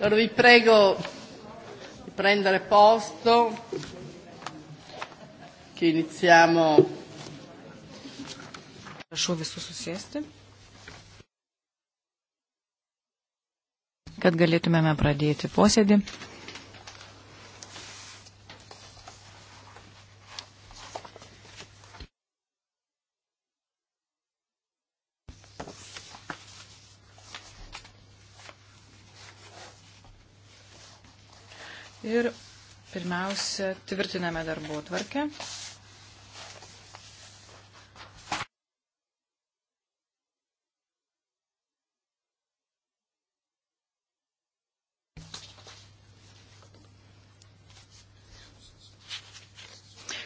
Allora vi prego di prendere posto, che iniziamo. Prašau visus susėsti, kad galėtumėme pradėti posėdį. Pirmiausia, tvirtiname darbo tvarkę.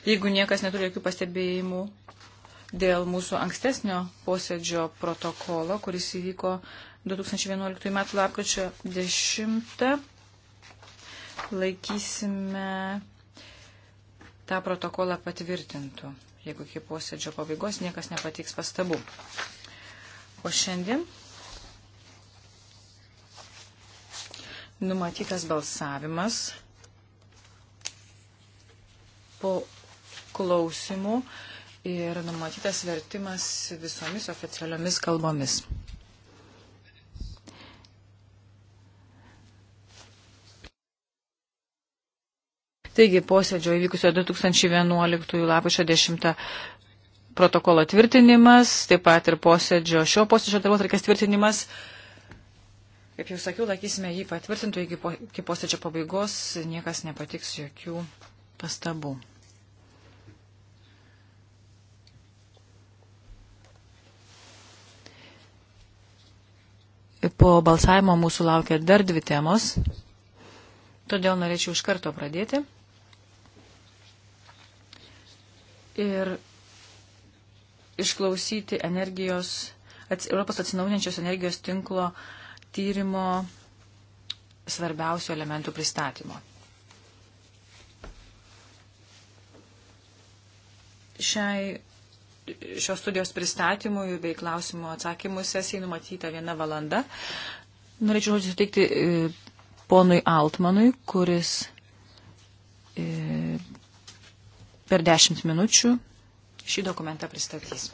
Jeigu niekas neturi jokių pastebėjimų dėl mūsų ankstesnio posėdžio protokolo, kuris įvyko 2011 m. lapkričio 10 laikysime tą protokolą patvirtintų, jeigu iki posėdžio pabaigos niekas nepateiks pastabų. O šiandien numatytas balsavimas po klausimų ir numatytas vertimas visomis oficialiomis kalbomis. Taigi, posėdžio įvykusio 2011 lapkričio 10 protokolo tvirtinimas, taip pat ir posėdžio, šio posėdžio darbo tarkės tvirtinimas. Kaip jau sakiau, laikysime jį patvirtintų iki, po, iki posėdžio pabaigos, niekas nepatiks jokių pastabų. Po balsavimo mūsų laukia dar dvi temos, todėl norėčiau iš karto pradėti. ir išklausyti energijos, ats, Europos atsinaujančios energijos tinklo tyrimo svarbiausių elementų pristatymo. Šiai šios studijos pristatymui bei klausimų atsakymų sesijai numatyta viena valanda. Norėčiau žodžiu suteikti e, ponui Altmanui, kuris e, per 10 minučių šį dokumentą pristatys.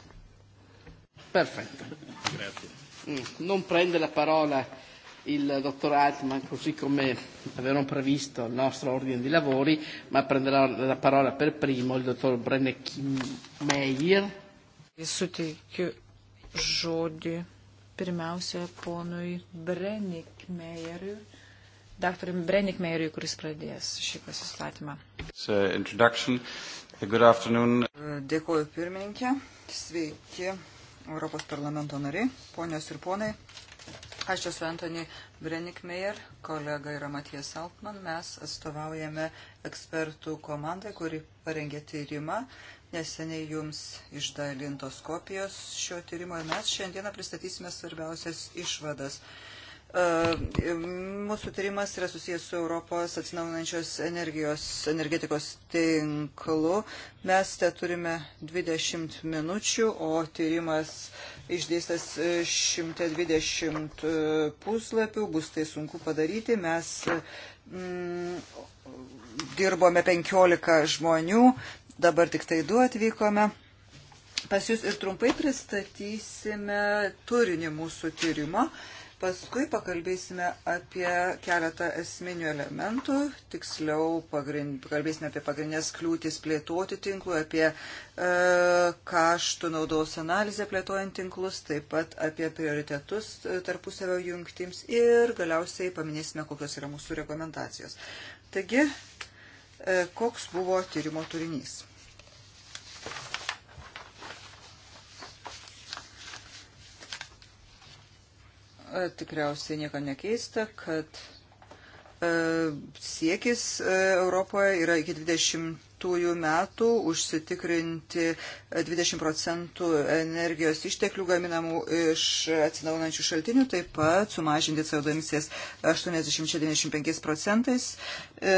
Perfetto. Grazie. Mm, non prende la parola il dottor Altman così come avevano previsto il nostro ordine di lavori, ma prenderà la parola per primo il dottor Brennekimeyer. Suteikiu žodį pirmiausia ponui Brennikmejeriui, daktarui Brennikmejeriui, kuris pradės šį pasistatymą. Good afternoon. Dėkuoju pirmininkė. Sveiki, Europos parlamento nariai, ponios ir ponai. Aš esu Antony Brenikmeier, kolega yra Matijas Altman. Mes atstovaujame ekspertų komandą, kuri parengė tyrimą. Neseniai jums išdalintos kopijos šio tyrimo ir mes šiandieną pristatysime svarbiausias išvadas. Mūsų tyrimas yra susijęs su Europos atsinaujinančios energijos, energetikos tinklu. Mes te turime 20 minučių, o tyrimas išdėstas 120 e, puslapių. Bus tai sunku padaryti. Mes mm, dirbome 15 žmonių, dabar tik tai du atvykome pas jūs ir trumpai pristatysime turinį mūsų tyrimo. Paskui pakalbėsime apie keletą esminių elementų, tiksliau pagrind, kalbėsime apie pagrindinės kliūtis plėtoti tinklų, apie e, kaštų naudos analizę plėtojant tinklus, taip pat apie prioritetus e, tarpusavio jungtims ir galiausiai paminėsime, kokios yra mūsų rekomendacijos. Taigi, e, koks buvo tyrimo turinys? E, tikriausiai nieko nekeista, kad e, siekis e, Europoje yra iki 20 2020 metų užsitikrinti 20 procentų energijos išteklių gaminamų iš atsinaunančių šaltinių, taip pat sumažinti CO2 emisijas 80-95 procentais e,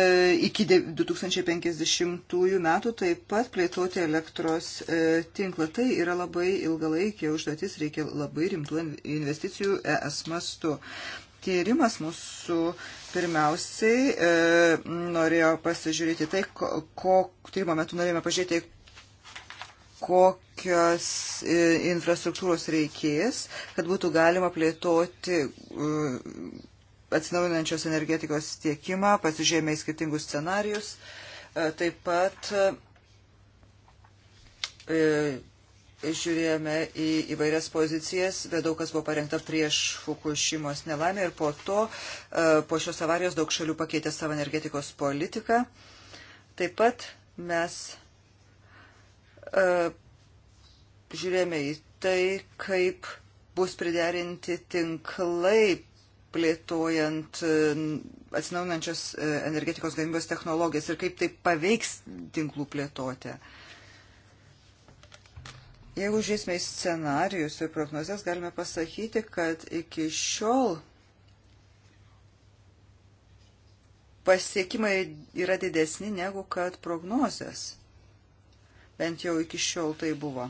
iki 2050 metų, taip pat plėtoti elektros e, tinklą. Tai yra labai ilgalaikė užduotis, reikia labai rimtų investicijų ES mastu tyrimas mūsų Pirmiausiai e, norėjo pasižiūrėti tai, ko, ko tyrimo metu norėjome pažiūrėti, kokios e, infrastruktūros reikės, kad būtų galima plėtoti e, atsinaujinančios energetikos tiekimą, pasižiūrėjome į skirtingus scenarius. E, taip pat žiūrėjome į įvairias pozicijas, bet daug kas buvo parengta prieš Fukushimos nelaimę ir po to, e, po šios avarijos daug šalių pakeitė savo energetikos politiką. Taip pat mes e, žiūrėjome į tai, kaip bus priderinti tinklai plėtojant e, atsinaujinančios energetikos gamybos technologijas ir kaip tai paveiks tinklų plėtotę. Uh, Jeigu žiūrėsime į scenarius ir prognozes, galime pasakyti, kad iki šiol pasiekimai yra didesni negu kad prognozes. Bent jau iki šiol tai buvo.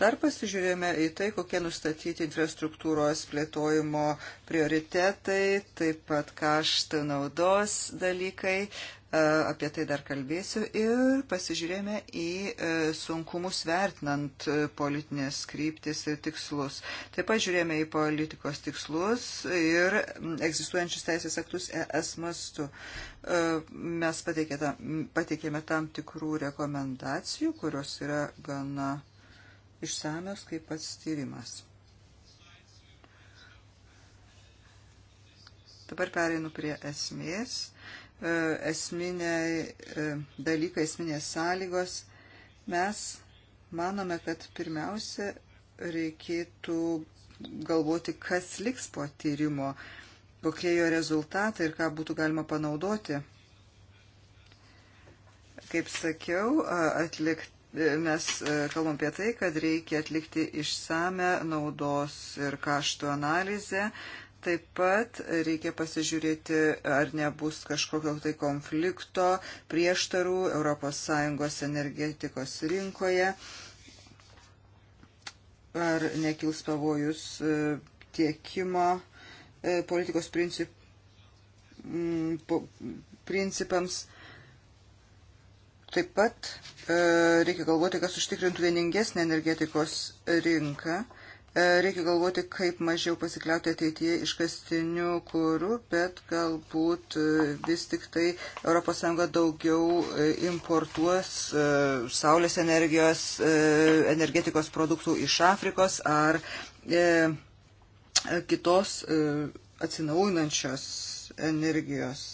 Dar pasižiūrėjome į tai, kokie nustatyti infrastruktūros plėtojimo prioritetai, taip pat kaštų naudos dalykai, E, apie tai dar kalbėsiu, ir pasižiūrėjome į e, sunkumus vertinant e, politinės kryptis ir tikslus. Taip pat žiūrėjome į politikos tikslus ir egzistuojančius teisės aktus ES mastu. Mes pateikėme tam tikrų rekomendacijų, kurios yra gana išsamios kaip pats tyrimas. Dabar pereinu prie esmės E, esminiai e, dalykai, esminės sąlygos. Mes manome, kad pirmiausia reikėtų galvoti, kas liks po tyrimo, kokie jo rezultatai ir ką būtų galima panaudoti. Kaip sakiau, atlikti e, mes kalbam apie tai, kad reikia atlikti išsame naudos ir kaštų analizę, Taip pat reikia pasižiūrėti, ar nebus kažkokio tai konflikto, prieštarų ES energetikos rinkoje, ar nekils pavojus e, tiekimo e, politikos princip, principams. Taip pat e, reikia galvoti, kas užtikrintų vieningesnę energetikos rinką E, reikia galvoti, kaip mažiau pasikliauti ateityje iškastiniu kūru, bet galbūt e, vis tik tai ES daugiau e, importuos saulės energijos, energetikos produktų iš Afrikos ar kitos atsinaujinančios energijos.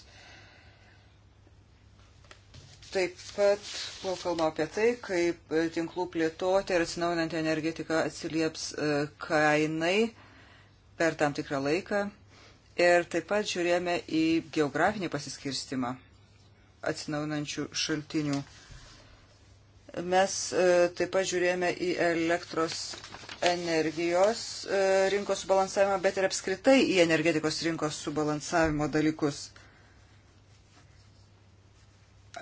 Taip pat buvo kalba apie tai, kaip e, tinklų plėtoti ir atsinaujinanti energetika atsilieps e, kainai per tam tikrą laiką. Ir taip pat žiūrėjome į geografinį pasiskirstimą atsinaujinančių šaltinių. Mes e, taip pat žiūrėjome į elektros energijos rinkos subalansavimą, bet ir apskritai į energetikos rinkos subalansavimo dalykus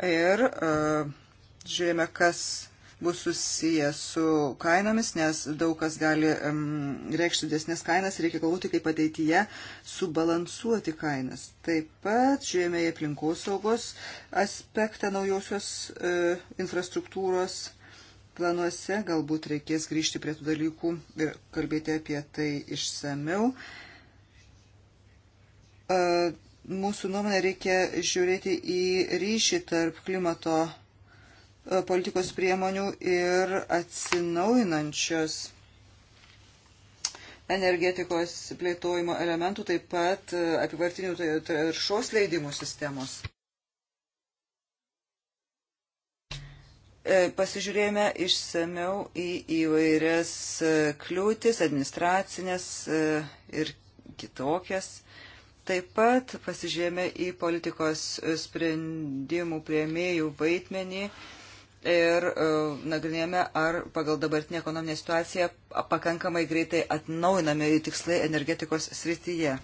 ir e, žiūrėjome, kas bus susijęs su kainomis, nes daug kas gali um, reikšti didesnės kainas, reikia galvoti, kaip ateityje subalansuoti kainas. Taip pat žiūrėjome į aplinkosaugos aspektą naujosios uh, infrastruktūros planuose, galbūt reikės grįžti prie tų dalykų ir kalbėti apie tai išsameu. Uh, e, mūsų nuomonė reikia žiūrėti į ryšį tarp klimato e, politikos priemonių ir atsinaujinančios energetikos plėtojimo elementų, taip pat e, apivartinių taršos leidimų sistemos. E, pasižiūrėjome išsameu į įvairias kliūtis, administracinės ir kitokias Taip pat pasižiūrėjome į politikos sprendimų prieimėjų vaidmenį ir e, nagrinėjome, ar pagal dabartinę ekonominę situaciją pakankamai greitai atnaujinami tikslai energetikos srityje.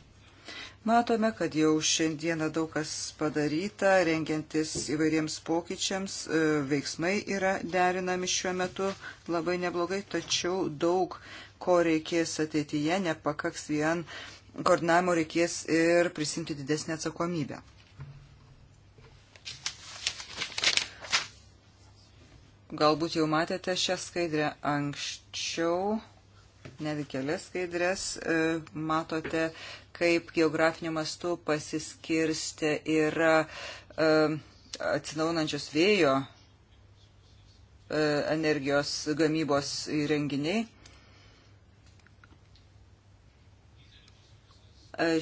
Matome, kad jau šiandieną daug kas padaryta, rengiantis įvairiems pokyčiams, e, veiksmai yra derinami šiuo metu labai neblogai, tačiau daug ko reikės ateityje, nepakaks vien uh, koordinavimo reikės ir prisimti didesnį atsakomybę. Galbūt jau matėte šią skaidrę anksčiau, netgi kelias skaidrės, e, matote, kaip geografiniu mastu pasiskirsti yra e, atsinaunančios vėjo e, energijos gamybos įrenginiai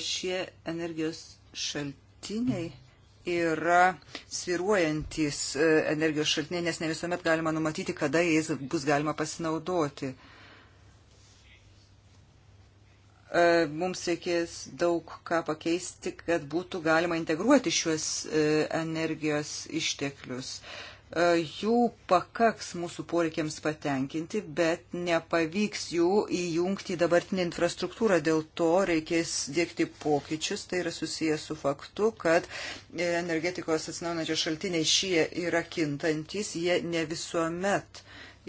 Šie energijos šaltiniai yra sviruojantis e, energijos šaltiniai, nes ne visuomet galima numatyti, kada jais bus galima pasinaudoti. E, mums reikės daug ką pakeisti, kad būtų galima integruoti šiuos e, energijos išteklius. E, jų pakaks mūsų poreikiams patenkinti, bet nepavyks jų įjungti į dabartinę infrastruktūrą. Dėl to reikės dėkti pokyčius. Tai yra susijęs su faktu, kad energetikos atsinaujančios šaltiniai šie yra kintantis, jie ne visuomet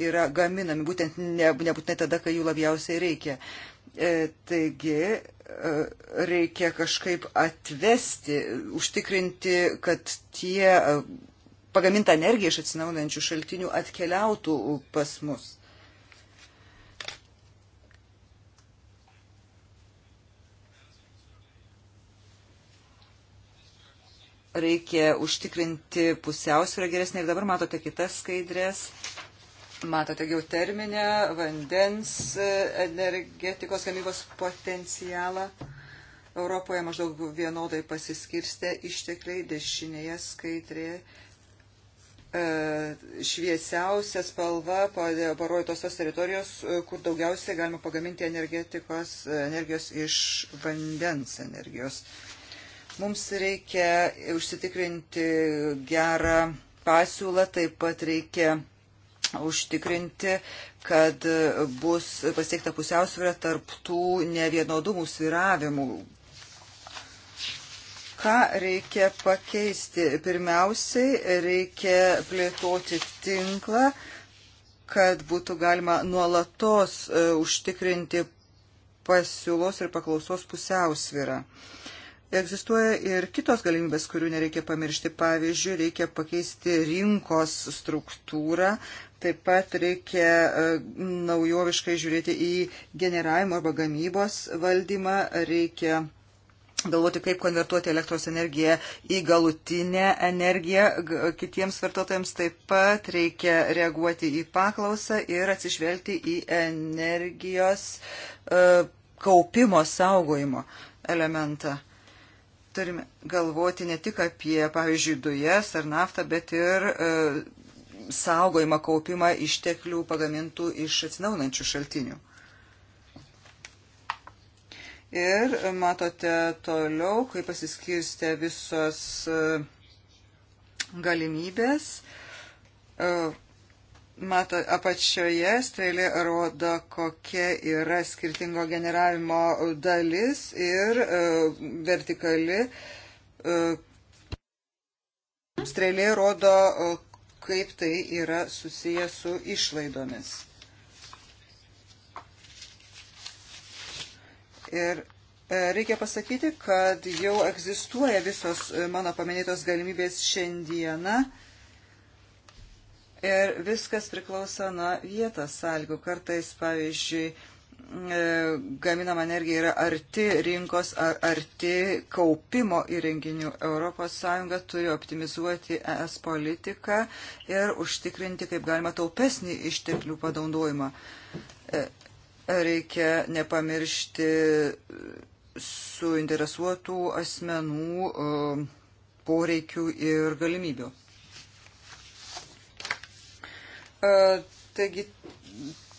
yra gaminami, būtent ne, nebūtinai tada, kai jų labiausiai reikia. E, taigi, e, reikia kažkaip atvesti, užtikrinti, kad tie pagaminta energija iš atsinaujančių šaltinių atkeliautų pas mus. Reikia užtikrinti pusiausvyrą geresnį ir dabar matote kitas skaidrės. Matote jau terminę vandens e, energetikos gamybos potencialą. Europoje maždaug vienodai pasiskirstė ištekliai dešinėje skaidrėje E, šviesiausia spalva e, parodo tos tos teritorijos, e, kur daugiausiai galima pagaminti energetikos, energijos iš vandens energijos. Mums reikia užsitikrinti gerą pasiūlą, taip pat reikia užtikrinti, kad bus pasiekta pusiausvyrė tarp tų nevienodumų sviravimų, Ką reikia pakeisti? Pirmiausiai reikia plėtoti tinklą, kad būtų galima nuolatos e, užtikrinti pasiūlos ir paklausos pusiausvyrą. Egzistuoja ir kitos galimybės, kurių nereikia pamiršti. Pavyzdžiui, reikia pakeisti rinkos struktūrą, taip pat reikia e, naujoviškai žiūrėti į generavimo arba gamybos valdymą, reikia galvoti, kaip konvertuoti elektros energiją į galutinę energiją kitiems vartotojams. Taip pat reikia reaguoti į paklausą ir atsižvelgti į energijos uh, kaupimo, saugojimo elementą. Turime galvoti ne tik apie, pavyzdžiui, dujas ar naftą, bet ir uh, saugojimą, kaupimą išteklių pagamintų iš atsinaunančių šaltinių. Ir matote toliau, kaip pasiskirstė visos e, galimybės. E, mato, apačioje strėlė rodo, kokia yra skirtingo generavimo dalis ir e, vertikali strėlė rodo, kaip tai yra susiję su išlaidomis. Ir e, reikia pasakyti, kad jau egzistuoja visos e, mano paminėtos galimybės šiandieną. Ir viskas priklauso nuo vietos sąlygų. Kartais, pavyzdžiui, e, gaminama energija yra arti rinkos ar arti kaupimo įrenginių. ES turi optimizuoti ES politiką ir užtikrinti, kaip galima, taupesnį išteklių panaudojimą. Reikia nepamiršti suinteresuotų asmenų e, poreikių ir galimybių. E, taigi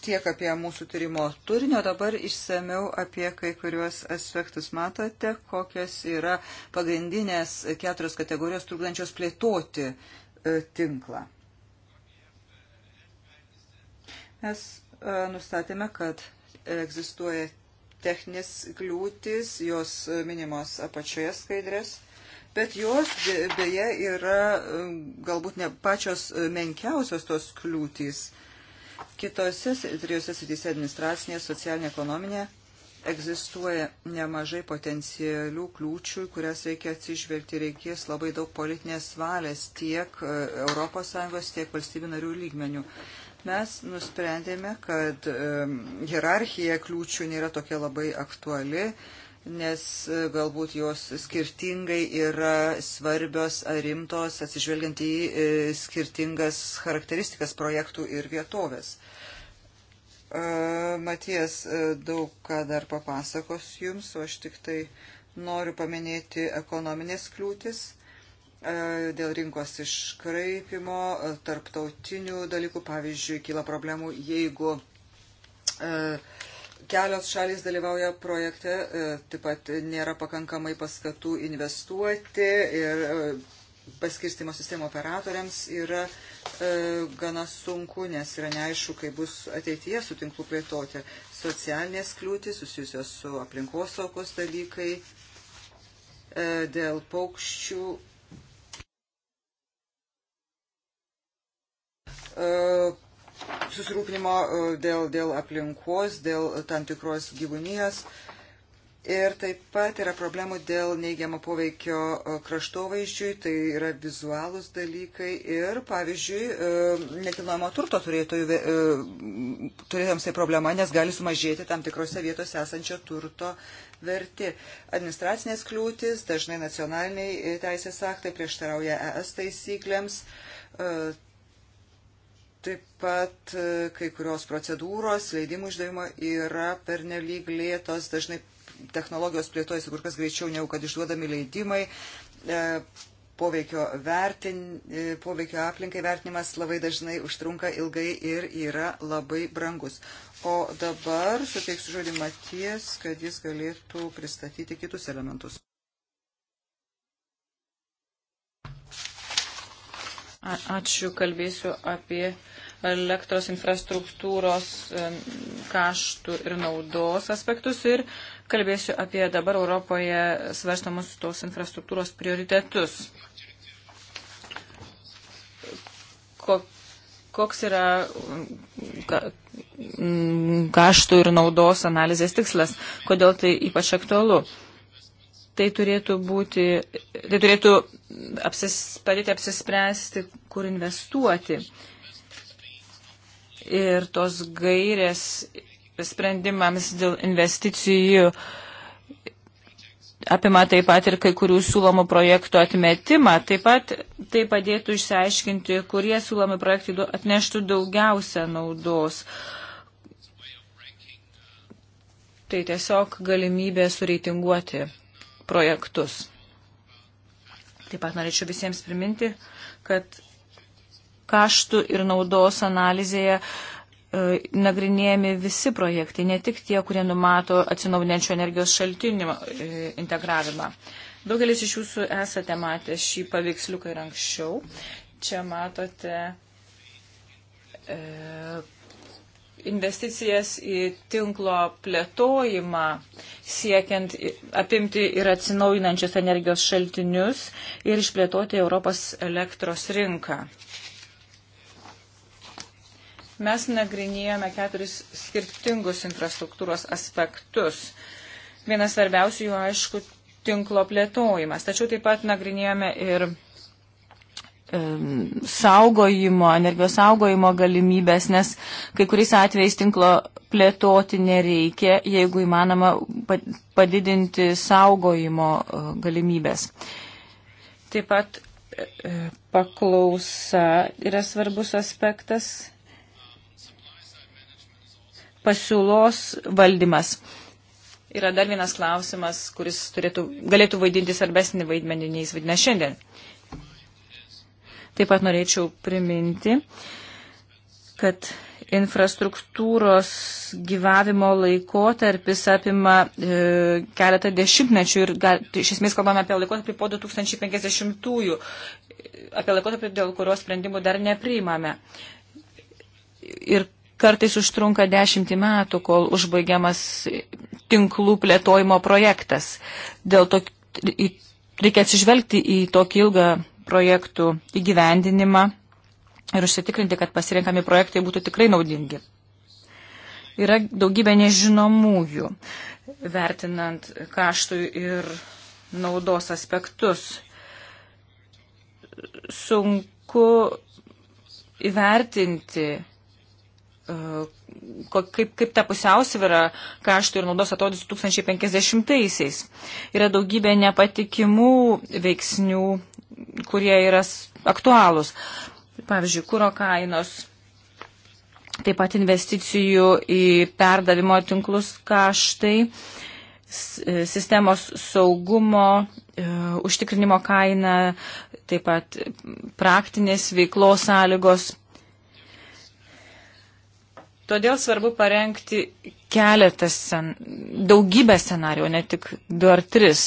tiek apie mūsų tyrimo turinio, dabar išsameu apie kai kuriuos aspektus. Matote, kokios yra pagrindinės keturios kategorijos trukdančios plėtoti e, tinklą. Mes nustatėme, kad egzistuoja techninės kliūtis, jos minimos apačioje skaidrės, bet jos beje yra e, galbūt ne pačios menkiausios tos kliūtys. Kitose trijose srityse - administracinė, socialinė, ekonominė - egzistuoja nemažai potencialių kliūčių, kurias reikia atsižvelgti, reikės labai daug politinės valės tiek ES, tiek valstybių narių lygmenių. Mes nusprendėme, kad hierarchija kliūčių nėra tokia labai aktuali, nes e, galbūt jos skirtingai yra svarbios ar rimtos, atsižvelgiant į e, skirtingas charakteristikas projektų ir vietovės. E, Maties daug ką dar papasakos jums, o aš tik tai noriu paminėti ekonominės kliūtis E, dėl rinkos iškraipimo, e, tarptautinių dalykų, pavyzdžiui, kyla problemų, jeigu e, kelios šalis dalyvauja projekte, taip pat nėra pakankamai paskatų investuoti ir paskirstimo sistemo operatoriams yra e, gana sunku, nes yra neaišku, kaip bus ateityje su tinklu plėtoti. Socialinės kliūtis susijusios su aplinkosaukos dalykai e, dėl paukščių E, susirūpinimo e, dėl, dėl aplinkos, dėl tam tikros gyvūnijos. Ir taip pat yra problemų dėl neigiamo poveikio e, kraštovaizdžiui, tai yra vizualūs dalykai ir, pavyzdžiui, nekilnojamo turto turėtojams tai problema, nes gali sumažėti tam tikrose vietose esančio turto verti. Administracinės kliūtis, dažnai nacionaliniai teisės aktai prieštarauja ES taisyklėms Taip pat e, kai kurios procedūros leidimų išdavimo yra pernelyg lėtos, dažnai technologijos plėtojasi kur kas greičiau negu kad išduodami leidimai. E, poveikio, vertin, e, poveikio aplinkai vertinimas labai dažnai užtrunka ilgai ir yra labai brangus. O dabar suteiksiu žodį Maties, kad jis galėtų pristatyti kitus elementus. Ačiū, kalbėsiu apie elektros infrastruktūros kaštų ir naudos aspektus ir kalbėsiu apie dabar Europoje svarstamus tos infrastruktūros prioritetus. Koks yra kaštų ir naudos analizės tikslas? Kodėl tai ypač aktualu? tai turėtų būti, tai turėtų apsis, padėti apsispręsti, kur investuoti. Ir tos gairės sprendimams dėl investicijų apima taip pat ir kai kurių siūlomų projektų atmetimą. Taip pat tai padėtų išsiaiškinti, kurie siūlomi projektai atneštų daugiausia naudos. Tai tiesiog galimybė sureitinguoti projektus. Taip pat norėčiau visiems priminti, kad kaštų ir naudos analizėje e, nagrinėjami visi projektai, ne tik tie, kurie numato atsinaujinančio energijos šaltinio e, integravimą. Daugelis iš jūsų esate matę šį paveiksliuką ir anksčiau. Čia matote e, investicijas į tinklo plėtojimą, siekiant apimti ir atsinaujinančius energijos šaltinius ir išplėtoti Europos elektros rinką. Mes nagrinėjome keturis skirtingus infrastruktūros aspektus. Vienas svarbiausių jų, aišku, tinklo plėtojimas. Tačiau taip pat nagrinėjome ir saugojimo, energijos saugojimo galimybės, nes kai kuriais atvejais tinklo plėtoti nereikia, jeigu įmanoma padidinti saugojimo e, galimybės. Taip pat e, e, paklausa yra svarbus aspektas, pasiūlos valdymas. Yra dar vienas klausimas, kuris turėtų, galėtų vaidinti svarbesnį vaidmenį, nei jis vaidina šiandien. Uh, Taip pat norėčiau priminti, kad infrastruktūros gyvavimo laikotarpis apima e, keletą dešimtmečių ir gal, iš esmės kalbame apie laikotarpį po 2050-ųjų, apie laikotarpį, dėl kurios sprendimų dar nepriimame. Ir kartais užtrunka dešimtį metų, kol užbaigiamas tinklų plėtojimo projektas. Dėl to reikia atsižvelgti į tokį ilgą projektų įgyvendinimą ir užsitikrinti, kad pasirinkami projektai būtų tikrai naudingi. Yra daugybė nežinomųjų, vertinant kaštų ir naudos aspektus. Sunku įvertinti, e, kaip, kaip ta pusiausvyrą kaštų ir naudos atrodys 2050-aisiais. Yra daugybė nepatikimų veiksnių kurie yra aktualūs. Pavyzdžiui, kūro kainos, taip pat investicijų į perdavimo tinklus kaštai, e, sistemos saugumo, e, užtikrinimo kaina, taip pat praktinės veiklos sąlygos. Todėl svarbu parengti keletą, sen, daugybę scenarių, ne tik du ar tris,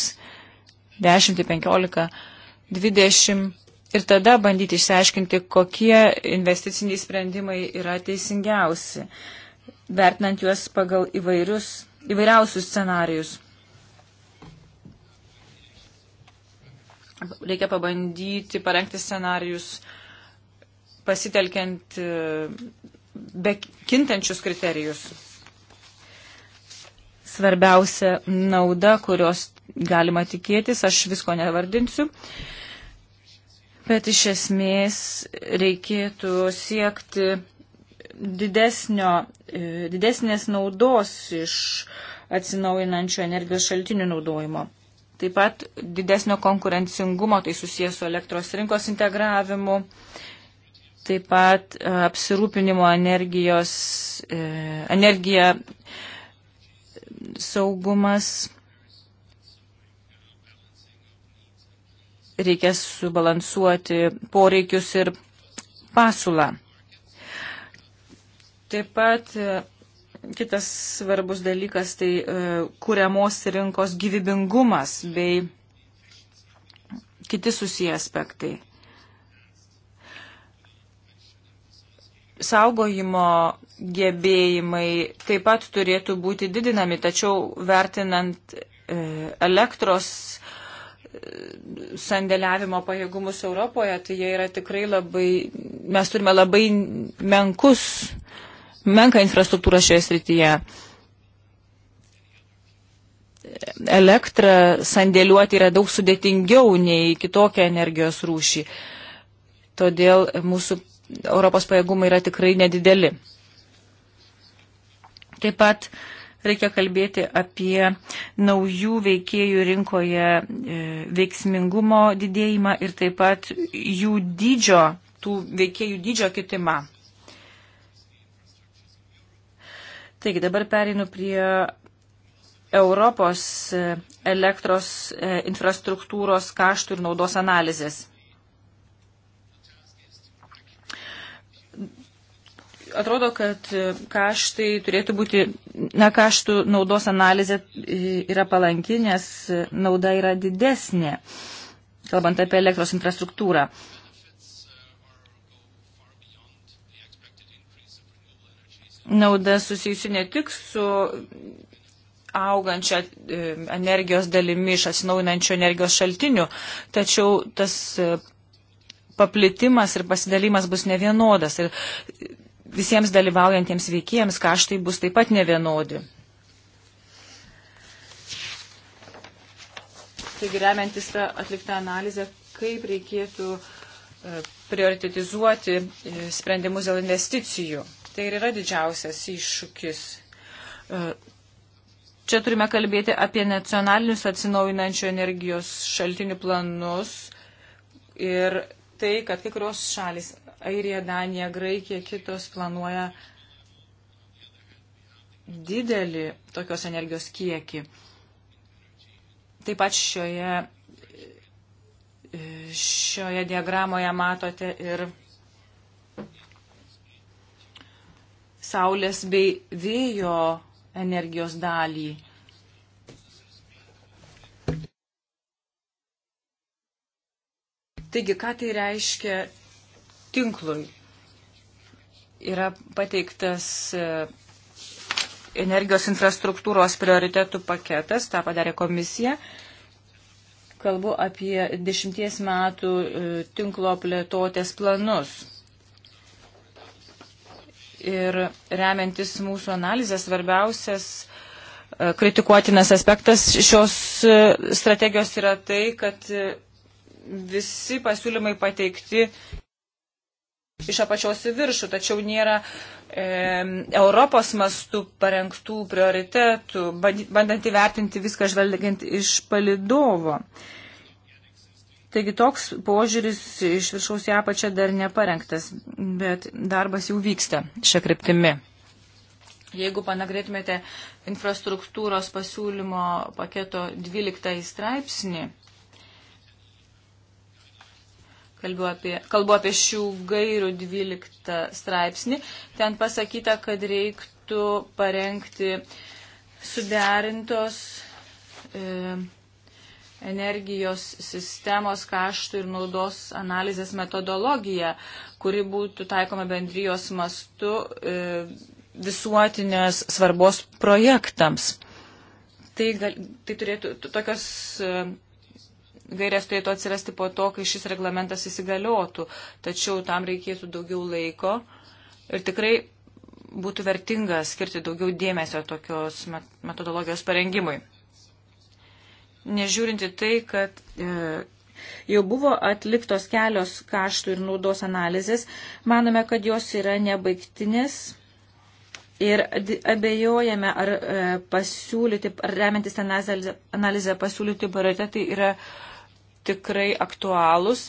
dešimtį, penkiolika. 10, 15 20 ir tada bandyti išsiaiškinti, kokie investiciniai sprendimai yra teisingiausi, vertinant juos pagal įvairius, įvairiausius scenarius. Reikia pabandyti parengti scenarius pasitelkiant be kintančius kriterijus. Svarbiausia nauda, kurios galima tikėtis, aš visko nevardinsiu. Bet iš esmės reikėtų siekti didesnio, e, didesnės naudos iš atsinaujinančių energijos šaltinių naudojimo. Taip pat didesnio konkurencingumo, tai susijęs su elektros rinkos integravimu, taip pat e, apsirūpinimo energijos, e, energija saugumas reikia subalansuoti poreikius ir pasiūlą. Taip pat e, kitas svarbus dalykas tai e, kuriamos rinkos gyvybingumas bei kiti susiję aspektai. Saugojimo gebėjimai taip pat turėtų būti didinami, tačiau vertinant e, elektros sandėliavimo pajėgumus Europoje, tai jie yra tikrai labai, mes turime labai menkus, menką infrastruktūrą šioje srityje. Elektrą sandėliuoti yra daug sudėtingiau nei kitokią energijos rūšį. Todėl mūsų Europos pajėgumai yra tikrai nedideli. Taip pat uh, reikia kalbėti apie naujų veikėjų rinkoje e, veiksmingumo didėjimą ir taip pat jų dydžio, tų veikėjų dydžio kitimą. Taigi dabar perinu prie Europos e, elektros e, infrastruktūros kaštų ir naudos analizės. atrodo, kad e, kaštai turėtų būti, na, kaštų naudos analizė e, yra palanki, nes e, nauda yra didesnė, kalbant apie elektros infrastruktūrą. Nauda susijusi ne tik su augančia energijos dalimi iš atsinaujinančių energijos šaltinių, tačiau tas paplitimas ir pasidalimas bus nevienodas. Ir visiems dalyvaujantiems veikėjams kaštai bus taip pat nevienodi. Taigi remiantis tą atliktą analizę, kaip reikėtų e, prioritetizuoti e, sprendimus dėl investicijų. Tai ir yra didžiausias iššūkis. E, čia turime kalbėti apie nacionalinius atsinaujinančių energijos šaltinių planus ir tai, kad kai kurios šalis Airija, Danija, Graikija, kitos planuoja didelį tokios energijos kiekį. Taip pat šioje, šioje diagramoje matote ir saulės bei vėjo energijos dalį. Taigi, ką tai reiškia tinklui. Yra pateiktas e, energijos infrastruktūros prioritetų paketas, tą padarė komisija. Kalbu apie dešimties metų e, tinklo plėtotės planus. Ir remiantis mūsų analizės svarbiausias e, kritikuotinas aspektas šios strategijos yra tai, kad visi pasiūlymai pateikti iš apačios į viršų, tačiau nėra e, Europos mastų parengtų prioritetų, bandant įvertinti viską žvelgiant iš palidovo. Taigi toks požiūris iš viršaus į apačią dar neparengtas, bet darbas jau vyksta šią kryptimį. Jeigu panagrėtumėte infrastruktūros pasiūlymo paketo 12 straipsnį, kalbu apie, kalbu apie šių gairių 12 straipsnį, ten pasakyta, kad reiktų parengti suderintos e, energijos sistemos kaštų ir naudos analizės metodologiją, kuri būtų taikoma bendrijos mastu e, visuotinės svarbos projektams. Tai, gal, tai turėtų tokios. E, gairės turėtų atsirasti po to, kai šis reglamentas įsigaliotų, tačiau tam reikėtų daugiau laiko ir tikrai būtų vertinga skirti daugiau dėmesio tokios metodologijos parengimui. Nežiūrinti tai, kad e, jau buvo atliktos kelios kaštų ir naudos analizės, manome, kad jos yra nebaigtinės ir abejojame, ar e, pasiūlyti, ar remiantis analizę pasiūlyti prioritetai yra e, tikrai aktualūs,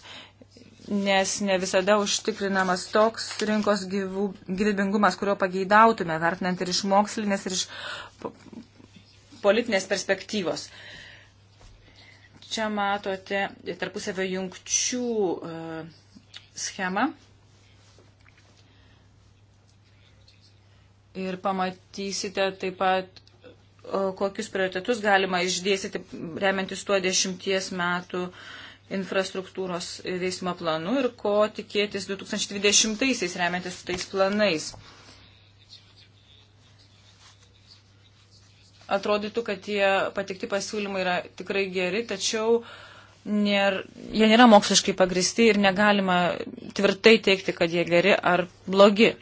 nes ne visada užtikrinamas toks rinkos gyvų, gyvybingumas, kurio pageidautume, vertinant ir iš mokslinės, ir iš politinės perspektyvos. Čia matote tarpusavio jungčių e, schemą. Ir pamatysite taip pat kokius prioritetus galima išdėstyti, remiantis tuo dešimties metų infrastruktūros veismo planu ir ko tikėtis 2020-aisiais remiantis tais planais. Atrodytų, kad tie patikti pasiūlymai yra tikrai geri, tačiau nėra, jie nėra moksliškai pagristi ir negalima tvirtai teikti, kad jie geri ar blogi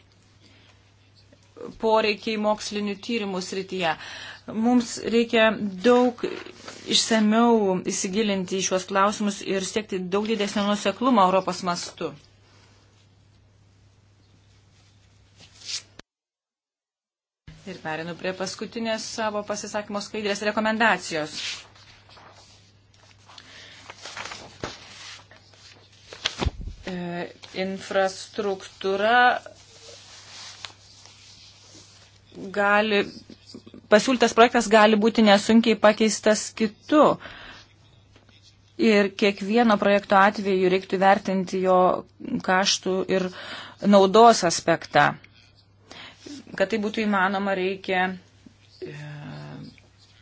poreikiai mokslinių tyrimų srityje. Uh, Mums reikia daug išsameu įsigilinti į šiuos klausimus ir siekti daug didesnio nuseklumo Europos mastu. Ir perinu prie paskutinės savo pasisakymo skaidrės rekomendacijos. E, infrastruktūra gali pasiūlytas projektas gali būti nesunkiai pakeistas kitu. Ir kiekvieno projekto atveju reiktų vertinti jo kaštų ir naudos aspektą. Kad tai būtų įmanoma, reikia e,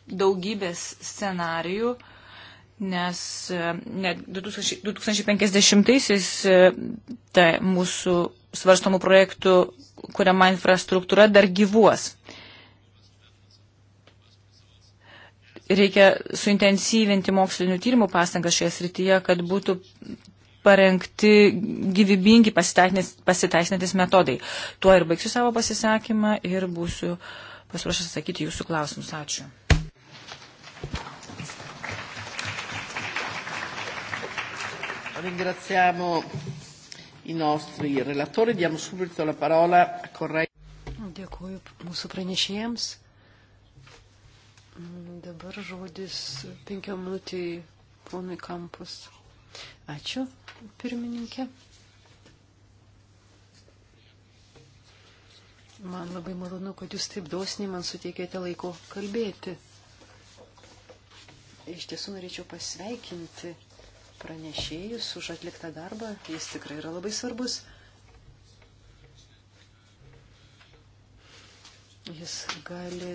daugybės scenarijų, nes e, net 2050-aisiais e, tai mūsų svarstomų projektų kuriama infrastruktūra dar gyvuos. reikia suintensyvinti mokslinių tyrimų pastangas šioje srityje, kad būtų parengti gyvybingi pasiteisinantis metodai. Tuo ir baigsiu savo pasisakymą ir būsiu pasiruošęs atsakyti jūsų klausimus. Ačiū. Ringraziamo i nostri relatori, diamo subito la parola a Correia. Dėkuoju mūsų pranešėjams. Dabar žodis penkiom minutį ponui Kampus. Ačiū, pirmininkė. Man labai malonu, kad jūs taip dosniai man suteikėte laiko kalbėti. Iš tiesų norėčiau pasveikinti pranešėjus už atliktą darbą. Jis tikrai yra labai svarbus. Jis gali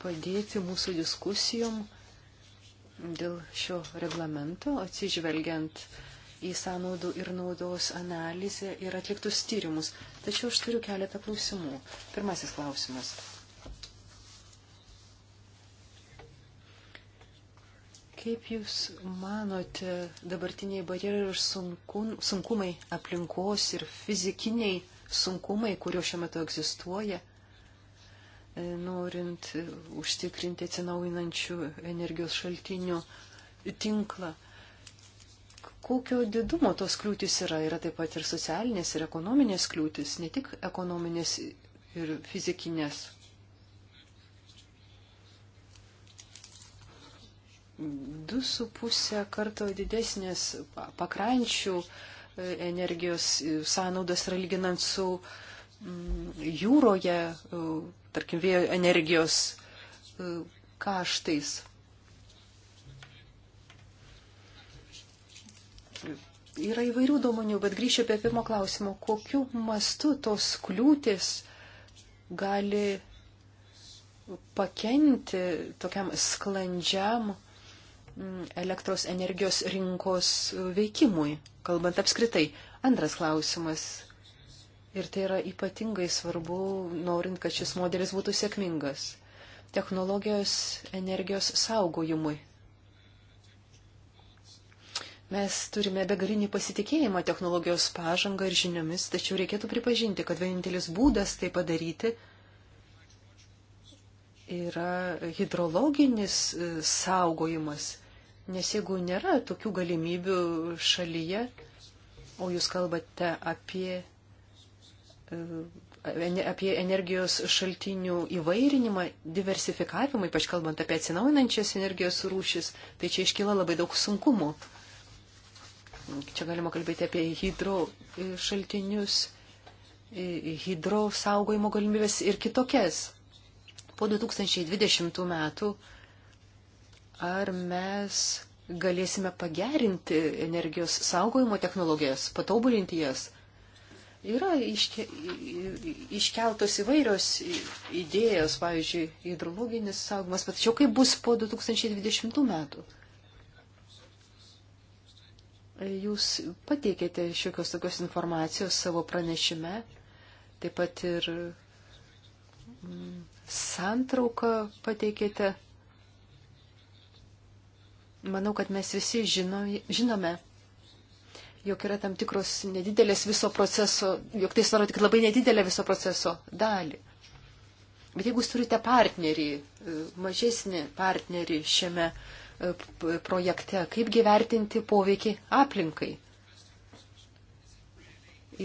padėti mūsų diskusijom dėl šio reglamento, atsižvelgiant į sąnaudų ir naudos analizę ir atliktus tyrimus. Tačiau aš turiu keletą klausimų. Pirmasis klausimas. Kaip Jūs manote, dabartiniai barjerai ir sunkun, sunkumai aplinkos ir fizikiniai sunkumai, kurio šiuo metu egzistuoja, norint užtikrinti atsinaujinančių energijos šaltinių tinklą. Kokio didumo tos kliūtis yra? Yra taip pat ir socialinės, ir ekonominės kliūtis, ne tik ekonominės ir fizikinės. Du su pusę karto didesnės pakrančių e, energijos sąnaudas yra lyginant su mm, jūroje e, tarkim, vėjo energijos e, kaštais. Yra įvairių duomonių, bet grįšiu prie pirmo klausimo, kokiu mastu tos kliūtis gali pakenti tokiam sklandžiam mm, elektros energijos rinkos veikimui, kalbant apskritai. Antras klausimas Ir tai yra ypatingai svarbu, norint, kad šis modelis būtų sėkmingas. Technologijos energijos saugojimui. Mes turime begalinį pasitikėjimą technologijos pažangą ir žiniomis, tačiau reikėtų pripažinti, kad vienintelis būdas tai padaryti yra hidrologinis e, saugojimas. Nes jeigu nėra tokių galimybių šalyje, o jūs kalbate apie E, apie energijos šaltinių įvairinimą, diversifikavimą, ypač kalbant apie atsinaujinančias energijos rūšis, tai čia iškyla labai daug sunkumų. Čia galima kalbėti apie hidro e, šaltinius, e, hidro saugojimo galimybės ir kitokias. Po 2020 metų ar mes galėsime pagerinti energijos saugojimo technologijas, patobulinti jas? Yra iške, iškeltos įvairios idėjos, pavyzdžiui, hidrologinis saugomas, tačiau kaip bus po 2020 metų? Jūs pateikėte šiokios tokios informacijos savo pranešime, taip pat ir mm, santrauką pateikėte. Manau, kad mes visi žino, žinome, jog yra tam tikros nedidelės viso proceso, jog tai sudaro tik labai nedidelę viso proceso dalį. Bet jeigu jūs turite partnerį, e, mažesnį partnerį šiame e, projekte, kaip gyvertinti poveikį aplinkai?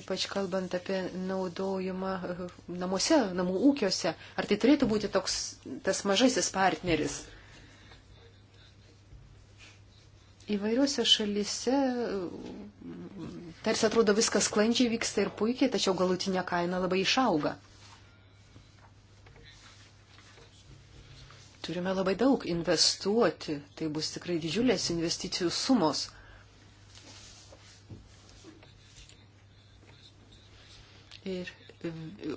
Ypač kalbant apie naudojimą e, namuose, namų ūkiuose. Ar tai turėtų būti toks tas mažasis partneris? Įvairiuose šalise tarsi atrodo viskas sklandžiai vyksta ir puikiai, tačiau galutinė kaina labai išauga. Turime labai daug investuoti, tai bus tikrai didžiulės investicijų sumos. Ir e,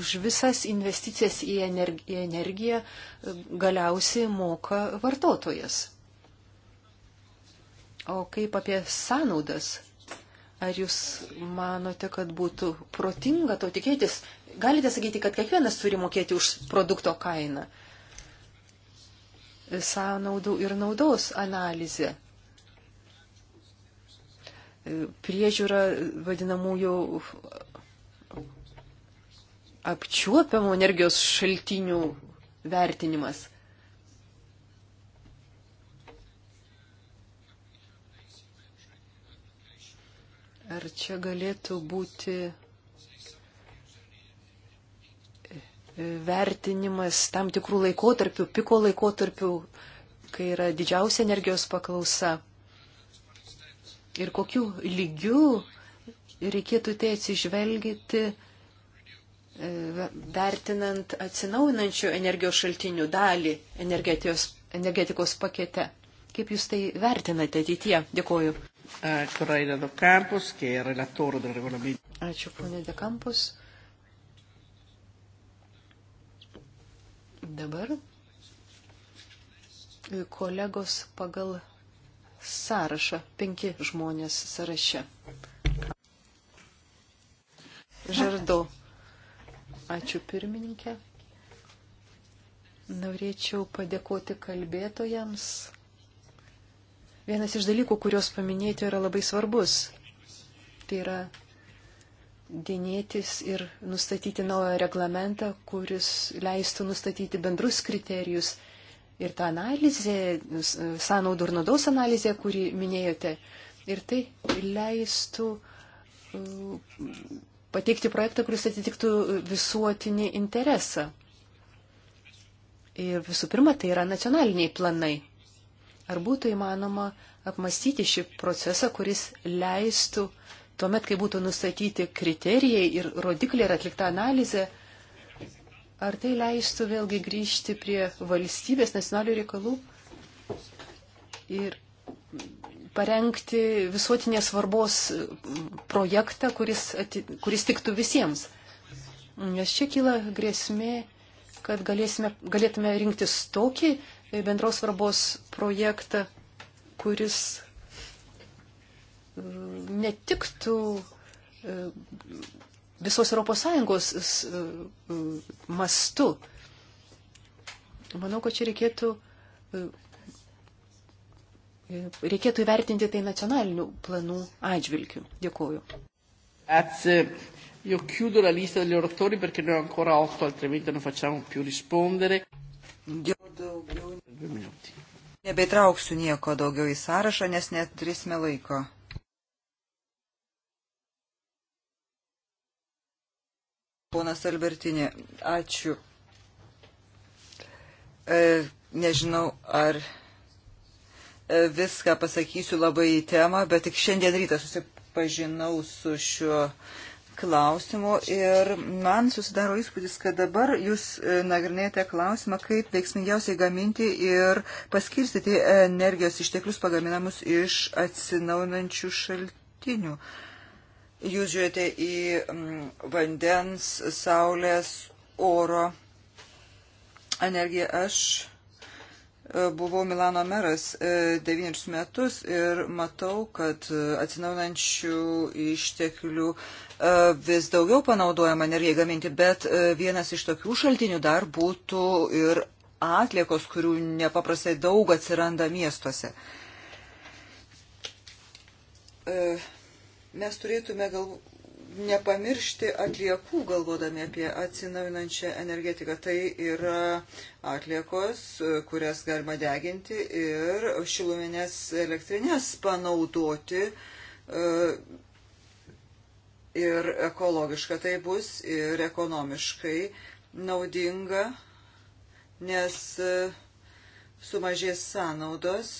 už visas investicijas į energiją galiausiai moka vartotojas. O kaip apie sąnaudas? Ar jūs manote, kad būtų protinga to tikėtis? Galite sakyti, kad kiekvienas turi mokėti už produkto kainą. Sąnaudų ir naudos analizė. Priežiūra vadinamųjų apčiuopiamų energijos šaltinių vertinimas. Ar čia galėtų būti e, vertinimas tam tikrų laikotarpių, piko laikotarpių, kai yra didžiausia energijos paklausa? Ir kokiu lygiu reikėtų tai atsižvelgyti, e, vertinant atsinaujinančių energijos šaltinių dalį energetikos pakete? Kaip Jūs tai vertinate ateityje? Dėkuoju. Correira do Campos, che è relatore del regolamento. Ačiū, ponė De Campos. Dabar kolegos pagal sąrašą, penki žmonės sąraše. Žardo. Ačiū pirmininkė. Norėčiau padėkoti kalbėtojams, Vienas iš dalykų, kuriuos paminėti yra labai svarbus. Tai yra dėnėtis ir nustatyti naują reglamentą, kuris leistų nustatyti bendrus kriterijus. Ir tą analizę, sąnaudų ir naudos analizę, kurį minėjote, ir tai leistų uh, pateikti projektą, kuris atitiktų visuotinį interesą. Ir visų pirma, tai yra nacionaliniai planai. Ar būtų įmanoma apmastyti šį procesą, kuris leistų, tuomet, kai būtų nustatyti kriterijai ir rodikliai ir atlikta analizė, ar tai leistų vėlgi grįžti prie valstybės nacionalių reikalų ir parengti visuotinės svarbos projektą, kuris, ati, kuris tiktų visiems. Nes čia kyla grėsmė, kad galėsime, galėtume rinktis tokį E, bendros svarbos projektą, kuris e, netiktų e, visos ES mastu. Manau, kad čia reikėtų, reikėtų įvertinti tai nacionalinių planų atžvilgių. Dėkuoju. Grazie. Io chiudo la lista degli oratori perché ne ho ancora otto, altrimenti non facciamo più rispondere. Io daugiau Nebeitrauksiu nieko daugiau į sąrašą, nes net turėsime laiko. Ponas Albertinė, ačiū. E, nežinau, ar e, viską pasakysiu labai į temą, bet tik šiandien rytą susipažinau su šiuo klausimų ir man susidaro įspūdis, kad dabar jūs e, nagrinėjate klausimą, kaip veiksmingiausiai gaminti ir paskirstyti energijos išteklius pagaminamus iš atsinaunančių šaltinių. Jūs žiūrėte į vandens, saulės, oro energiją. Aš buvau Milano meras e, devynerius metus ir matau, kad atsinaunančių išteklių e, vis daugiau panaudojama energijai gaminti, bet e, vienas iš tokių šaltinių dar būtų ir atliekos, kurių nepaprastai daug atsiranda miestuose. Mes turėtume galvo, nepamiršti atliekų, galvodami apie atsinaujinančią energetiką. Tai yra atliekos, kurias galima deginti ir šiluminės elektrinės panaudoti. E, ir ekologiška tai bus, ir ekonomiškai naudinga, nes e, sumažės sąnaudos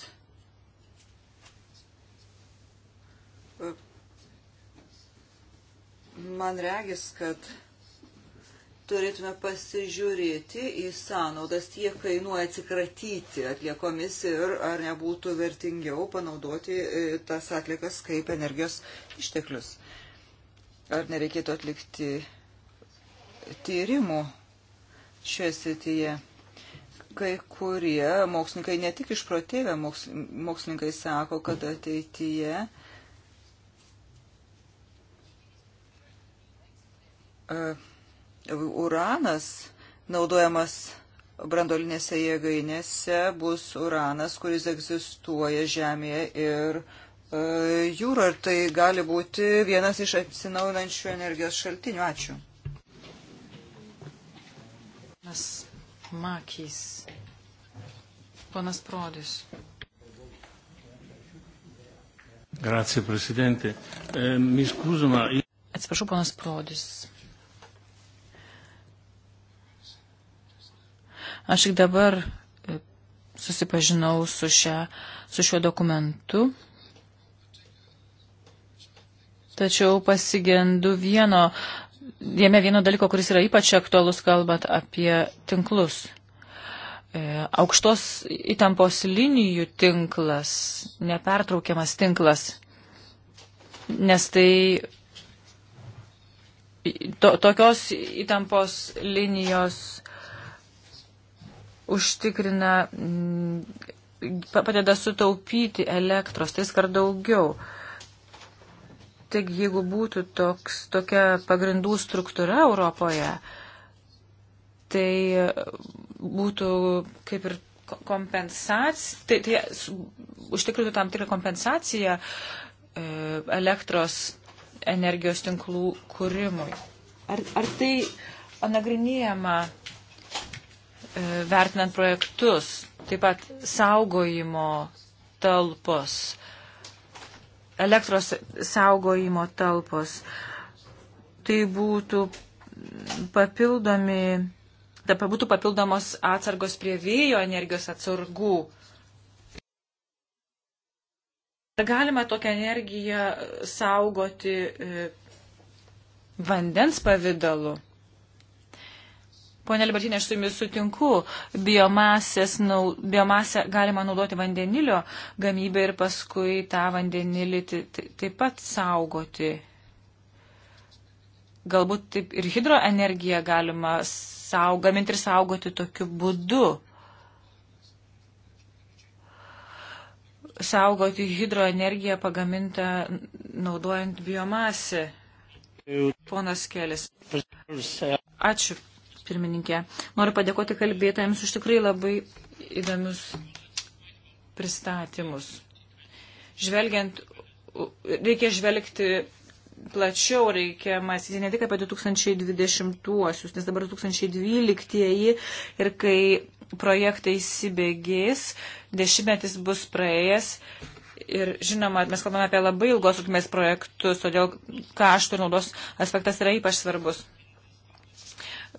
man regis, kad turėtume pasižiūrėti į sąnaudas, kiek kainuoja atsikratyti atliekomis ir ar nebūtų vertingiau panaudoti e, tas atliekas kaip energijos išteklius. Ar nereikėtų atlikti tyrimų šioje srityje. Kai kurie mokslininkai, ne tik išprotėję mokslininkai, sako, kad ateityje uh, E, uranas naudojamas brandolinėse jėgainėse bus uranas, kuris egzistuoja Žemėje ir e, jūra. Ir tai gali būti vienas iš atsinaujinančių energijos šaltinių. Ačiū. Mes makys. Ponas Prodis. Grazie, Presidente. E, mi scuso, ma... Atsiprašau, ponas Prodis. Aš tik dabar e, susipažinau su, šia, su šiuo dokumentu, tačiau pasigendu vieno, jame vieno dalyko, kuris yra ypač aktualus, kalbant apie tinklus. E, aukštos įtampos linijų tinklas, nepertraukiamas tinklas, nes tai to, tokios įtampos linijos užtikrina, mm, padeda sutaupyti elektros, tai skar daugiau. Taigi, jeigu būtų toks, tokia pagrindų struktūra Europoje, tai e, būtų kaip ir kompensacija, tai, tai užtikrintų tam tikrą kompensaciją e, elektros energijos tinklų kūrimui. Ar, ar tai nagrinėjama E, vertinant projektus, taip pat saugojimo talpos, elektros saugojimo talpos. Tai būtų papildomi, dabar tai būtų papildomos atsargos prie vėjo energijos atsargų. Galima tokią energiją saugoti e, vandens pavydalu. Pone Libačinė, aš su jumis sutinku, biomasės, nau, biomasę galima naudoti vandenilio gamybę ir paskui tą vandenilį taip pat saugoti. Galbūt taip ir hidroenergiją galima saugaminti ir saugoti tokiu būdu. Saugoti hidroenergiją pagamintą naudojant biomasę. Ponas Kelis. Ačiū, pirmininkė. Noriu padėkoti kalbėtojams už tikrai labai įdomius pristatymus. Žvelgiant, reikia žvelgti plačiau reikia mąstyti ne tik apie 2020-uosius, nes dabar 2012-ieji ir kai projektai įsibėgės, dešimtmetis bus praėjęs. Ir žinoma, mes kalbame apie labai ilgos trukmės projektus, todėl kaštų ir naudos aspektas yra ypač svarbus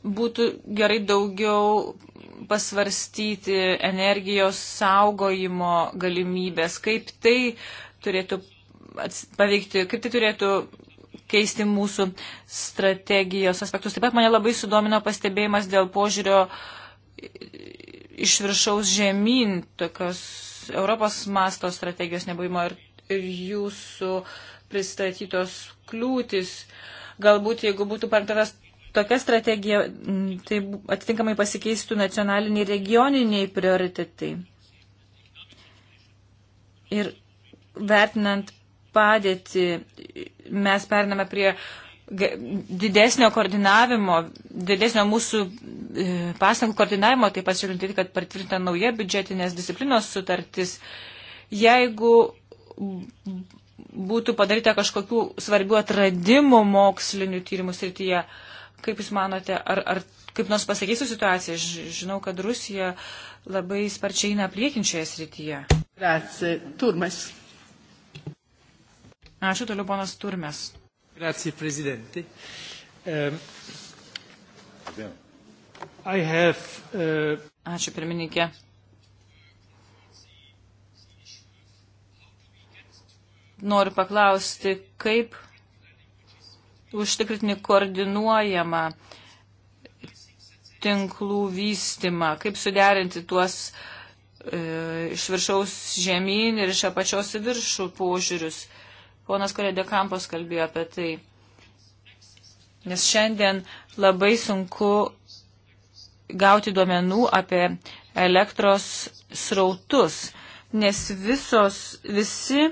būtų gerai daugiau pasvarstyti energijos saugojimo galimybės, kaip tai turėtų paveikti, kaip tai turėtų keisti mūsų strategijos aspektus. Taip pat mane labai sudomino pastebėjimas dėl požiūrio iš viršaus žemyn, tokios Europos masto strategijos nebuvimo ir, ir jūsų pristatytos kliūtis. Galbūt, jeigu būtų parengtas tokia strategija, tai atitinkamai pasikeistų nacionaliniai regioniniai prioritetai. Ir vertinant padėtį, mes periname prie didesnio koordinavimo, didesnio mūsų e, pastangų koordinavimo, taip pat žiūrint, tai, kad patvirtinta nauja biudžetinės disciplinos sutartis. Jeigu būtų padaryta kažkokių svarbių atradimų mokslinių tyrimų srityje, Kaip Jūs manote, ar, ar kaip nors pasakysiu situaciją? Žinau, kad Rusija labai sparčiai eina priekinčioje srityje. Grazie. Turmes. Ačiū toliau, ponas Turmes. Grazie, prezidentė. Um, ehm, have, uh... Ačiū, pirmininkė. Noriu paklausti, kaip užtikrinti koordinuojamą tinklų vystimą, kaip suderinti tuos e, iš viršaus žemyn ir iš apačios į viršų požiūrius. Ponas Koredė Kampos kalbėjo apie tai. Nes šiandien labai sunku gauti duomenų apie elektros srautus, nes visos, visi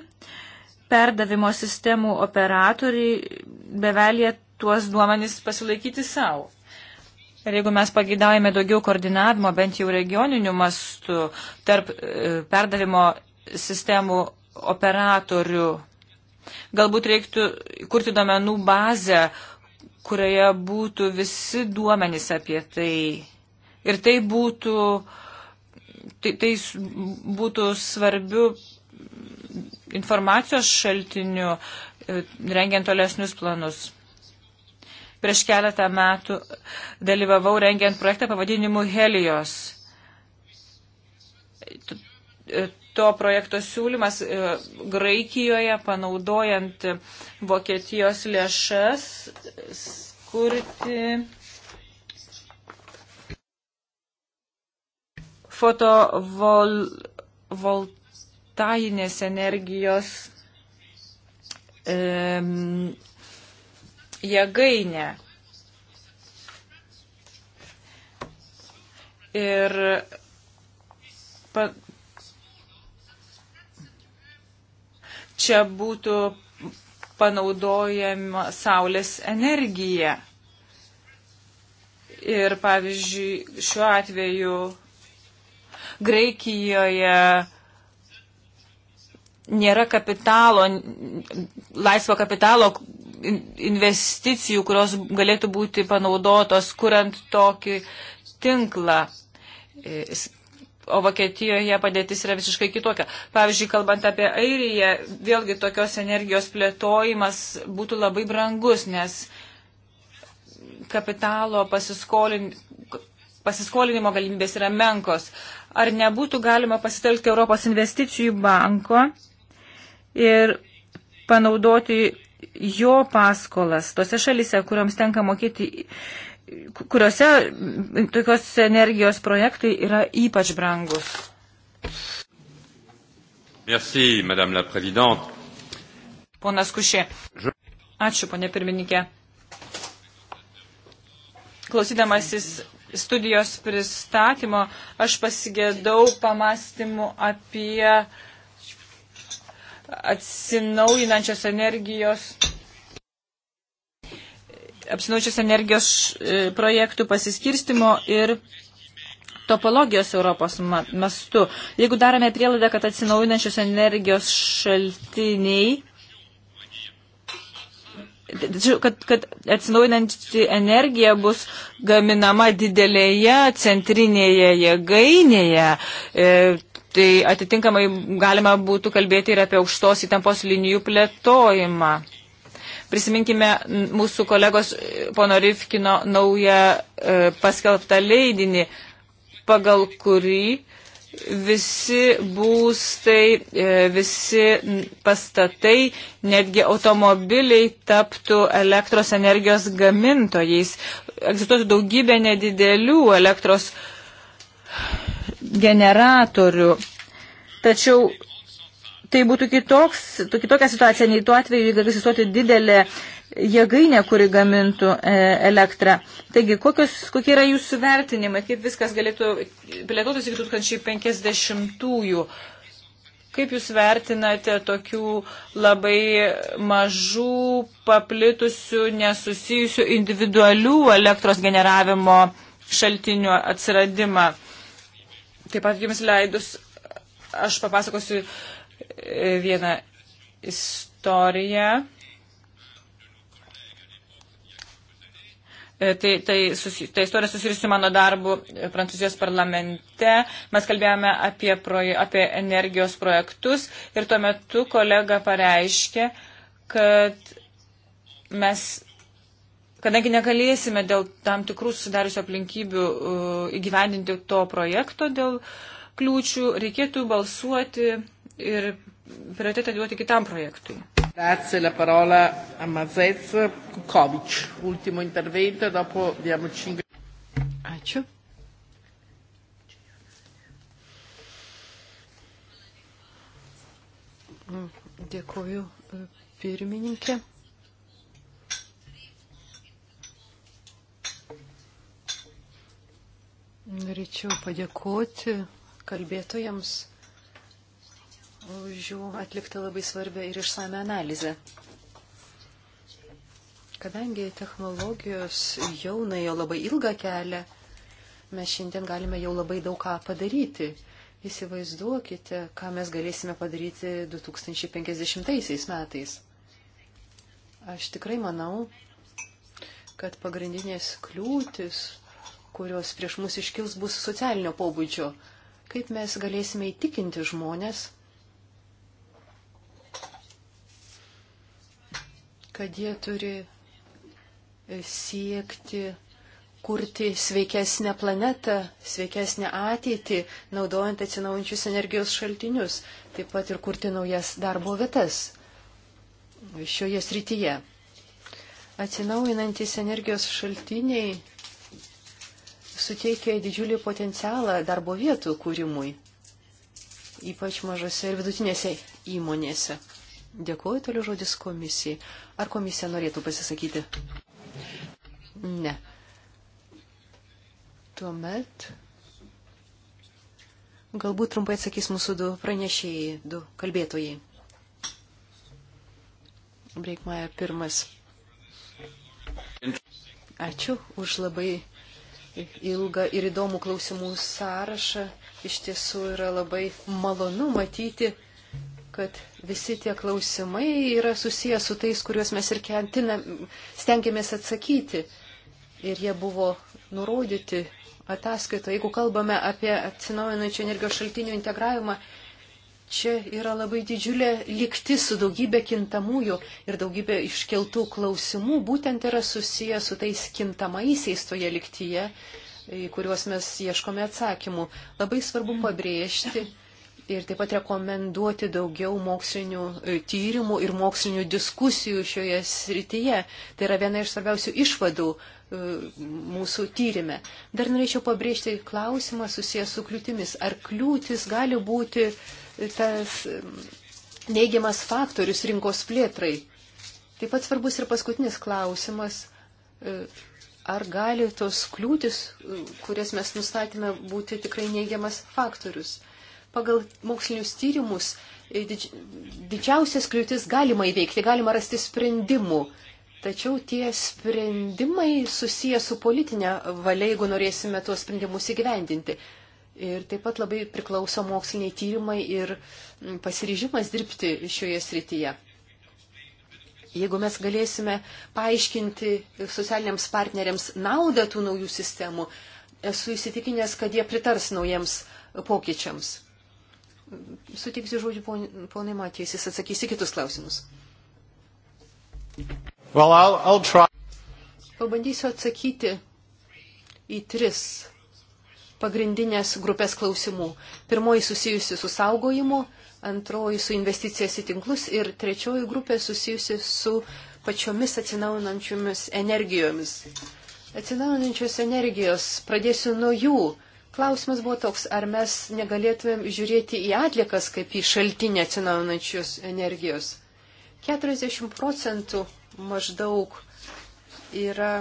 perdavimo sistemų operatoriai bevelė tuos duomenys pasilaikyti savo. Ir jeigu mes pageidaujame daugiau koordinavimo, bent jau regioniniu mastu, tarp e, perdavimo sistemų operatorių, galbūt reiktų kurti domenų bazę, kurioje būtų visi duomenys apie tai. Ir tai būtų, tai, tai būtų svarbiu informacijos šaltiniu, e, rengiant tolesnius planus. Prieš keletą metų dalyvavau rengiant projektą pavadinimu Helios. E, to projekto siūlymas e, Graikijoje, panaudojant Vokietijos lėšas, kurti fotovol, vol, fotovoltainės energijos e, jėgainę. Ir pa, čia būtų panaudojama saulės energija. Ir pavyzdžiui, šiuo atveju Graikijoje nėra kapitalo, laisvo kapitalo investicijų, kurios galėtų būti panaudotos, kuriant tokį tinklą. E, o Vokietijoje padėtis yra visiškai kitokia. Pavyzdžiui, kalbant apie Airiją, vėlgi tokios energijos plėtojimas būtų labai brangus, nes kapitalo pasiskolin, pasiskolinimo galimybės yra menkos. Ar nebūtų galima pasitelkti Europos investicijų banko ir panaudoti jo paskolas tose šalise, kuriuoms tenka mokėti, kuriuose tokios energijos projektai yra ypač brangus. Merci, Madame la Présidente. Ponas Kušė. Ačiū, ponė pirmininkė. Klausydamasis studijos pristatymo, aš pasigėdau pamastymų apie uh, atsinaujinančios energijos apsinaučios energijos e, projektų pasiskirstimo ir topologijos Europos mastu. Jeigu darome prielaidą, kad atsinaujinančios energijos šaltiniai, kad, kad atsinaujinanti energija bus gaminama didelėje centrinėje jėgainėje, e, Tai atitinkamai galima būtų kalbėti ir apie aukštos įtampos linijų plėtojimą. Prisiminkime mūsų kolegos e, pono Rifkino naują e, paskelbtą leidinį, pagal kurį visi būstai, e, visi pastatai, netgi automobiliai taptų elektros energijos gamintojais. Egzistuotų daugybė nedidelių elektros generatorių. Tačiau tai būtų kitoks, kitokia situacija nei tuo atveju, jeigu egzistuotų didelė jėgainė, kuri gamintų e, elektrą. Taigi, kokios, kokie yra jūsų vertinimai, kaip viskas galėtų plėtotis iki 2050-ųjų? Kaip Jūs vertinate tokių labai mažų, paplitusių, nesusijusių individualių elektros generavimo šaltinių atsiradimą? Taip pat jums leidus, aš papasakosiu e, vieną istoriją. E, tai, tai, susi, tai istorija susijusi mano darbu e, Prancūzijos parlamente. Mes kalbėjome apie, proje, apie energijos projektus ir tuo metu kolega pareiškė, kad mes kadangi negalėsime dėl tam tikrų susidariusių aplinkybių uh, įgyvendinti to projekto dėl kliūčių, reikėtų balsuoti ir prioritetą duoti kitam projektui. Grazie, la parola a Mazez Kukovic. Ultimo intervento, dopo diamo 5. Ačiū. Dėkuoju e, pirmininkė. Norėčiau padėkoti kalbėtojams už jų atliktą labai svarbę ir išsame analizę. Kadangi technologijos jau nuėjo labai ilgą kelią, mes šiandien galime jau labai daug ką padaryti. Įsivaizduokite, ką mes galėsime padaryti 2050 metais. Aš tikrai manau, kad pagrindinės kliūtis kurios prieš mus iškils, bus socialinio pobūdžio. Kaip mes galėsime įtikinti žmonės, kad jie turi siekti kurti sveikesnę planetą, sveikesnę ateitį, naudojant atsinaujančius energijos šaltinius, taip pat ir kurti naujas darbo vietas šioje srityje. Atsinaujinantis energijos šaltiniai suteikia didžiulį potencialą darbo vietų kūrimui, ypač mažose ir vidutinėse įmonėse. Dėkuoju toliau žodis komisijai. Ar komisija norėtų pasisakyti? Ne. Tuomet galbūt trumpai atsakys mūsų du pranešėjai, du kalbėtojai. Breikmaja pirmas. Ačiū už labai ilgą ir įdomų klausimų sąrašą. Iš tiesų yra labai malonu matyti, kad visi tie klausimai yra susijęs su tais, kuriuos mes ir kentinam, stengiamės atsakyti. Ir jie buvo nurodyti ataskaitoje. Jeigu kalbame apie atsinaujinančių energijos šaltinių integravimą, Čia yra labai didžiulė likti su daugybė kintamųjų ir daugybė iškeltų klausimų būtent yra susiję su tais kintamaisiais toje liktyje, į kuriuos mes ieškome atsakymų. Labai svarbu mm. pabrėžti ir taip pat rekomenduoti daugiau mokslinių e, tyrimų ir mokslinių diskusijų šioje srityje. Tai yra viena iš svarbiausių išvadų e, mūsų tyrimė. Dar norėčiau pabrėžti klausimą susijęs su kliūtimis. Ar kliūtis gali būti uh, tas neigiamas faktorius rinkos plėtrai. Taip pat svarbus ir paskutinis klausimas, e, ar gali tos kliūtis, e, kurias mes nustatėme, būti tikrai neigiamas faktorius. Pagal mokslinius tyrimus e, didžiausias kliūtis galima įveikti, galima rasti sprendimų. Tačiau tie sprendimai susiję su politinė valia, jeigu norėsime tuos sprendimus įgyvendinti. Ir taip pat labai priklauso moksliniai tyrimai ir mm, pasiryžimas dirbti šioje srityje. Jeigu mes galėsime paaiškinti socialiniams partneriams naudą tų naujų sistemų, esu įsitikinęs, kad jie pritars naujiems pokyčiams. Sutiksiu žodžiu ponai Matijas, jis atsakys į kitus klausimus. Well, I'll, I'll try. Pabandysiu atsakyti į tris pagrindinės grupės klausimų. Pirmoji susijusi su saugojimu, antroji su investicijas į tinklus ir trečioji grupė susijusi su pačiomis atsinaujinančiomis energijomis. Atsinaujinančios energijos, pradėsiu nuo jų. Klausimas buvo toks, ar mes negalėtumėm žiūrėti į atliekas kaip į šaltinį atsinaujinančios energijos. 40 procentų maždaug yra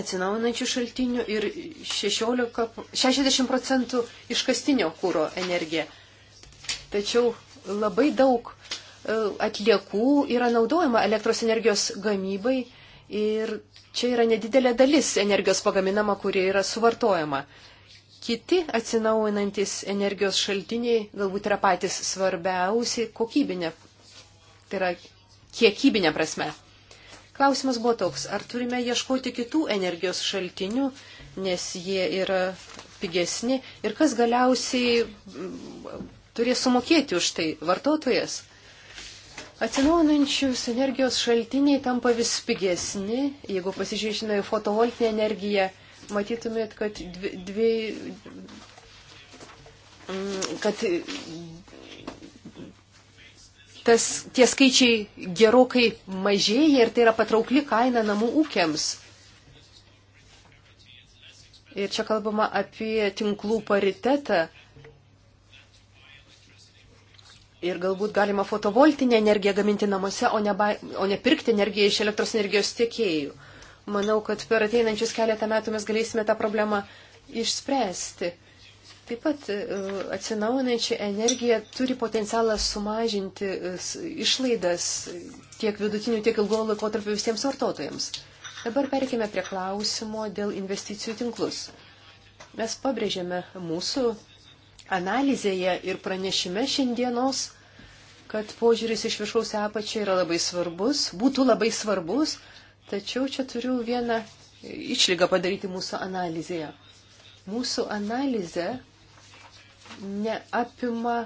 atsinaujinančių šaltinių ir 16, 60 procentų iškastinio kūro energija. Tačiau labai daug e, atliekų yra naudojama elektros energijos gamybai ir čia yra nedidelė dalis energijos pagaminama, kuri yra suvartojama. Kiti atsinaujinantis energijos šaltiniai galbūt yra patys svarbiausi kokybinė, tai yra kiekybinė prasme. Klausimas buvo toks, ar turime ieškoti kitų energijos šaltinių, nes jie yra pigesni ir kas galiausiai mm, turės sumokėti už tai vartotojas. Atsinaujinančius energijos šaltiniai tampa vis pigesni. Jeigu pasižiūrėsime į fotovoltinę energiją, matytumėt, kad, dvi, dvi, mm, kad tas, tie skaičiai gerokai mažėja ir tai yra patraukli kaina namų ūkiams. Ir čia kalbama apie tinklų paritetą. Ir galbūt galima fotovoltinę energiją gaminti namuose, o ne, ba, o ne pirkti energiją iš elektros energijos tiekėjų. Manau, kad per ateinančius keletą metų mes galėsime tą problemą išspręsti. Taip pat e, atsinaujinančią energiją turi potencialą sumažinti e, išlaidas tiek vidutinių, tiek ilgojo laikotarpio visiems vartotojams. Dabar perkime prie klausimo dėl investicijų tinklus. Mes pabrėžėme mūsų analizėje ir pranešime šiandienos, kad požiūris iš viršaus apačia yra labai svarbus, būtų labai svarbus, tačiau čia turiu vieną išlygą padaryti mūsų analizėje. Mūsų analizė neapima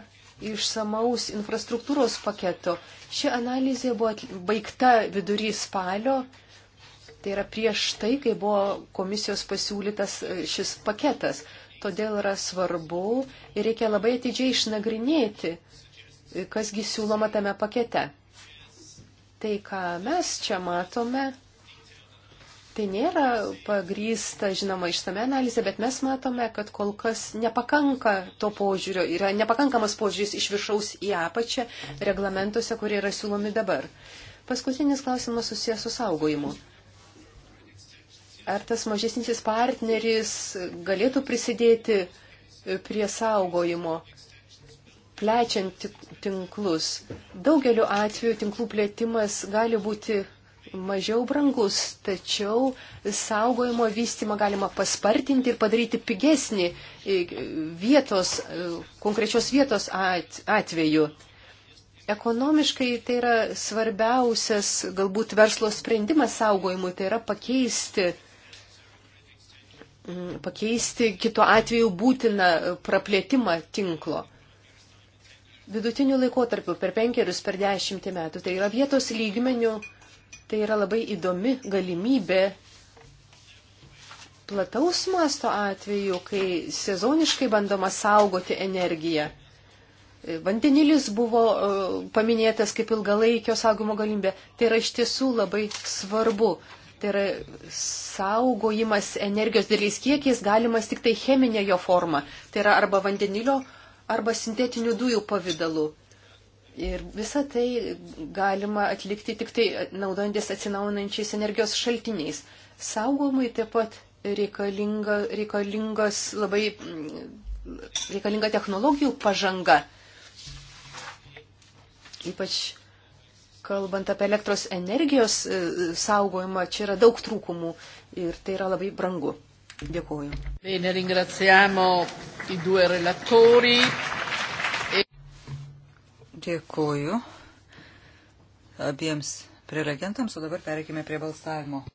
išsamaus infrastruktūros paketo. Ši analizė buvo baigta vidury spalio, tai yra prieš tai, kai buvo komisijos pasiūlytas e, šis paketas. Todėl yra svarbu ir reikia labai atidžiai išnagrinėti, e, kasgi siūloma tame pakete. Tai, ką mes čia matome, Tai nėra pagrysta, žinoma, išsame analizė, bet mes matome, kad kol kas nepakanka to požiūrio, yra nepakankamas požiūris iš viršaus į apačią reglamentuose, kurie yra siūlomi dabar. Paskutinis klausimas susijęs su saugojimu. Ar tas mažesnis partneris galėtų prisidėti prie saugojimo, plečiant tinklus? Daugeliu atveju tinklų plėtimas gali būti mažiau brangus, tačiau saugojimo vystimą galima paspartinti ir padaryti pigesnį e, vietos, e, konkrečios vietos atveju. Ekonomiškai tai yra svarbiausias galbūt verslo sprendimas saugojimui, tai yra pakeisti, mm, pakeisti kitu atveju būtiną praplėtimą tinklo vidutiniu laikotarpiu per penkerius, per dešimtį metų. Tai yra vietos lygmenių Tai yra labai įdomi galimybė plataus masto atveju, kai sezoniškai bandoma saugoti energiją. Vandenilis buvo e, paminėtas kaip ilgalaikio saugumo galimybė. Tai yra iš tiesų labai svarbu. Tai yra saugojimas energijos dėliais kiekiais galimas tik tai cheminė jo forma. Tai yra arba vandenilio, arba sintetinių dujų pavydalu. Ir visą tai galima atlikti tik tai naudojantis atsinaunančiais energijos šaltiniais. Saugomai taip pat reikalinga, reikalingas labai reikalinga technologijų pažanga. Ypač kalbant apie elektros energijos e, saugojimą, čia yra daug trūkumų ir tai yra labai brangu. Dėkuoju. Bene, ringraziamo i due relatori. Dėkuoju abiems prelegentams, o dabar pereikime prie balsavimo.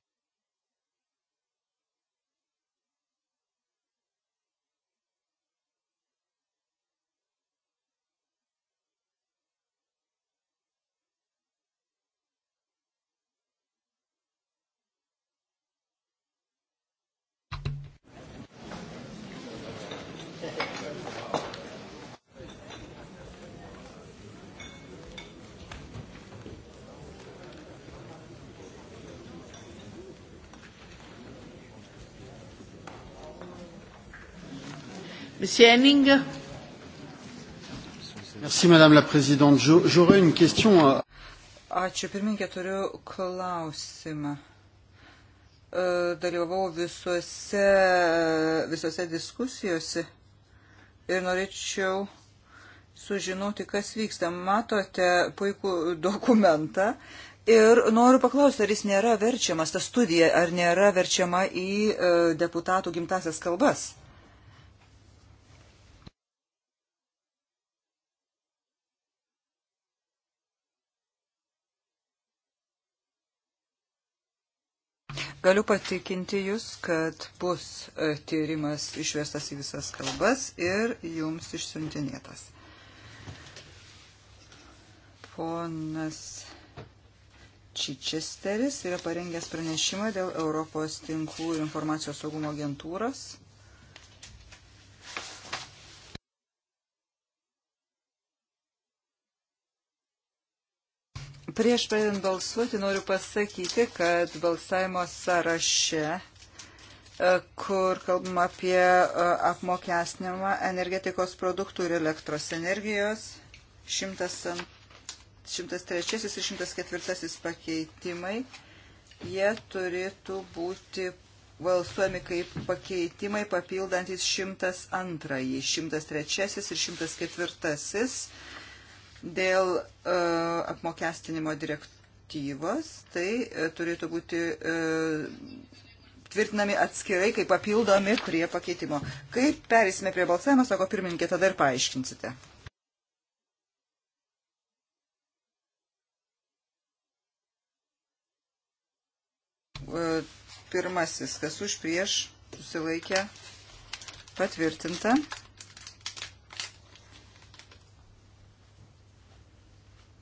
Mrs. Henning. Merci, Madame la Présidente. J'aurais une question. À... Ačiū, pirmininkė, turiu klausimą. E, dalyvavau visuose, e, visuose diskusijose ir norėčiau sužinoti, kas vyksta. Matote puikų dokumentą ir noriu paklausti, ar jis nėra verčiamas, ta studija, ar nėra verčiama į e, deputatų gimtasias kalbas. Galiu patikinti Jūs, kad bus e, tyrimas išvestas į visas kalbas ir Jums išsiuntinėtas. Ponas Čičesteris yra parengęs pranešimą dėl Europos tinklų ir informacijos saugumo agentūros. Prieš pradedant balsuoti noriu pasakyti, kad balsavimo sąraše, e, kur kalbam apie e, apmokestinimą energetikos produktų ir elektros energijos, 103 ir 104 pakeitimai, jie turėtų būti balsuojami kaip pakeitimai papildantis 102, 103 ir 104 Dėl uh, apmokestinimo direktyvos tai uh, turėtų būti uh, tvirtinami atskirai, kaip papildomi prie pakeitimo. Kaip perėsime prie balsavimo, sako pirmininkė, tada ir paaiškinsite. Pirmasis, kas už prieš, susilaikė, patvirtinta.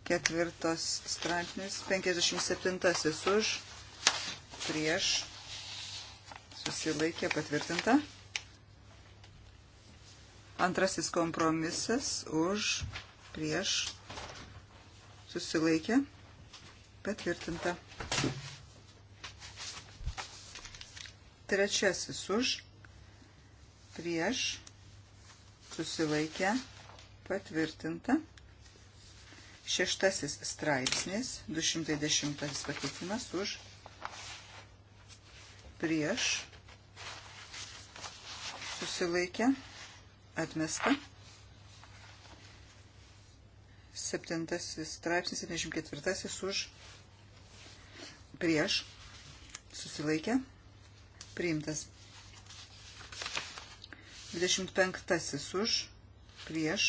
ketvirtas straipsnis, 57 už, prieš, susilaikė patvirtinta. Antrasis kompromisas už, prieš, susilaikė patvirtinta. Trečiasis už, prieš, susilaikė patvirtinta. Šeštasis straipsnis, 210 pakeitimas už prieš susilaikę atmesta. Septintasis straipsnis, 74 už prieš susilaikę priimtas. 25 už prieš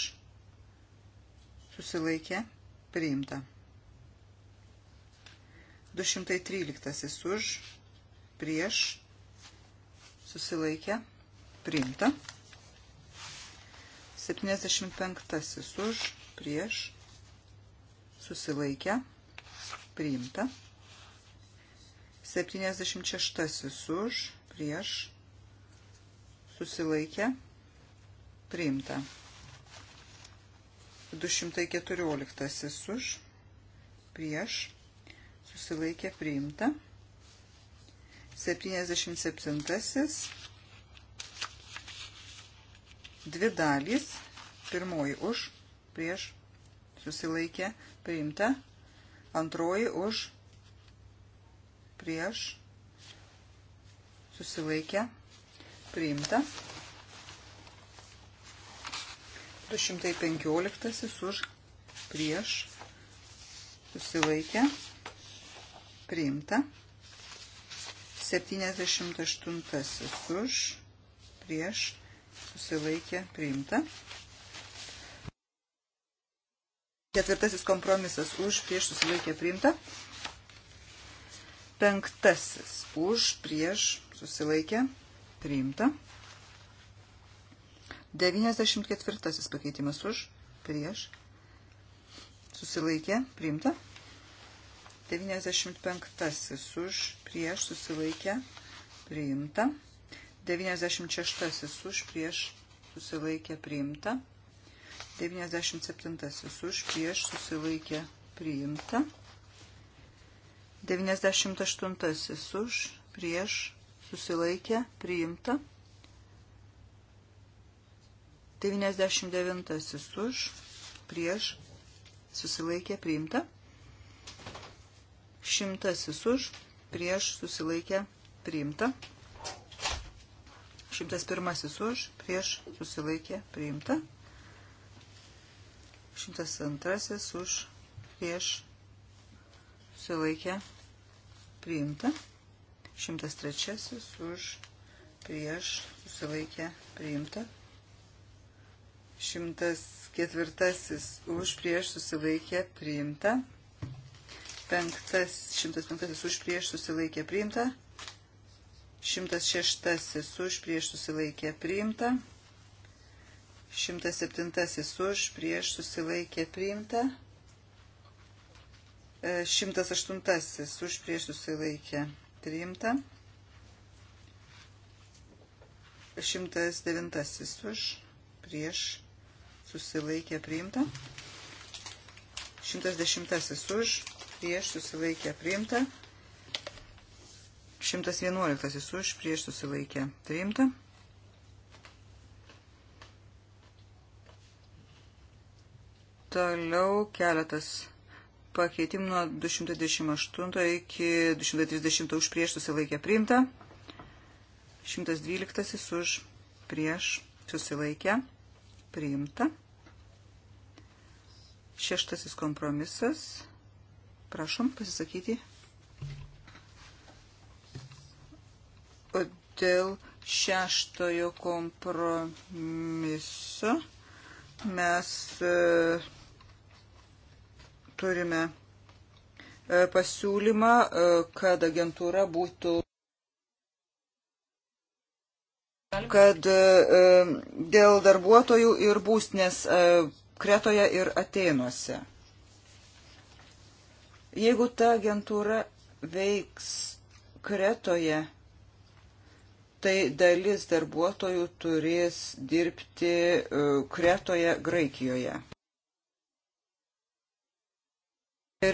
susilaikę priimtas priimta. 213 už, prieš, susilaikė, priimta. 75 už, prieš, susilaikė, priimta. 76 už, prieš, susilaikė, priimta. 214 už, prieš, susilaikė priimta. 77 dvi dalys, pirmoji už, prieš, susilaikė priimta, antroji už, prieš, susilaikė priimta. 215 už prieš susilaikę priimta. 78 už prieš susilaikę priimta. Ketvirtasis kompromisas už prieš susilaikę priimta. Penktasis už prieš susilaikę priimta. 94 pakeitimas už, prieš, susilaikė, priimta. 95 už, prieš, susilaikė, priimta. 96 už, prieš, susilaikė, priimta. 97 už, prieš, susilaikė, priimta. 98 už, prieš, susilaikė, priimta. 99 už, prieš, susilaikė priimta. Šimtasis už, prieš, susilaikė priimta. Šimtas pirmasis už, prieš, susilaikė priimta. Šimtas antrasis už, prieš, susilaikė priimta. Šimtas trečiasis už, prieš, susilaikė priimta. 104 už prieš susilaikė priimta. 105 už prieš susilaikė priimta. 106 už prieš susilaikė priimta. 107 už prieš susilaikė priimta. 108 e, už prieš susilaikė priimta. 109 už prieš susilaikė priimta. 110 už, prieš susilaikė priimta. 111 už, prieš susilaikė priimta. 111 Toliau keletas pakeitimų nuo 228 iki 230 už prieš susilaikė priimta. 112 už prieš susilaikė priimta. Šeštasis kompromisas. Prašom pasisakyti. Dėl šeštojo kompromiso mes e, turime e, pasiūlymą, e, kad agentūra būtų kad dėl darbuotojų ir būsnės Kretoje ir Ateinuose. Jeigu ta agentūra veiks Kretoje, tai dalis darbuotojų turės dirbti e, Kretoje, Graikijoje.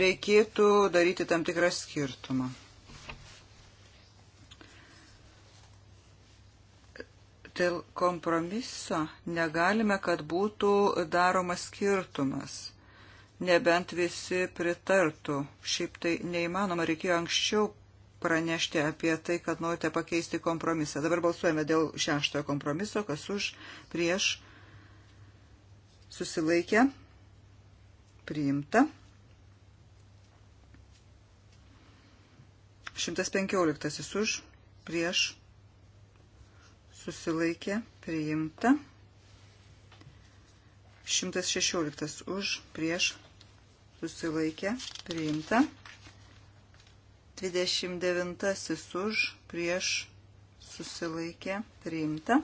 Reikėtų daryti tam tikrą skirtumą. Dėl kompromiso negalime, kad būtų daromas skirtumas nebent visi pritartų. Šiaip tai neįmanoma, reikėjo anksčiau pranešti apie tai, kad norite pakeisti kompromisą. Dabar balsuojame dėl šeštojo kompromiso, kas už, prieš, susilaikę, priimta. 115 už, prieš, susilaikė, priimta. 116 už, prieš, susilaikė, priimta. 29 už, prieš, susilaikė, priimta.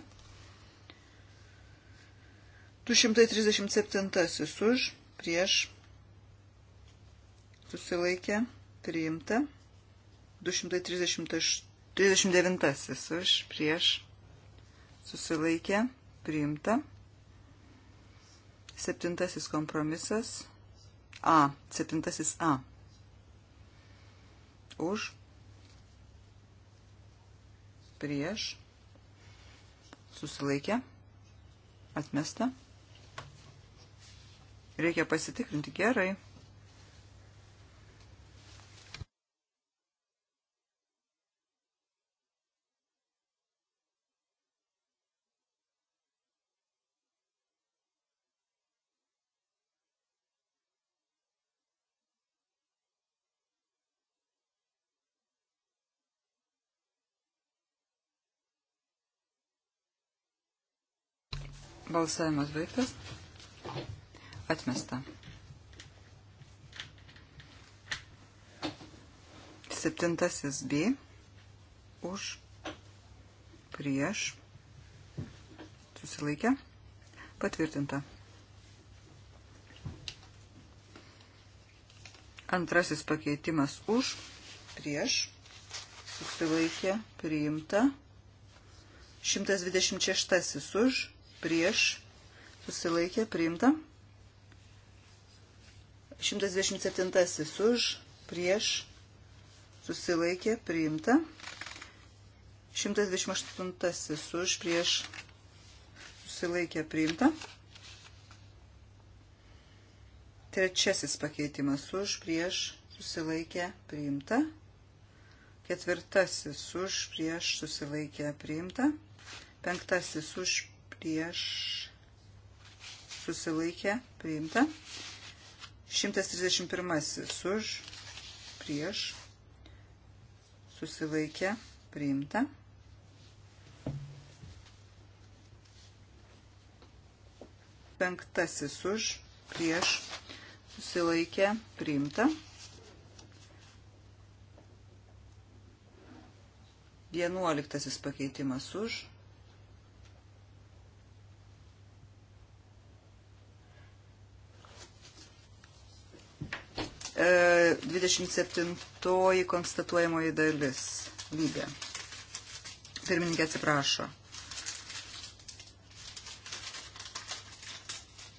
237 už, prieš, susilaikė, priimta. 238, 39 už, prieš, susilaikė, priimta. Septintasis kompromisas A. Septintasis A. Už, prieš, susilaikė, atmesta. Reikia pasitikrinti gerai. Balsavimas baigtas. Atmesta. Septintasis B. Už. Prieš. Susilaikę. Patvirtinta. Antrasis pakeitimas už, prieš, susilaikė, priimta. 126 už, prieš, susilaikė, priimta. 127 už, prieš, susilaikė, priimta. 128 už, prieš, susilaikė, priimta. Trečiasis pakeitimas už, prieš, susilaikė, priimta. Ketvirtasis už, prieš, susilaikė, priimta. Penktasis už, prieš susilaikę priimta. 131 už prieš susilaikę priimta. Penktasis už prieš susilaikę priimta. Vienuoliktasis pakeitimas už 27 e, konstatuojamoji dalis. Lybė. Pirmininkė atsiprašo.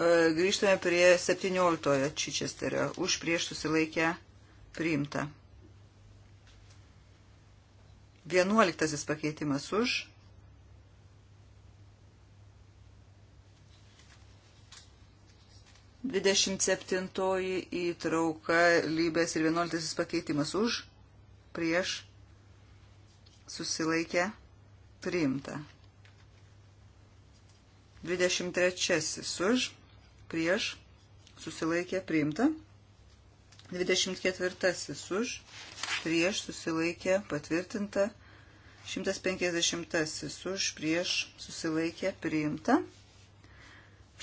E, grįžtame prie 17 Čičesterio. Už prieš susilaikę priimta. 11 pakeitimas už 27 įtrauka lybės ir 11 pakeitimas už, prieš, susilaikę, priimta. 23 už, prieš, susilaikė, priimta. 24 už, prieš, susilaikė, patvirtinta. 150 už, prieš, susilaikė, priimta.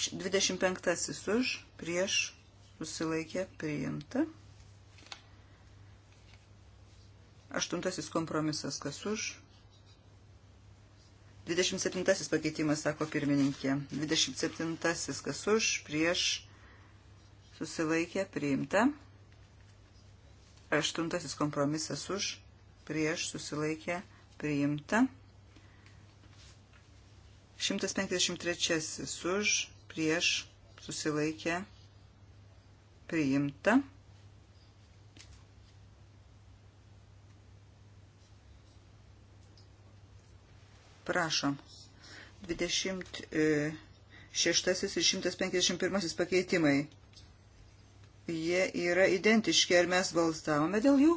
25 už, prieš, susilaikė, priimta. 8 kompromisas, kas už. 27 pakeitimas, sako pirmininkė. 27 kas už, prieš, susilaikė, priimta. 8 kompromisas už, prieš, susilaikė, priimta. 153 už, prieš susilaikę priimta. Prašom. 26 e, ir 151 pakeitimai. Jie yra identiški. Ar mes balsavome dėl jų?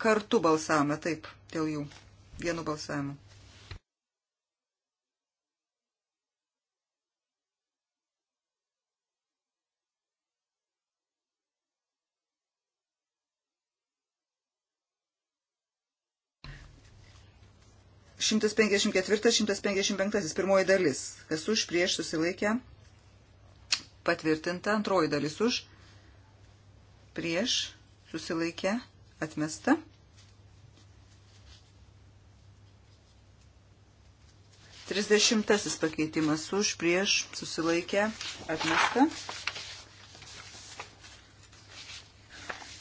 Kartu balsavome, taip, dėl jų. Vienu balsavimu. 154-155 pirmoji dalis. Kas už prieš susilaikė? Patvirtinta. Antroji dalis už prieš susilaikė atmesta. Trisdešimtasis pakeitimas už prieš susilaikė atmesta.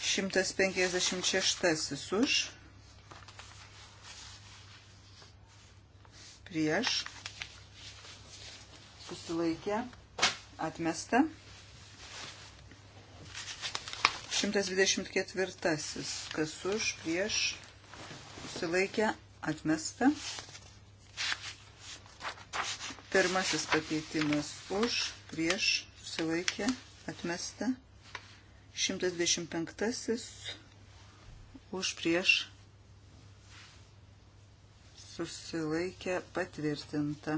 156 už prieš, susilaikė, atmesta. 124. Kas už, prieš, susilaikė, atmesta. Pirmasis pakeitimas už, prieš, susilaikė, atmesta. 125. Už, prieš, susilaikė patvirtinta.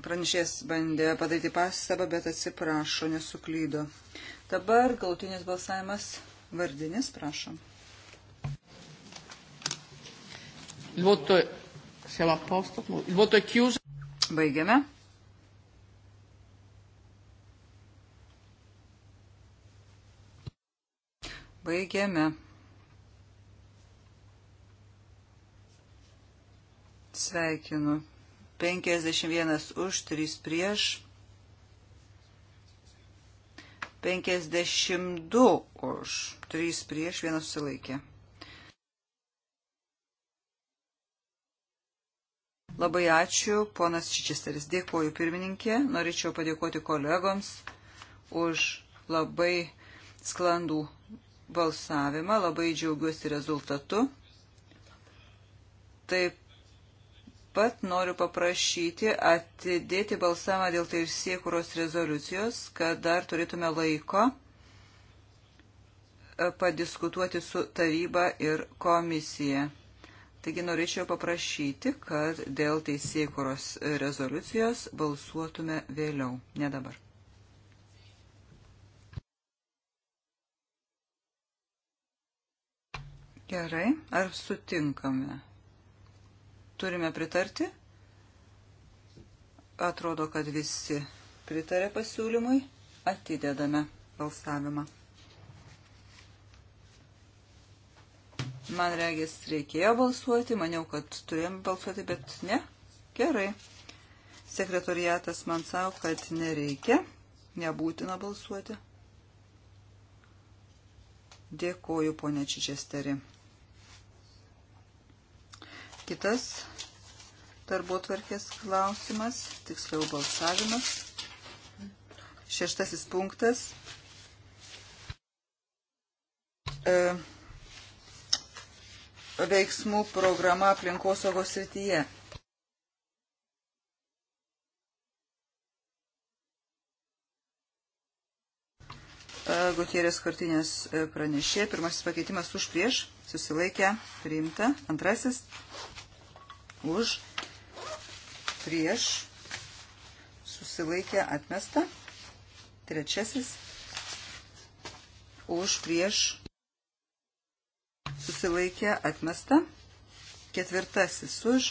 Pranešės bandė padaryti pastabą, bet atsiprašo, nesuklydo. Dabar galutinis balsavimas vardinis, prašom. Il voto, siamo a posto, il voto è chiuso. Baigiame. Baigiame. Sveikinu. 51 už, 3 prieš. 52 už, 3 prieš, 1 susilaikė. Labai ačiū, ponas Čičesteris. Dėkuoju pirmininkė. Norėčiau padėkoti kolegoms už labai sklandų balsavimą. Labai džiaugiuosi rezultatu. Taip pat noriu paprašyti atidėti balsavimą dėl tai ir siekuros rezoliucijos, kad dar turėtume laiko e, padiskutuoti su taryba ir komisija. Taigi norėčiau paprašyti, kad dėl teisėkuros rezoliucijos balsuotume vėliau, ne dabar. Gerai, ar sutinkame? Turime pritarti? Atrodo, kad visi pritarė pasiūlymui. Atidedame balsavimą. Man regis reikėjo balsuoti, maniau, kad turėjom balsuoti, bet ne. Gerai. Sekretoriatas man savo, kad nereikia, nebūtina balsuoti. Dėkoju, ponė Čičesteri. Kitas darbo tvarkės klausimas, tiksliau balsavimas. Šeštasis punktas. E, veiksmų programa aplinkosaugos srityje. E, Gutierės kartinės e, pranešė. Pirmasis pakeitimas už prieš, susilaikę, priimta. Antrasis už prieš, susilaikę, atmesta. Trečiasis už prieš, susilaikė atmesta. Ketvirtasis už,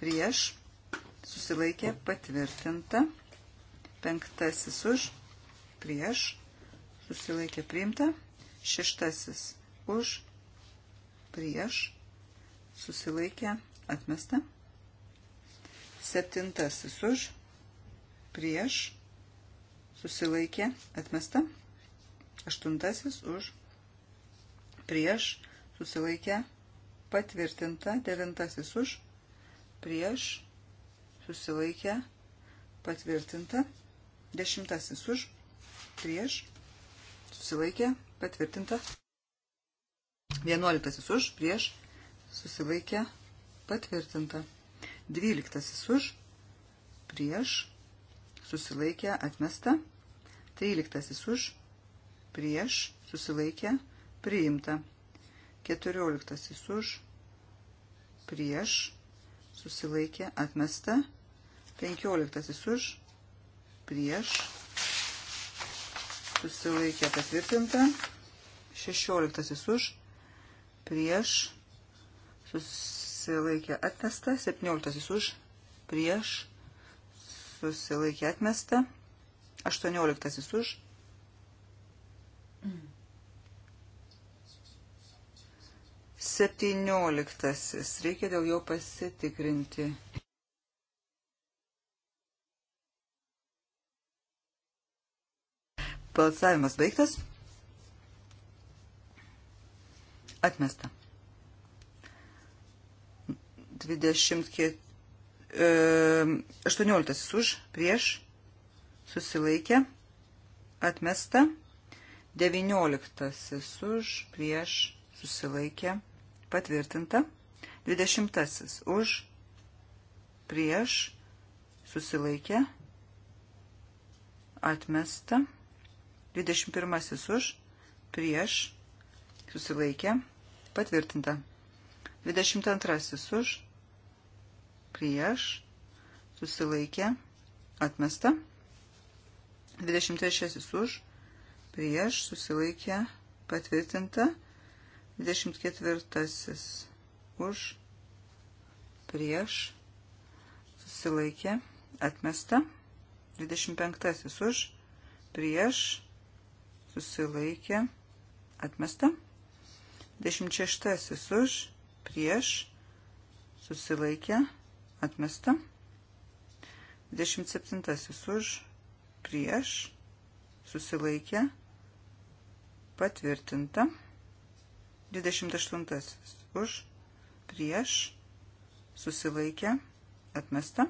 prieš, susilaikė patvirtinta. Penktasis už, prieš, susilaikė priimta. Šeštasis už, prieš, susilaikė atmesta. Septintasis už, prieš, susilaikė atmesta. Aštuntasis už, prieš, susilaikę, patvirtinta, devintasis už, prieš, susilaikę, patvirtinta, dešimtasis už, prieš, susilaikę, patvirtinta, vienuoliktasis už, prieš, susilaikę, patvirtinta, dvyliktasis už, prieš, susilaikę, atmesta, tryliktasis už, prieš, susilaikę, atmesta, priimta. 14 už, prieš, susilaikė, atmesta. 15 už, prieš, susilaikė, patvirtinta. 16 už, prieš, susilaikė, atmesta. 17 už, prieš, susilaikė, atmesta. 18 už, prieš. 18 už. 17. Reikia dėl jo pasitikrinti. Balsavimas baigtas. Atmesta. 24. 18 e, už, prieš, susilaikė, atmesta, 19 už, prieš, susilaikė, atmesta. Patvirtinta. 20. Už, prieš, susilaikė, atmesta. 21. Už, prieš, susilaikė, patvirtinta. 22. Už, prieš, susilaikė, atmesta. 23. Už, prieš, susilaikė, patvirtinta. 24 už, prieš, susilaikė, atmesta. 25 už, prieš, susilaikė, atmesta. 26 už, prieš, susilaikė, atmesta. 27 už, prieš, susilaikė, patvirtinta. 28 už, prieš, susilaikė, atmesta.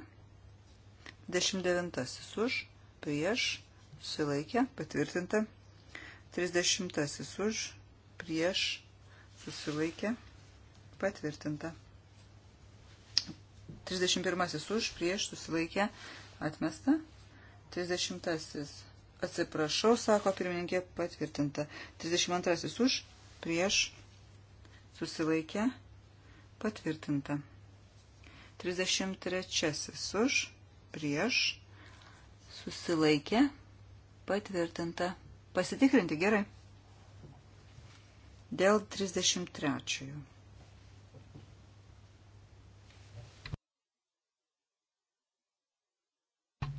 29 už, prieš, susilaikė, patvirtinta. 30 už, prieš, susilaikė, patvirtinta. 31 už, prieš, susilaikė, atmesta. 30 atsiprašau, sako pirmininkė, patvirtinta. 32 už, prieš, susilaikė, patvirtinta. 33 už, prieš, susilaikė, patvirtinta. Pasitikrinti gerai. Dėl 33.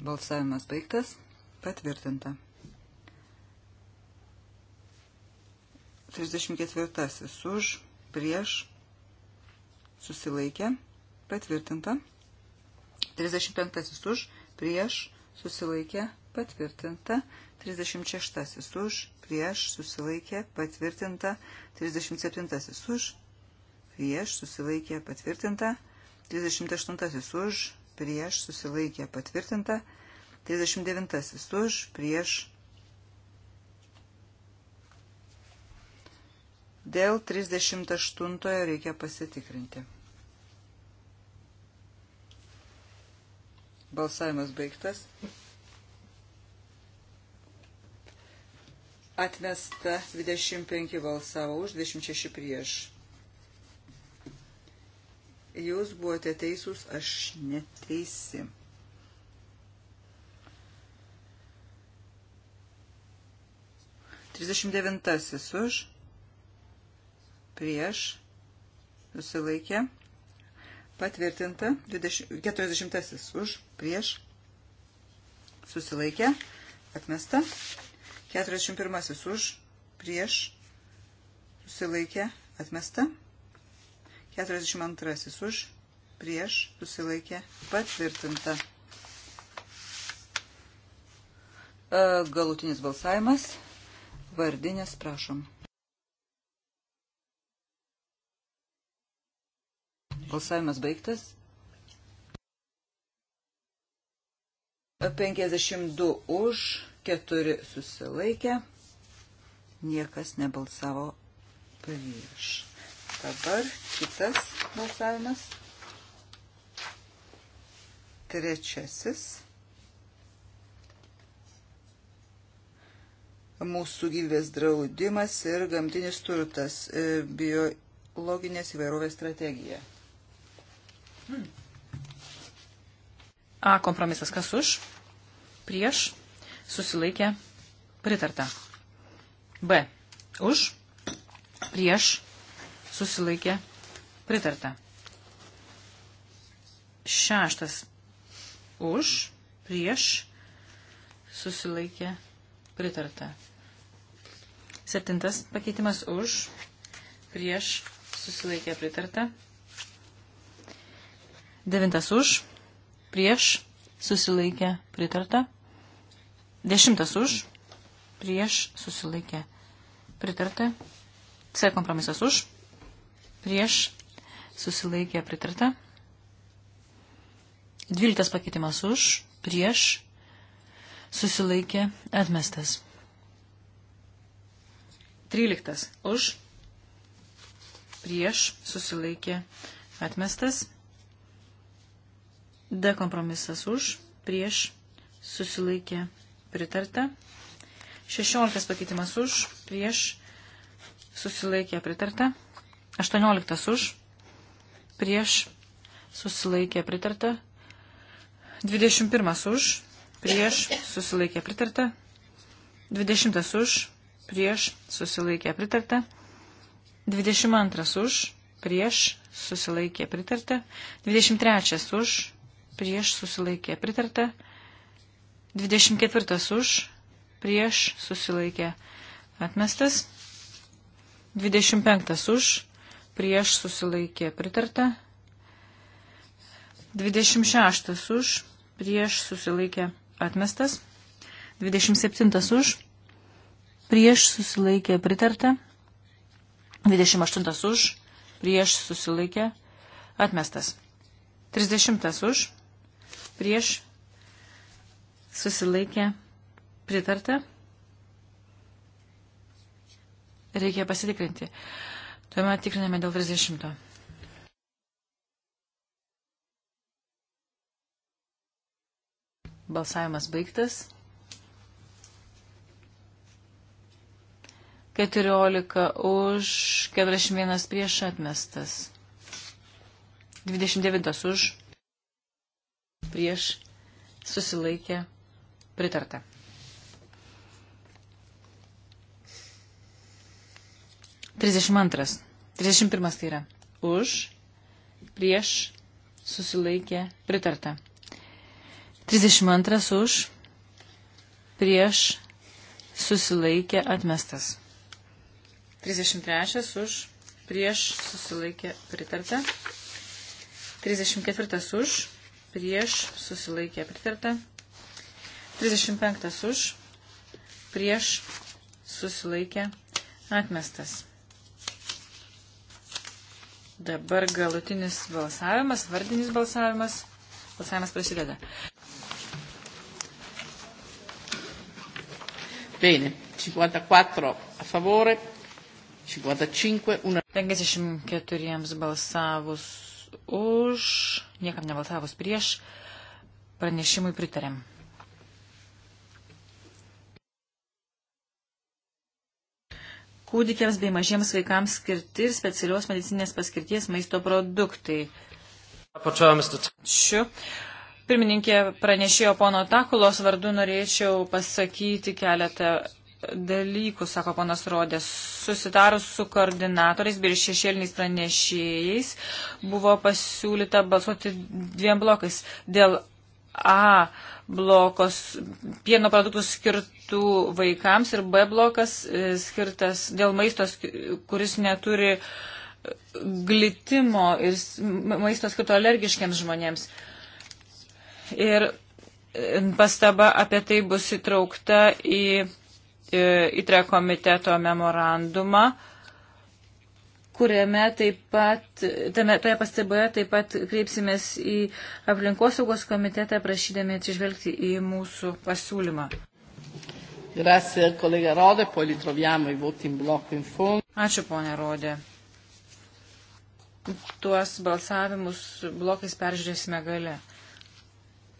Balsavimas baigtas. Patvirtinta. 34 už prieš, susilaikė, patvirtinta. 35 už, prieš, susilaikė, patvirtinta. 36 už, prieš, susilaikė, patvirtinta. 37 už, prieš, susilaikė, patvirtinta. 38 už, prieš, susilaikė, patvirtinta. 39 už, prieš, Dėl 38 reikia pasitikrinti. Balsavimas baigtas. Atmesta 25 balsavo už, 26 prieš. Jūs buvote teisūs, aš neteisi. Trisdešimt devintasis už prieš susilaikė patvirtinta 20, 40 už prieš susilaikė atmesta 41 už prieš susilaikė atmesta 42 už prieš susilaikė patvirtinta e, galutinis balsavimas vardinės prašom Balsavimas baigtas. 52 už, 4 susilaikė, niekas nebalsavo prieš. Dabar kitas balsavimas. Trečiasis. mūsų gyvybės draudimas ir gamtinis turtas, biologinės įvairovės strategija. A kompromisas kas už, prieš, susilaikė, pritarta. B už, prieš, susilaikė, pritarta. Šeštas už, prieš, susilaikė, pritarta. Septintas pakeitimas už, prieš, susilaikė, pritarta. Devintas už, prieš, susilaikė, pritarta. Dešimtas už, prieš, susilaikė, pritarta. C kompromisas už, prieš, susilaikė, pritarta. Dvyliktas pakeitimas už, prieš, susilaikė, atmestas. Tryliktas už, prieš, susilaikė, atmestas. D kompromisas už, prieš, susilaikė pritarta. 16 pakeitimas už, prieš, susilaikė pritarta. 18 už, prieš, susilaikė pritarta. 21 už, prieš, susilaikė pritarta. 20 už, prieš, susilaikė pritarta. 22 už, prieš, susilaikė pritarta. 23 už, prieš susilaikė pritarta, 24 už, prieš susilaikė atmestas, 25 už, prieš susilaikė pritarta, 26 už, prieš susilaikė atmestas, 27 už, prieš susilaikė pritarta, 28 už, prieš susilaikė atmestas. 30 už, prieš susilaikė pritarta. Reikia pasitikrinti. Tuomet tikriname dėl 30. Balsavimas baigtas. 14 už, 41 prieš atmestas. 29 už prieš susilaikė pritarta. Trisdešimt antras. Trisdešimt pirmas tai yra. Už, prieš, susilaikė, pritarta. Trisdešimt antras už, prieš, susilaikė, atmestas. Trisdešimt trečias už, prieš, susilaikė, pritarta. Trisdešimt ketvirtas už, prieš, susilaikė pritarta. 35 už, prieš, susilaikė atmestas. Dabar galutinis balsavimas, vardinis balsavimas. Balsavimas prasideda. Bene, 54 a favore, 55 una. 54 balsavus už, niekam nebalsavus prieš, pranešimui pritarėm. Kūdikiams bei mažiems vaikams skirti ir specialios medicinės paskirties maisto produktai. Ačiū. Pirmininkė pranešėjo pono Takulos vardu norėčiau pasakyti keletą dalykų, sako ponas Rodės. Susitarus su koordinatoriais bei šešėliniais pranešėjais buvo pasiūlyta balsuoti dviem blokais dėl A blokos pieno produktų skirtų vaikams ir B blokas e, skirtas dėl maisto, kuris neturi glitimo ir maisto skirto alergiškiams žmonėms. Ir e, pastaba apie tai bus įtraukta į įtre e, komiteto memorandumą, kuriame taip pat, tame, toje pastaboje taip pat kreipsimės į aplinkosaugos komitetą, prašydami atsižvelgti į mūsų pasiūlymą. Grazie, kolega Rode, poi li troviamo i voti in blocco in fondo. Ačiū, ponia Rodė. Tuos balsavimus blokais peržiūrėsime gale.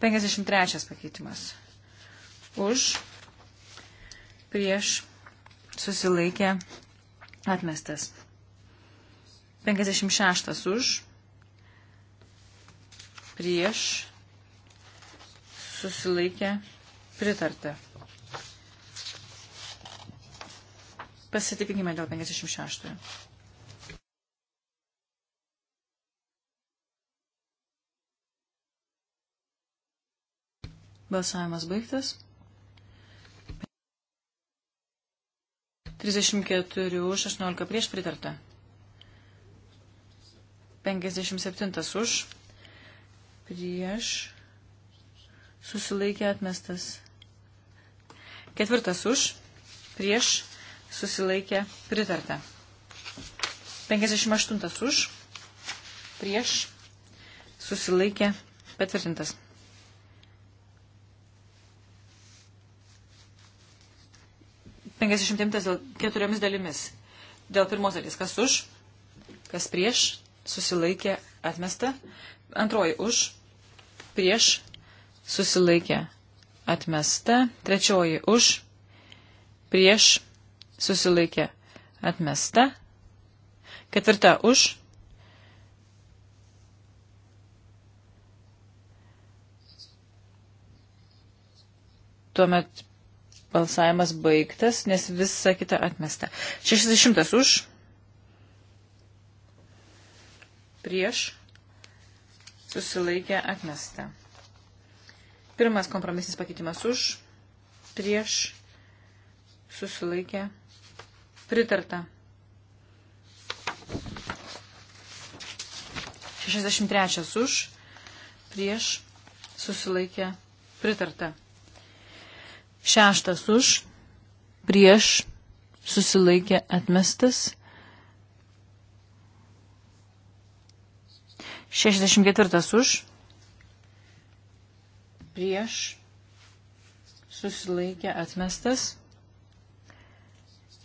53 pakeitimas. Už prieš susilaikė atmestas. 56 už prieš susilaikė pritarta. Pasitikinkime dėl 56. Balsavimas baigtas. 34 už, 16 prieš pritarta. 57 už, prieš, susilaikė atmestas. Ketvirtas už, prieš, susilaikė pritarta. 58 už, prieš, susilaikė patvirtintas. 59 dėl keturiomis dalimis. Dėl pirmos dalies, kas už, kas prieš, susilaikė, atmesta. Antroji už, prieš, susilaikė, atmesta. Trečioji už, prieš, susilaikė, atmesta. Ketvirta už. Tuomet Balsavimas baigtas, nes visa kita atmesta. 60 už. Prieš. Susilaikė atmesta. Pirmas kompromisinis pakeitimas už. Prieš. Susilaikė. Pritarta. 63 už. Prieš. Susilaikė. Pritarta. Šeštas už, prieš, susilaikė atmestas. 64 už, prieš, susilaikė atmestas.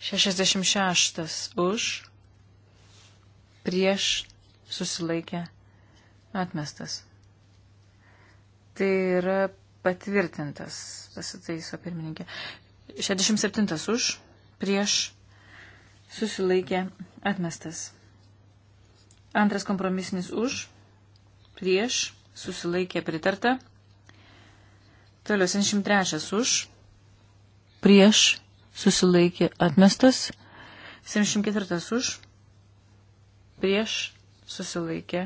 66 už, prieš, susilaikė atmestas. Tai yra patvirtintas, pasitaiso pirmininkė. 67 už, prieš, susilaikė, atmestas. Antras kompromisinis už, prieš, susilaikė, pritarta. Toliau 73 už, prieš, susilaikė, atmestas. 74 už, prieš, susilaikė,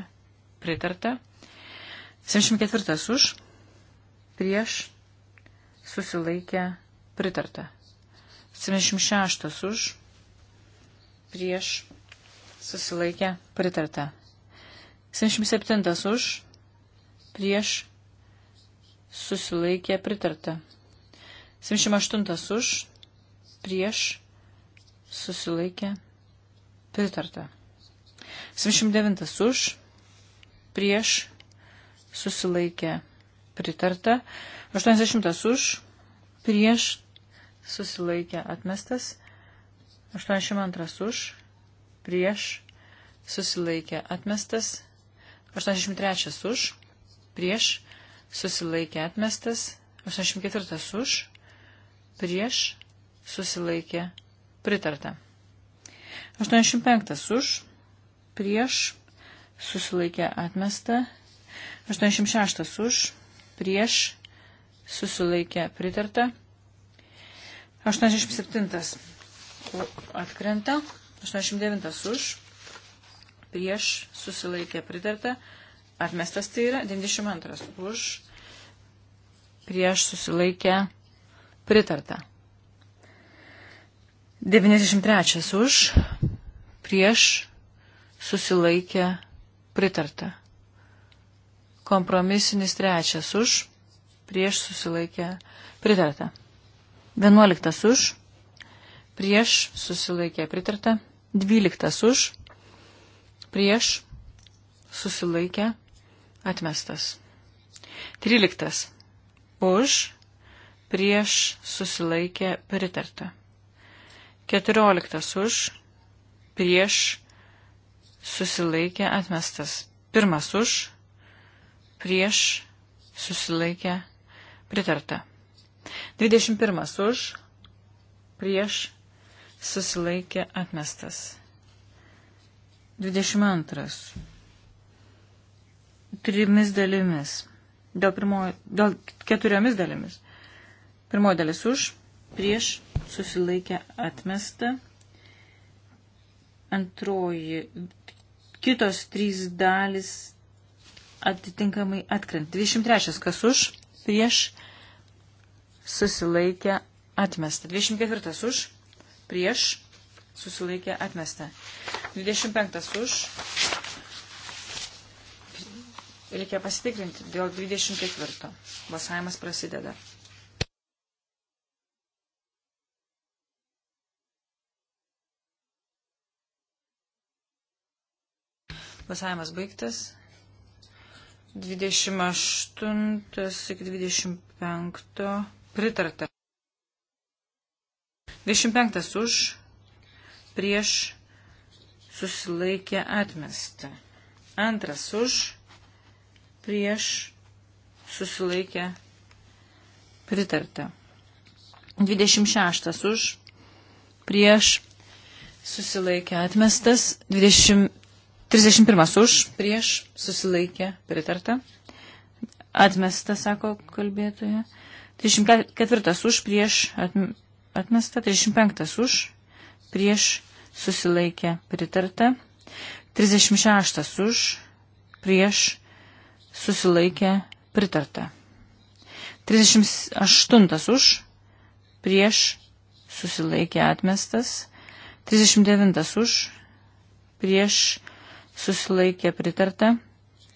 pritarta. 74 už prieš, susilaikė, pritarta. 76 už, prieš, susilaikė, pritarta. 77 už, prieš, susilaikė, pritarta. 78 už, prieš, susilaikė, pritarta. 79 už, prieš, susilaikė, pritarta pritarta. 80 už, prieš, susilaikė atmestas. 82 už, prieš, susilaikė atmestas. 83 už, prieš, susilaikė atmestas. 84 už, prieš, susilaikė pritarta. 85 už, prieš, susilaikė atmesta. 86 už, prieš, susilaikė pritarta. 87 atkrenta, 89 už, prieš, susilaikė pritarta. Atmestas tai yra 92 už, prieš, susilaikė pritarta. 93 už, prieš, susilaikė pritarta. Kompromisinis trečias už, prieš susilaikė pritarta. Vienuoliktas už, prieš susilaikė pritarta. Dvyliktas už, prieš susilaikė atmestas. Tryliktas už, prieš susilaikė pritarta. Keturioliktas už, prieš susilaikė atmestas. Pirmas už, prieš susilaikę pritarta. 21 už prieš susilaikė atmestas. 22. Trimis dalimis. Dėl, pirmo, dėl keturiomis dalimis. Pirmoji dalis už, prieš susilaikė atmestą. Antroji, kitos trys dalis atitinkamai atkrenta. 23. Kas už? Prieš susilaikę atmestą. 24. Už? Prieš susilaikę atmestą. 25. Už? Reikia pasitikrinti dėl 24. Balsavimas prasideda. Balsavimas baigtas. 28 iki 25 pritarta. 25 už, prieš susilaikė atmesta. Antras už, prieš susilaikė pritarta. 26 už, prieš susilaikė atmestas. 20 31 už, prieš, susilaikė, pritarta. Atmesta, sako kalbėtoja. 34 už, prieš, atmesta. 35 už, prieš, susilaikė, pritarta. 36 už, prieš, susilaikė, pritarta. 38 už, prieš, susilaikė, atmestas. 39 už, prieš, susilaikė, pritarta susilaikė pritarta,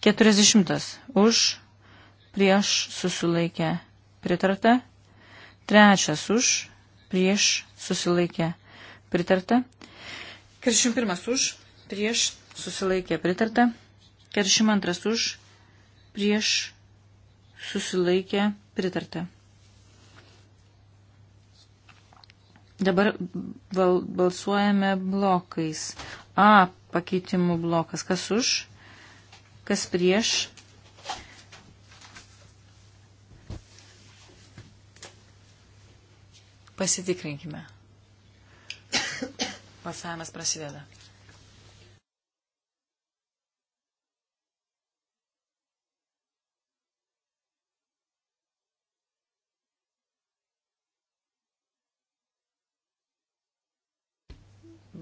40 už, prieš susilaikė pritarta, 3 už, prieš susilaikė pritarta, 41 už, prieš susilaikė pritarta, 42 už, prieš susilaikė pritarta. Dabar balsuojame blokais. A pakeitimų blokas. Kas už, kas prieš. Pasitikrinkime. Pasavimas prasideda.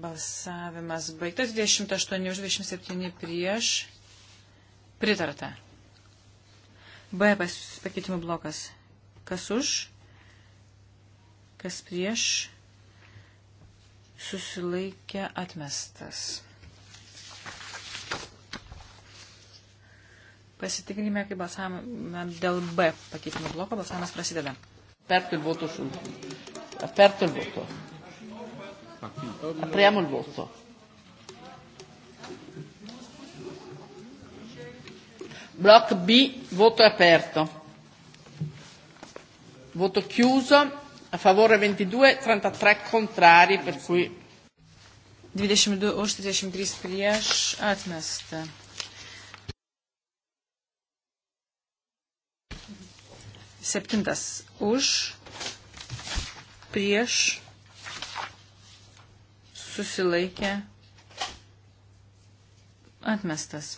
Balsavimas baigtas 28 už 27 prieš. Pritarta. B pakeitimų blokas. Kas už? Kas prieš? Susilaikė atmestas. Pasitikrinime, kaip balsavome dėl B pakeitimų bloko. Balsavimas prasideda. Aperto il voto sul. Aperto il voto. Apriamo il voto. Block B, voto aperto. Voto chiuso, a favore 22, 33 contrari, per cui... 22 už, 33 prieš, atmesta. Septintas už, prieš, susilaikė atmestas.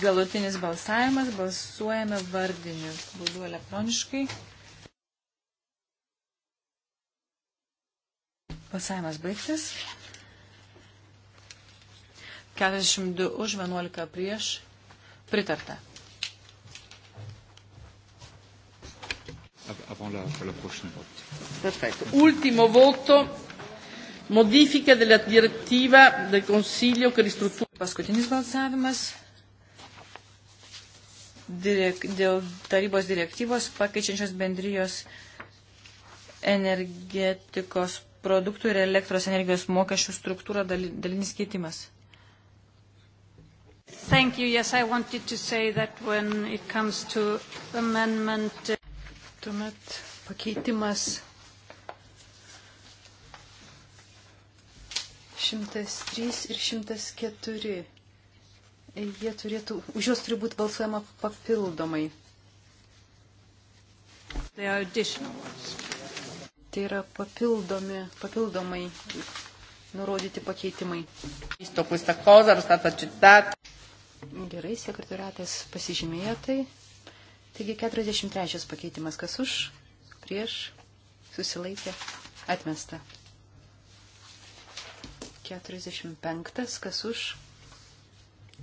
Galutinis balsavimas balsuojame vardiniu būdu elektroniškai. Balsavimas baigtas. 42 už 11 prieš pritarta. Avant la, la prochaine vote. Perfetto. Ultimo voto Modifica della direttiva del Consiglio che ristruttura. Paskutinis balsavimas direk, dėl tarybos direktyvos pakeičiančios bendrijos energetikos produktų ir elektros energijos mokesčių struktūrą dalinis keitimas. Thank you. Yes, I wanted to say that when it comes to amendment. Uh, Tuomet pakeitimas 103 ir 104. Jie turėtų, už juos turi būti balsuojama papildomai. Tai yra papildomi, papildomai nurodyti pakeitimai. Gerai, sekretariatas pasižymėjo tai. Taigi 43 pakeitimas, kas už, prieš, susilaikė, atmesta. 45, kas už.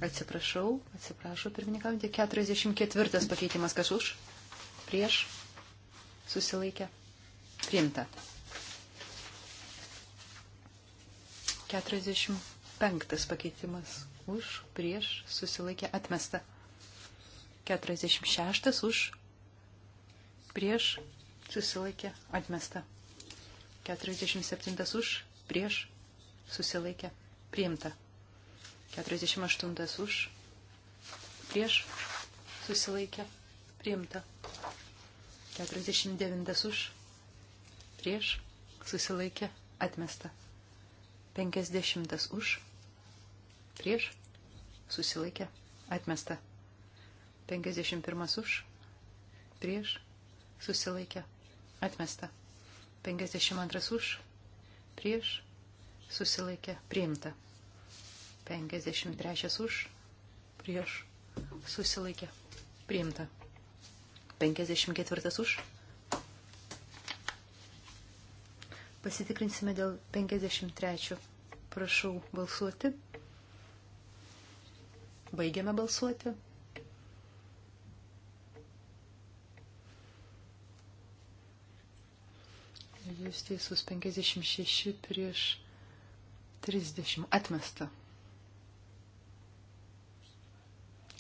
Atsiprašau, atsiprašau, pirmininkaujantį. 44 pakeitimas, kas už. Prieš. Susilaikė. Priimta. 45 pakeitimas už, prieš, susilaikė, atmesta. 46 už, prieš, susilaikė, atmesta. 47 už, prieš, susilaikė, priimta. 48 už, prieš, susilaikė, priimta. 49 už, prieš, susilaikė, atmesta. 50 už, prieš, susilaikė, atmesta. 51 už, prieš, susilaikė, atmesta. 52 už, prieš, susilaikė priimta. 53 už, prieš susilaikė priimta. 54 už. Pasitikrinsime dėl 53. Prašau balsuoti. Baigiame balsuoti. Jūs teisus 56 prieš 30 atmesta.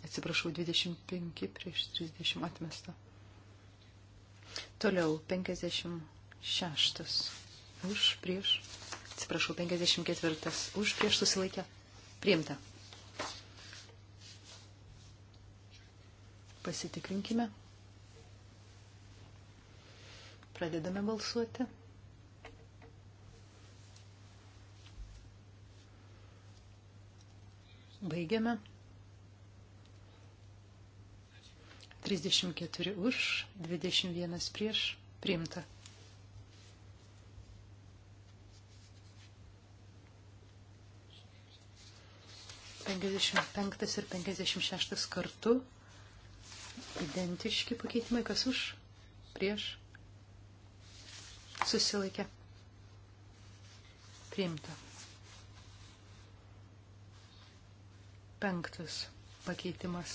Atsiprašau, 25 prieš 30 atmesta. Toliau 56 už prieš. Atsiprašau, 54 už prieš susilaikę. Priimta. Pasitikrinkime. Pradedame balsuoti. Baigiame. 34 už, 21 prieš, priimta. Penkiasdešimt penktas ir penkiasdešimt šeštas kartu. Identiški pakeitimai, kas už, prieš, susilaikė, priimta. penktas pakeitimas.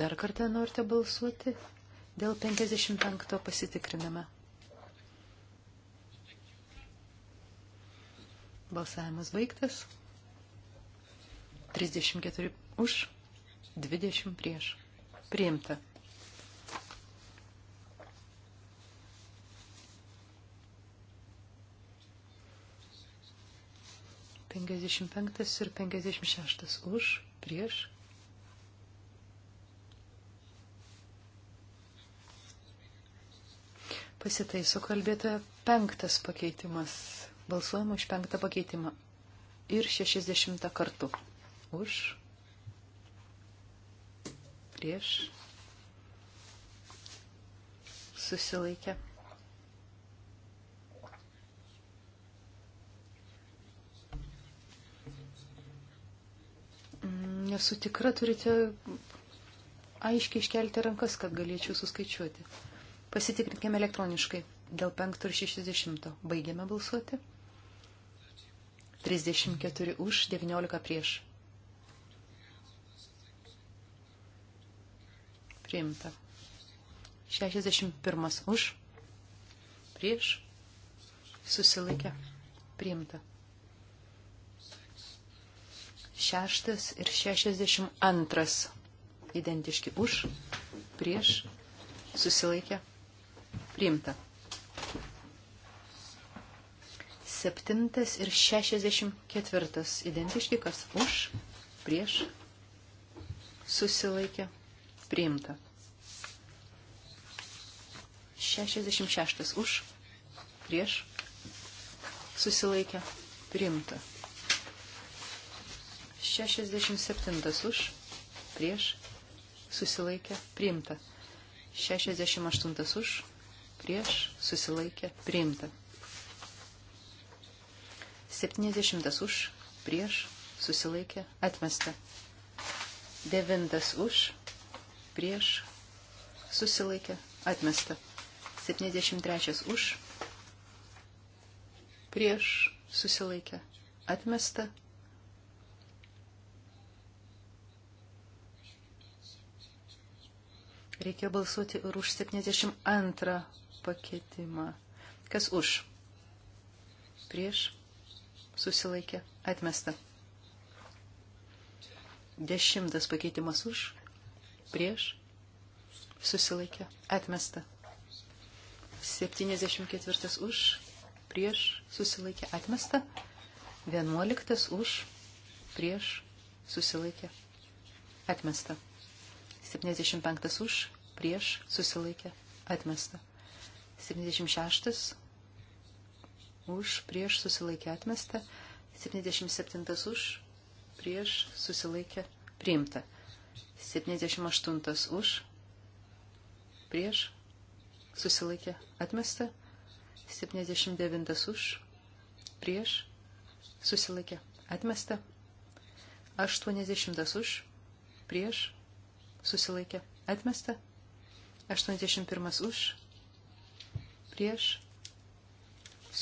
Dar kartą norite balsuoti? Dėl 55 pasitikriname. Balsavimas baigtas. 34 už, 20 prieš. Priimta. 55 ir 56 už, prieš. Pasitaiso kalbėtoja penktas pakeitimas. Balsuojama už penktą pakeitimą. Ir 60 kartų. Už. Prieš. Susilaikė. Nesu tikra, turite aiškiai iškelti rankas, kad galėčiau suskaičiuoti. Pasitikrinkime elektroniškai. Dėl 5 ir 60. Baigiame balsuoti. 34 už, 19 prieš. Priimta. 61 už, prieš, susilaikė. Priimta. 66 ir 62 identiški už, prieš, susilaikė, priimta. 7 ir 64 identiški, kas už, prieš, susilaikė, priimta. 66 už, prieš, susilaikė, priimta. 67 už, prieš, susilaikė, priimta. 68 už, prieš, susilaikė, priimta. 70 už, prieš, susilaikė, atmesta. 9 už, prieš, susilaikė, atmesta. 73 už, prieš, susilaikė, atmesta. Reikėjo balsuoti ir už 72 pakeitimą. Kas už? Prieš? Susilaikė? Atmesta. Dešimtas pakeitimas už? Prieš? Susilaikė? Atmesta. 74 už? Prieš? Susilaikė? Atmesta. 11 už? Prieš? Susilaikė? Atmesta. 75 už, prieš, susilaikė, atmesta. 76 už, prieš, susilaikė, atmesta. 77 už, prieš, susilaikė, priimta. 78 už, prieš, susilaikė, atmesta. 79 už, prieš, susilaikė, atmesta. 80 už, prieš, susilaikė atmesta, 81 už, prieš,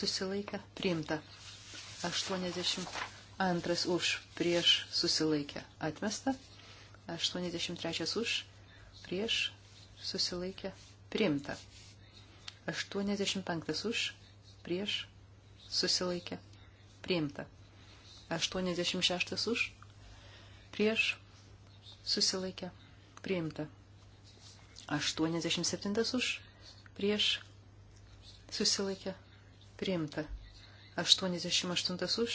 susilaikė priimta, 82 už, prieš, susilaikė atmesta, 83 už, prieš, susilaikė priimta, 85 už, prieš, susilaikė priimta, 86 už, prieš, susilaikė priimta. 87 už, prieš, susilaikė, priimta. 88 už,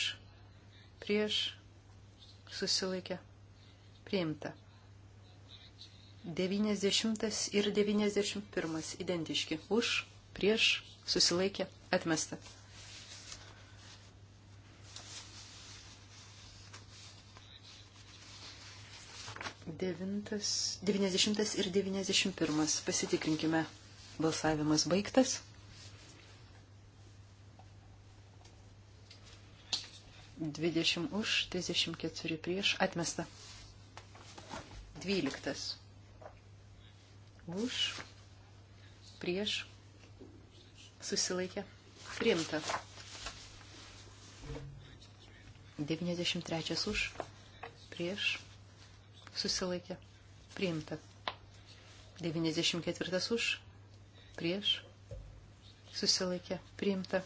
prieš, susilaikė, priimta. 90 ir 91 identiški. Už, prieš, susilaikė, atmesta. Devintas, 90 ir 91. Pasitikrinkime. Balsavimas baigtas. Dvidešimt už, trisdešimt keturi prieš, atmesta. Dvyliktas. Už, prieš, susilaikė, priimta. Devyniasdešimt trečias už, prieš, susilaikė, priimta. 94 už, prieš, susilaikė, priimta.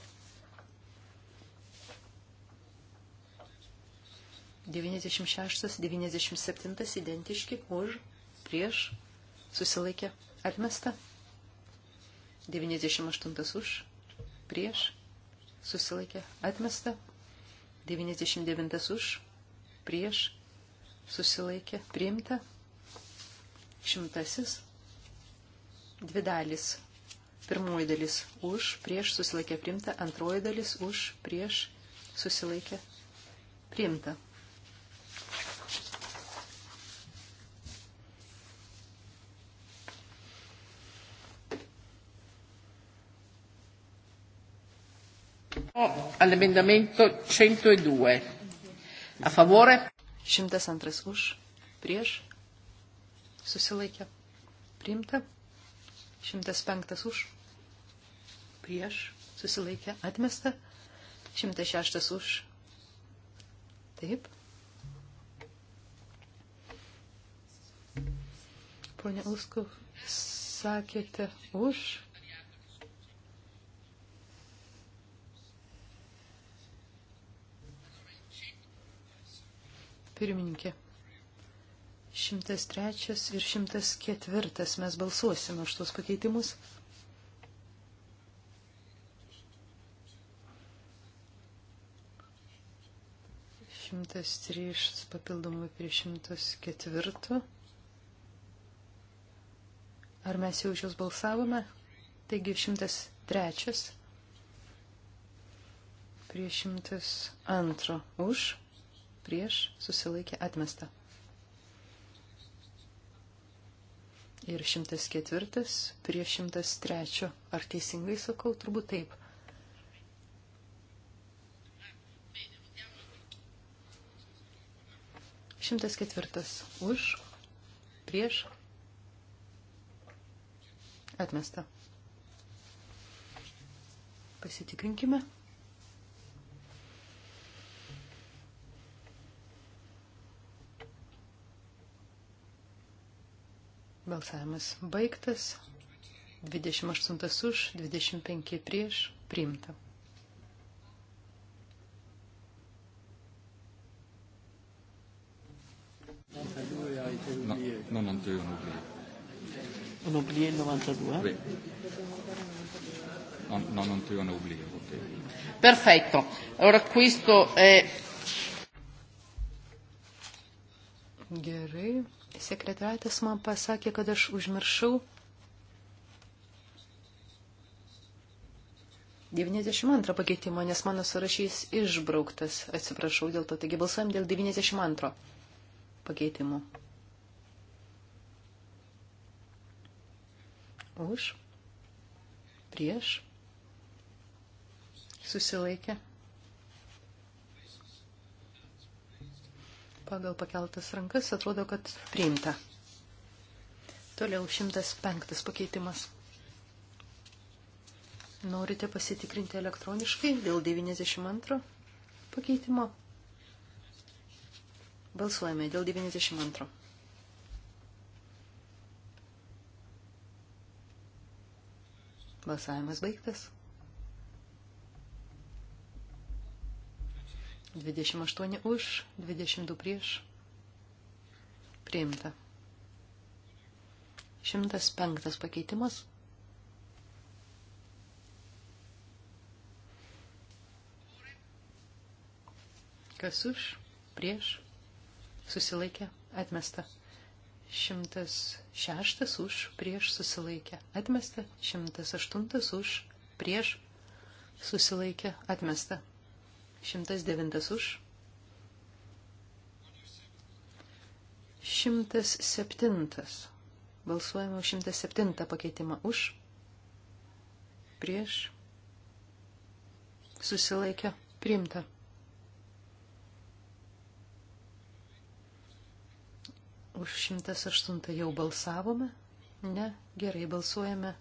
96, 97 identiški, už, prieš, susilaikė, atmesta. 98 už, prieš, susilaikė, atmesta. 99 už, prieš, susilaikė, priimta. Šimtasis, dvi dalis. Pirmoji dalis už, prieš susilaikė, priimta. Antroji dalis už, prieš susilaikė, priimta. all'emendamento 102. A favore? Šimtas antras už, prieš, susilaikė, priimta. Šimtas penktas už, prieš, susilaikė, atmesta. Šimtas šeštas už, taip. Pone Uskov, sakėte už, pirmininkė. 103 ir 104 mes balsuosime už tuos pakeitimus. Šimtas trys papildomai prie šimtas ketvirto. Ar mes jau už juos balsavome? Taigi šimtas trečias prie šimtas antro už prieš susilaikė atmesta. Ir 104 prie 103. Ar teisingai sakau? Turbūt taip. Šimtas ketvirtas už, prieš, atmesta. Pasitikrinkime. Balsavimas baigtas. 28 už, 25 prieš, priimta. No, non on oublie. On oublie il 92? Oui. No, no, non ti ho oblio. Perfetto. Allora questo è... Eh, Gerai. Sekretariatas man pasakė, kad aš užmiršau 92 pakeitimo, nes mano sąrašys išbrauktas. Atsiprašau dėl to. Taigi balsuojam dėl 92 pakeitimo. Už. Prieš. Susilaikė. pagal pakeltas rankas atrodo, kad priimta. Toliau 105 pakeitimas. Norite pasitikrinti elektroniškai dėl 92 pakeitimo? Balsuojame dėl 92. Balsavimas baigtas. 28 už, 22 prieš. Priimta. 105 pakeitimas. Kas už, prieš, susilaikė, atmesta. 106 už, prieš, susilaikė, atmesta. 108 už, prieš, susilaikė, atmesta. 109 už. 107. Balsuojame už 107 pakeitimą už. Prieš. Susilaikę. Priimta. Už 108 jau balsavome. Ne, gerai balsuojame.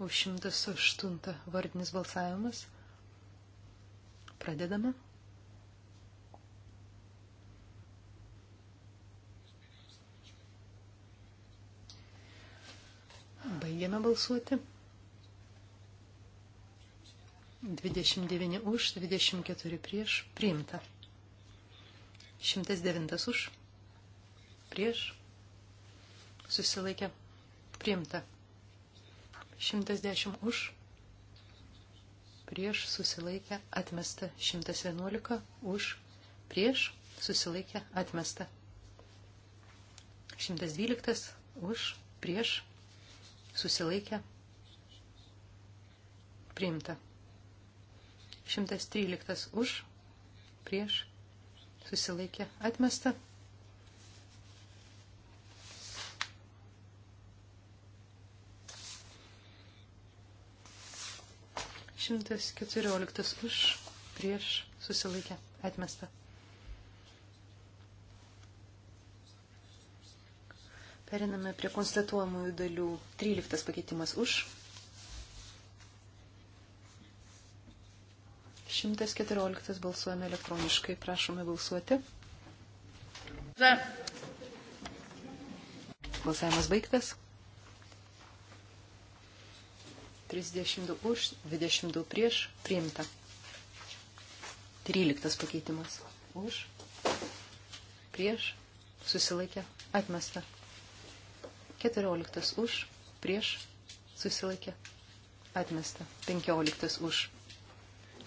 Už 108 vardinis balsavimas. Pradedame. Baigiame balsuoti. 29 už, 24 prieš, priimta. 109 už, prieš, susilaikė, priimta. 110 už, prieš susilaikę atmesta. 111 už prieš susilaikę atmesta. 112 už prieš susilaikę priimta. 113 už prieš susilaikę atmesta. 114 už, prieš, susilaikė, atmesta. Periname prie konstatuojamųjų dalių. 13 pakeitimas už. 114 balsuojame elektroniškai. Prašome balsuoti. Balsavimas baigtas. 32 už, 22 prieš, priimta. 13 pakeitimas. Už, prieš, susilaikė, atmesta. 14 už, prieš, susilaikė, atmesta. 15 už,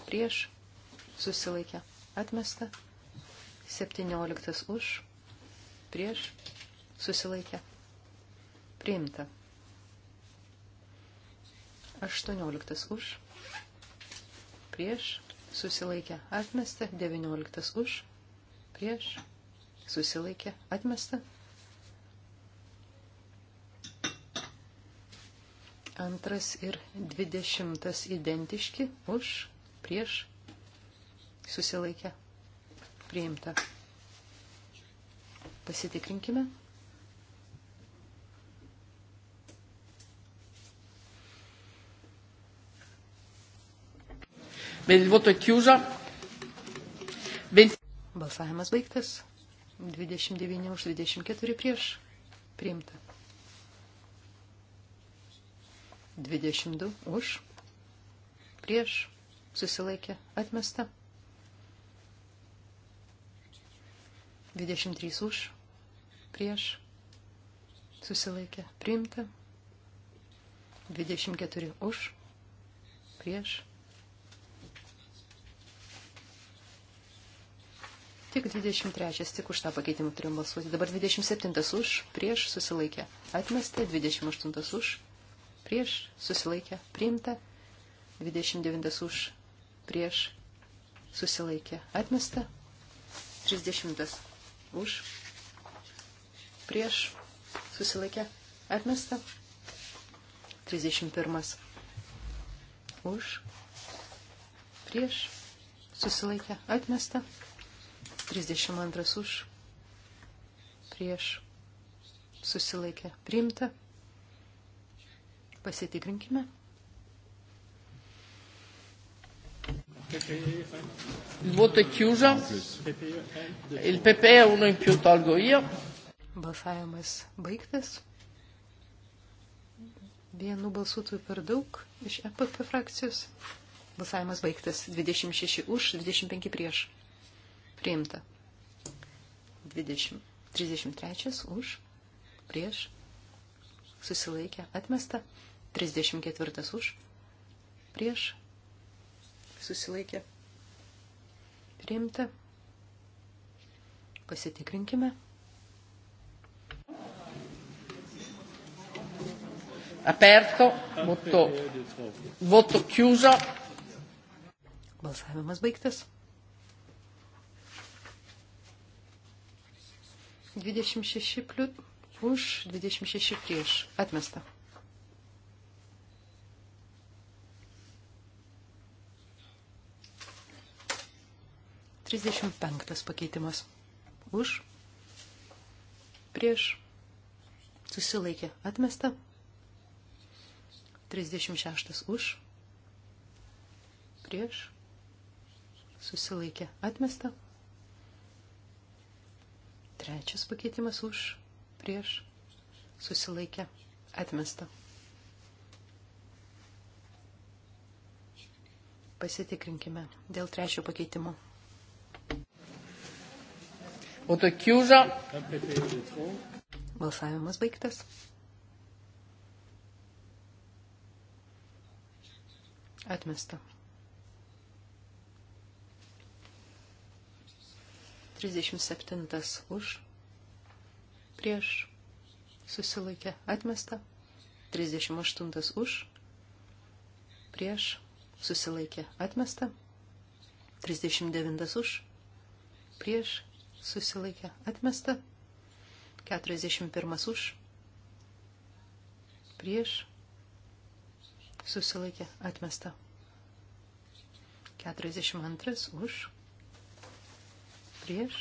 prieš, susilaikė, atmesta. 17 už, prieš, susilaikė, priimta. 18 už, prieš, susilaikė, atmesta, 19 už, prieš, susilaikė, atmesta. Antras ir dvidešimtas identiški už, prieš, susilaikė, priimta. Pasitikrinkime. Bene, il voto è chiuso. Ben... Balsavimas baigtas. 29 už 24 prieš. Priimta. 22 už. Prieš. Susilaikė. Atmesta. 23 už. Prieš. Susilaikė. Priimta. 24 už. Prieš Tik 23, tik už tą pakeitimą turim balsuoti. Dabar 27 už, prieš susilaikė. Atmesta, 28 už, prieš susilaikė. Priimta, 29 už, prieš susilaikė. Atmesta, 30 už, prieš susilaikė. Atmesta, 31 už, prieš susilaikė. Atmesta. 32 už, prieš, susilaikė, priimta. Pasitikrinkime. Il voto è chiuso. Il PP è e uno in più, tolgo io. Balsavimas baigtas. Vienu balsuotoju per daug iš EPP frakcijos. Balsavimas baigtas. 26 už, 25 prieš priimta. 20, 33 už, prieš, susilaikė, atmesta. 34 už, prieš, susilaikė, priimta. Pasitikrinkime. Aperto, voto, voto chiuso. Balsavimas baigtas. 26 pliut, už, 26 prieš. Atmesta. Trisdešimt penktas pakeitimas. Už. Prieš. Susilaikė. Atmesta. Trisdešimt šeštas. Už. Prieš. Susilaikė. Atmesta. Trečias pakeitimas už, prieš, susilaikę, atmesta. Pasitikrinkime dėl trečio pakeitimo. Būtų kiūža. Balsavimas baigtas. Atmesta. 37 už, prieš, susilaikė, atmesta, 38 už, prieš, susilaikė, atmesta, 39 už, prieš, susilaikė, atmesta, 41 už, prieš, susilaikė, atmesta, 42 už, prieš,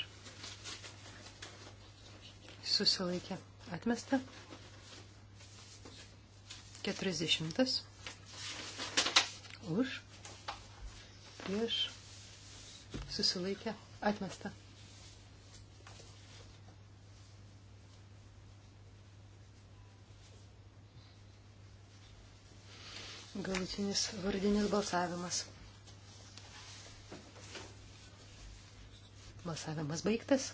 susilaikė atmesta. 40 už, prieš, susilaikė atmesta. Galutinis vardinis balsavimas. Balsavimas baigtas.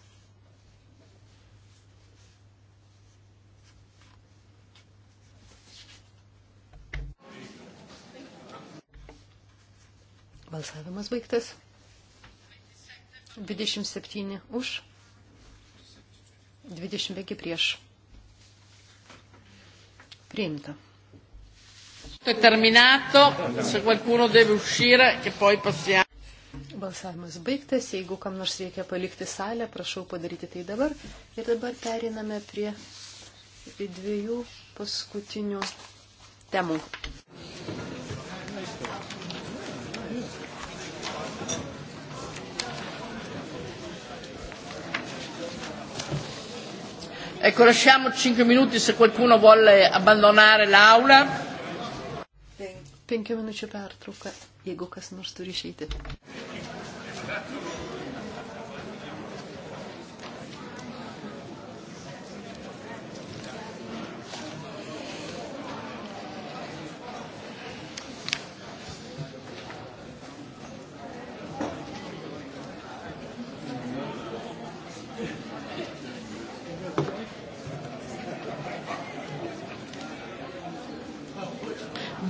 Balsavimas baigtas. 27 už, 25 prieš. Priimta. È terminato, se qualcuno deve uscire che poi passiamo. Balsavimas baigtas. Jeigu kam nors reikia palikti salę, prašau padaryti tai dabar. Ir dabar periname prie dviejų paskutinių temų. Ecco, lasciamo 5 minuti se qualcuno vuole abbandonare l'aula. 5 minučių pertrauka, jeigu kas nors turi išeiti.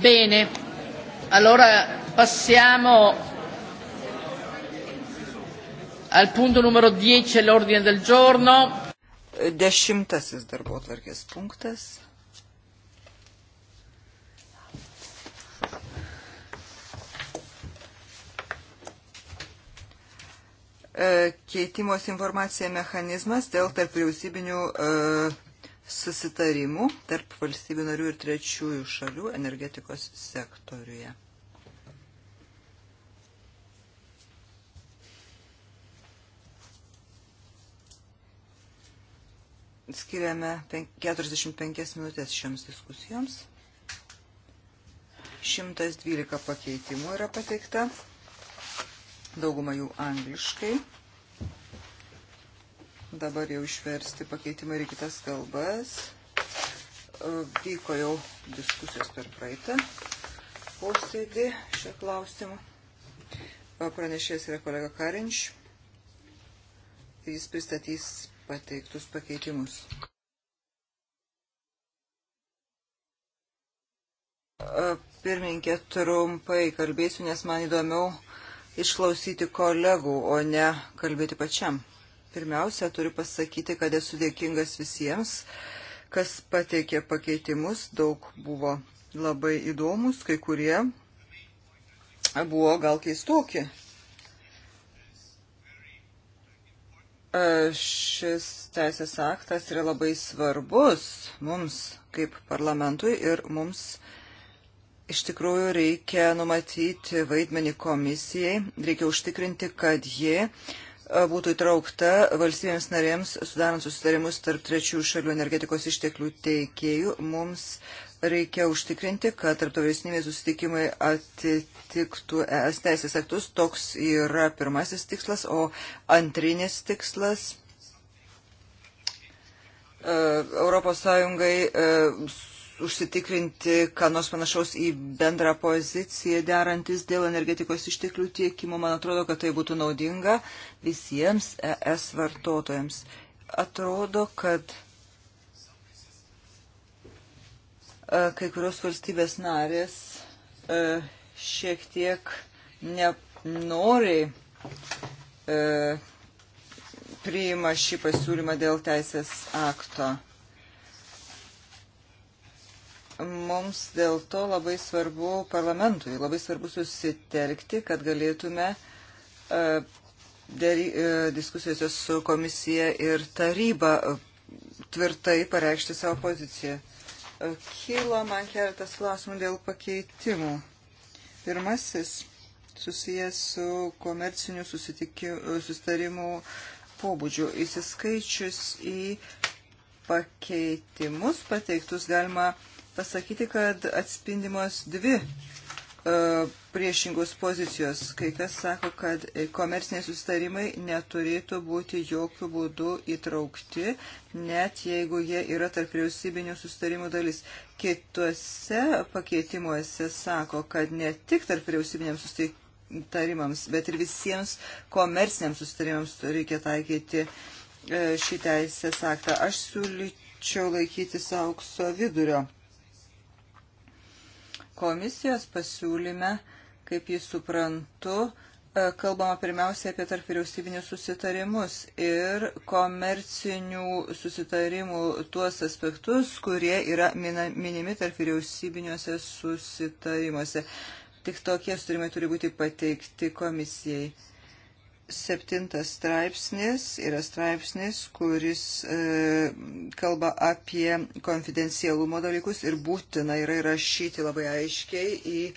Bene, allora passiamo al punto numero 10 all'ordine del giorno. Dešimtasis darbo tvarkės punktas. E, keitimos informacija mechanizmas dėl tarp vyriausybinių uh, e, susitarimų tarp valstybių narių ir trečiųjų šalių energetikos sektoriuje. Skiriame 45 minutės šiems diskusijoms. 112 pakeitimų yra pateikta, dauguma jų angliškai dabar jau išversti pakeitimą ir kitas kalbas. E, vyko jau diskusijos per praeitą posėdį šią klausimą. E, Pranešės yra kolega Karinč. Jis pristatys pateiktus pakeitimus. E, Pirminkė, trumpai kalbėsiu, nes man įdomiau išklausyti kolegų, o ne kalbėti pačiam. Pirmiausia, turiu pasakyti, kad esu dėkingas visiems, kas pateikė pakeitimus, daug buvo labai įdomus, kai kurie buvo gal keistokie. Šis teisės aktas yra labai svarbus mums kaip parlamentui ir mums iš tikrųjų reikia numatyti vaidmenį komisijai, reikia užtikrinti, kad ji E, būtų įtraukta valstybėms narėms, sudarant susitarimus tarp trečių šalių energetikos išteklių teikėjų, mums reikia užtikrinti, kad tarptautiniai susitikimai atitiktų ES teisės aktus. Toks yra pirmasis tikslas, o antrinis tikslas e, Europos Sąjungai e, užsitikrinti, ką nors panašaus į bendrą poziciją derantis dėl energetikos išteklių tiekimo. Man atrodo, kad tai būtų naudinga visiems ES vartotojams. Atrodo, kad e, kai kurios valstybės narės e, šiek tiek nenoriai e, priima šį pasiūlymą dėl teisės akto mums dėl to labai svarbu parlamentui, labai svarbu susitelkti, kad galėtume e, e, diskusijose su komisija ir taryba e, tvirtai pareikšti savo poziciją. Kilo man keletas klausimų dėl pakeitimų. Pirmasis susijęs su komerciniu susitarimu pobūdžiu. Įsiskaičius į pakeitimus pateiktus galima uh, pasakyti, kad atspindimos dvi e, priešingos pozicijos. Kai kas sako, kad komerciniai sustarimai neturėtų būti jokių būdų įtraukti, net jeigu jie yra tarp vyriausybinių sustarimų dalis. Kituose pakeitimuose sako, kad ne tik tarp vyriausybiniams sustarimams, bet ir visiems komerciniams sustarimams reikia taikyti e, šį teisės aktą. Aš siūlyčiau laikytis aukso vidurio Komisijos pasiūlyme, kaip jį suprantu, e, kalbama pirmiausia apie tarp vyriausybinius susitarimus ir komercinių susitarimų tuos aspektus, kurie yra minimi tarp vyriausybiniuose susitarimuose. Tik tokie sutarimai turi būti pateikti komisijai septintas straipsnis yra straipsnis, kuris e, kalba apie konfidencialumo dalykus ir būtina yra įrašyti labai aiškiai į e,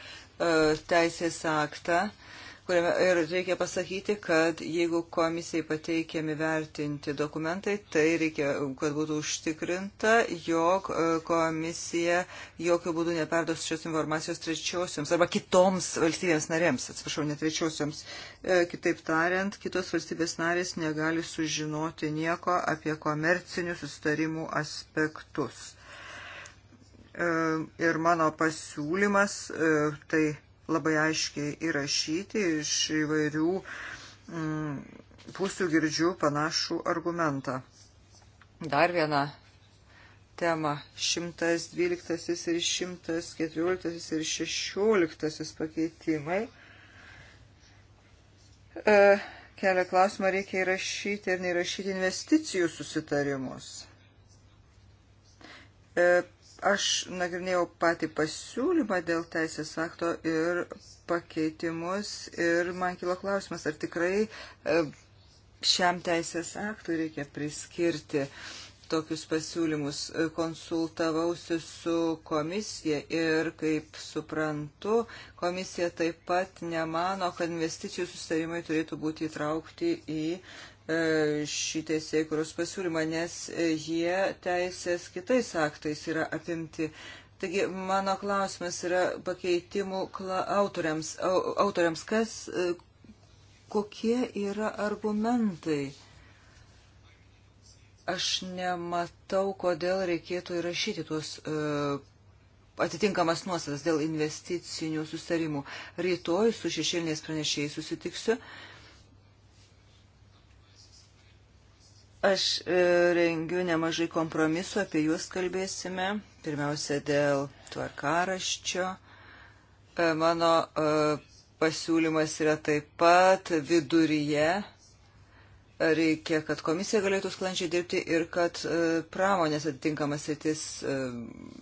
teisės aktą. E, kuriame ir reikia pasakyti, kad jeigu komisijai pateikiami vertinti dokumentai, tai reikia, kad būtų užtikrinta, jog e, komisija jokių būdų neperdos šios informacijos trečiosioms arba kitoms valstybėms narėms, atsiprašau, ne trečiosioms. E, kitaip tariant, kitos valstybės narės negali sužinoti nieko apie komercinių sustarimų aspektus. E, ir mano pasiūlymas tai labai aiškiai įrašyti iš įvairių mm, pusių girdžių panašų argumentą. Dar viena tema - 112 ir 114 ir 16 pakeitimai. E, kelia klausimą, reikia įrašyti ir neįrašyti investicijų susitarimus. E, Aš nagrinėjau patį pasiūlymą dėl teisės akto ir pakeitimus ir man kilo klausimas, ar tikrai e, šiam teisės aktui reikia priskirti tokius pasiūlymus. E, konsultavausi su komisija ir, kaip suprantu, komisija taip pat nemano, kad investicijų susitarimai turėtų būti įtraukti į E, šį teisėkuros pasiūlymą, nes jie teisės kitais aktais yra apimti. Taigi mano klausimas yra pakeitimų autoriams, autoriams kas, e, kokie yra argumentai. Aš nematau, kodėl reikėtų įrašyti tuos uh, atitinkamas nuostatas dėl investicinių sustarimų. Rytoj su šešėliniais pranešėjais susitiksiu. Uh, Aš e, rengiu nemažai kompromisų, apie juos kalbėsime. Pirmiausia, dėl tvarkaraščio. E, mano e, pasiūlymas yra taip pat viduryje. Reikia, kad komisija galėtų sklandžiai dirbti ir kad pramonės atitinkamas sritis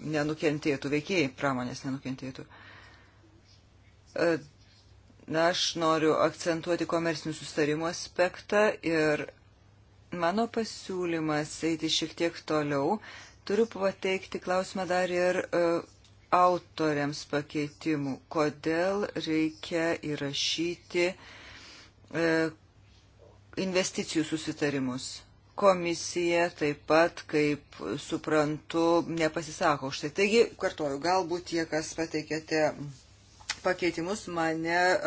nenukentėtų, veikėjai pramonės nenukentėtų. Na, aš noriu akcentuoti komersinių sustarimų aspektą ir Mano pasiūlymas eiti šiek tiek toliau. Turiu pateikti klausimą dar ir e, autoriams pakeitimų, kodėl reikia įrašyti e, investicijų susitarimus. Komisija taip pat, kaip suprantu, nepasisako už tai. Taigi, kartuoju, galbūt tie, kas pateikėte pakeitimus, mane e,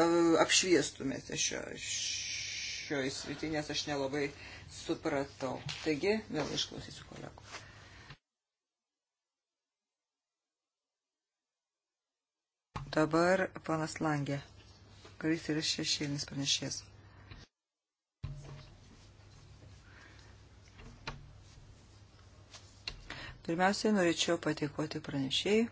apšviestumėte šio, šioj srity, nes aš nelabai uh, supratau. Taigi, vėl išklausysiu kolegų. Dabar panas Langė, kuris yra šešėlinis pranešės. Pirmiausiai norėčiau patikoti pranešėjai.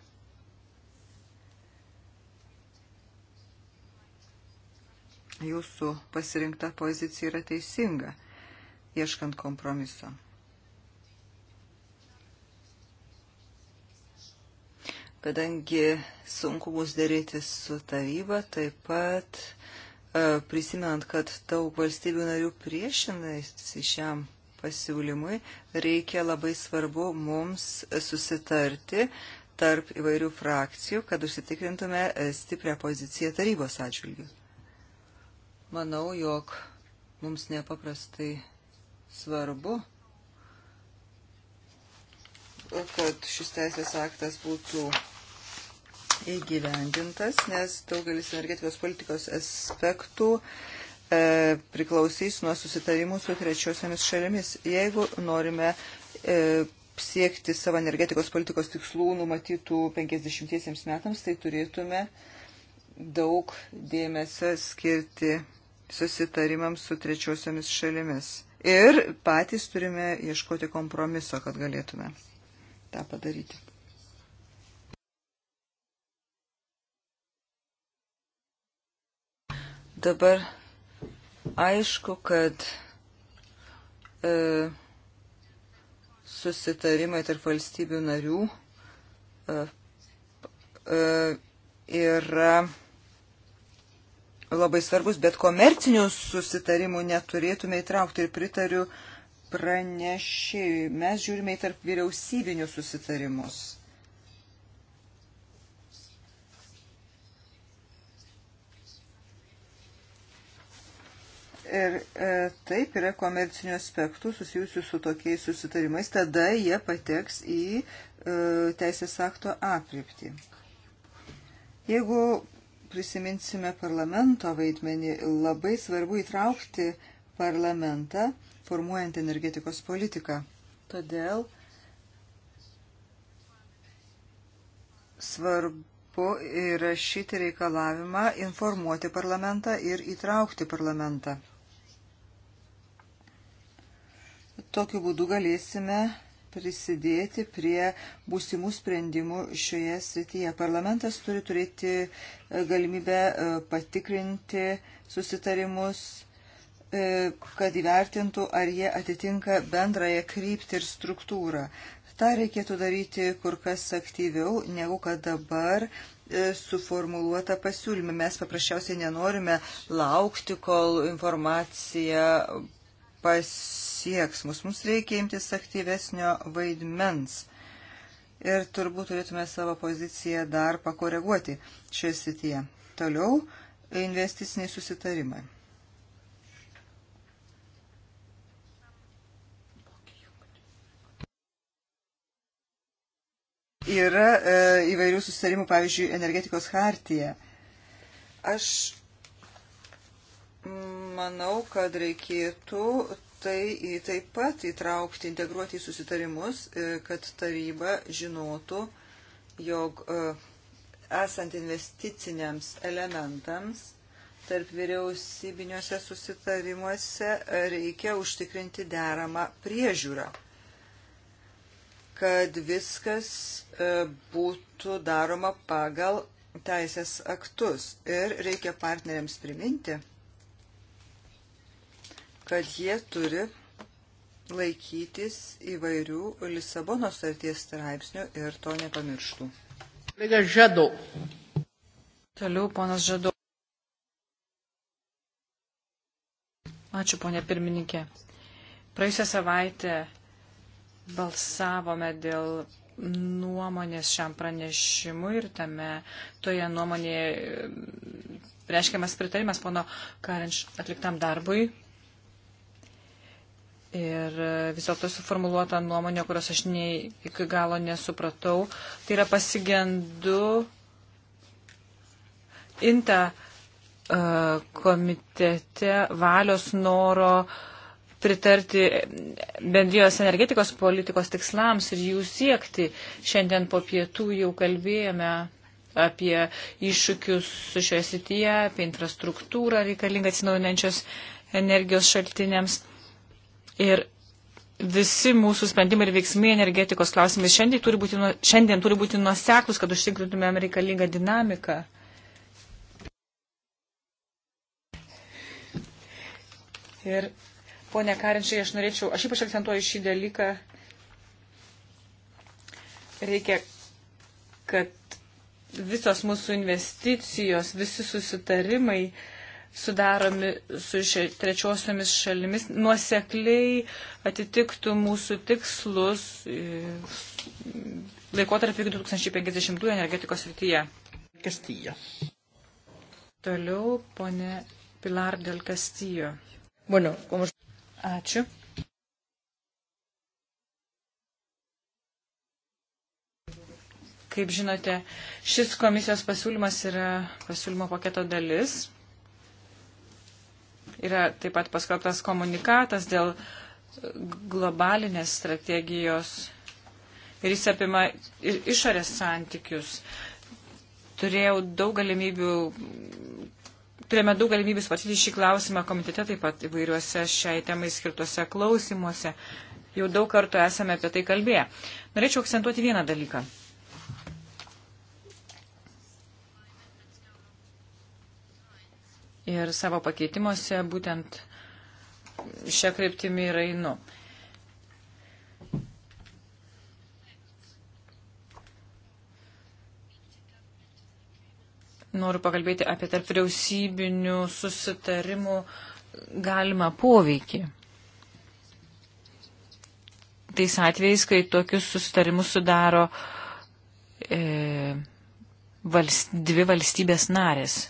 Jūsų pasirinkta pozicija yra teisinga ieškant kompromiso. Kadangi sunku bus dėrėti su taryba, taip pat e, prisimenant, kad daug valstybių narių priešinasi šiam pasiūlymui, reikia labai svarbu mums susitarti tarp įvairių frakcijų, kad užsitikrintume e, stiprią poziciją tarybos atžvilgių. Manau, jog mums nepaprastai svarbu, kad šis teisės aktas būtų įgyvendintas, nes daugelis energetikos politikos aspektų e, priklausys nuo susitarimų su trečiosiamis šalimis. Jeigu norime e, siekti savo energetikos politikos tikslų numatytų 50 metams, tai turėtume daug dėmesio skirti susitarimams su trečiosiamis šalimis ir patys turime ieškoti kompromiso, kad galėtume tą padaryti. Dabar aišku, kad e, susitarimai tarp valstybių narių e, e, yra labai svarbus, bet komercinių susitarimų neturėtume įtraukti ir pritariu pranešėjui. Mes žiūrime į tarp vyriausybinius susitarimus. Ir e, taip yra komercinių aspektų susijusių su tokiais susitarimais, tada jie pateks į e, teisės akto apriptį. Jeigu prisiminsime parlamento vaidmenį, labai svarbu įtraukti parlamentą, formuojant energetikos politiką. Todėl svarbu įrašyti reikalavimą informuoti parlamentą ir įtraukti parlamentą. Tokiu būdu galėsime prisidėti prie būsimų sprendimų šioje srityje. Parlamentas turi turėti e, galimybę e, patikrinti susitarimus, e, kad įvertintų, ar jie atitinka bendrąją kryptį ir struktūrą. Ta reikėtų daryti kur kas aktyviau, negu kad dabar suformuluota pasiūlymė. Mes paprasčiausiai nenorime laukti, kol informacija pasieks mus. Mums reikia imtis aktyvesnio vaidmens ir turbūt turėtume savo poziciją dar pakoreguoti šioje srityje. Toliau investiciniai susitarimai. Yra e, įvairių susitarimų, pavyzdžiui, energetikos hartija. Aš manau, kad reikėtų tai taip pat įtraukti, integruoti į susitarimus, e, kad taryba žinotų, jog e, esant investiciniams elementams tarp vyriausybiniuose susitarimuose e, reikia užtikrinti deramą priežiūrą kad viskas būtų daroma pagal teisės aktus ir reikia partneriams priminti, kad jie turi laikytis įvairių Lisabono sarties straipsnių ir to nepamirštų. Žadu. Toliau ponas Žadu. Ačiū, ponė pirmininkė. Praėjusią savaitę balsavome dėl nuomonės šiam pranešimui ir tame toje nuomonėje e, reiškiamas pritarimas pono Karinč atliktam darbui Ir e, vis dėlto suformuluota nuomonė, kurios aš nei iki galo nesupratau, tai yra pasigendu inta e, komitete valios noro pritarti bendrijos energetikos politikos tikslams ir jų siekti. Šiandien po pietų jau kalbėjome apie iššūkius šioje srityje, apie infrastruktūrą reikalingą atsinaujinančios energijos šaltiniams. Ir visi mūsų sprendimai ir veiksmai energetikos klausimais šiandien turi būti, šiandien turi būti nuoseklus, kad užtikrintumėm reikalingą dinamiką. Ir ponia Karinčiai, aš norėčiau, aš ypač akcentuoju šį dalyką. Reikia, kad visos mūsų investicijos, visi susitarimai, uh, sudaromi su še, trečiosiomis šalimis nuosekliai atitiktų mūsų tikslus e, laikotarpį 2050 energetikos srityje. Kastijo. Toliau ponė Pilar del Castillo. Bueno, como... Ačiū. Kaip žinote, šis komisijos pasiūlymas yra pasiūlymo paketo dalis. Yra taip pat paskaltas komunikatas dėl globalinės strategijos ir jis apima ir išorės santykius. Turėjau daug galimybių, turėjome daug galimybių svarstyti šį klausimą komitete taip pat įvairiuose šiai temai skirtuose klausimuose. Jau daug kartų esame apie tai kalbėję. Norėčiau akcentuoti vieną dalyką. ir savo pakeitimuose būtent šią kryptimį ir einu. Noriu pakalbėti apie tarp vyriausybinių susitarimų galimą poveikį. Tais atvejais, kai tokius susitarimus sudaro e, valst, dvi valstybės narės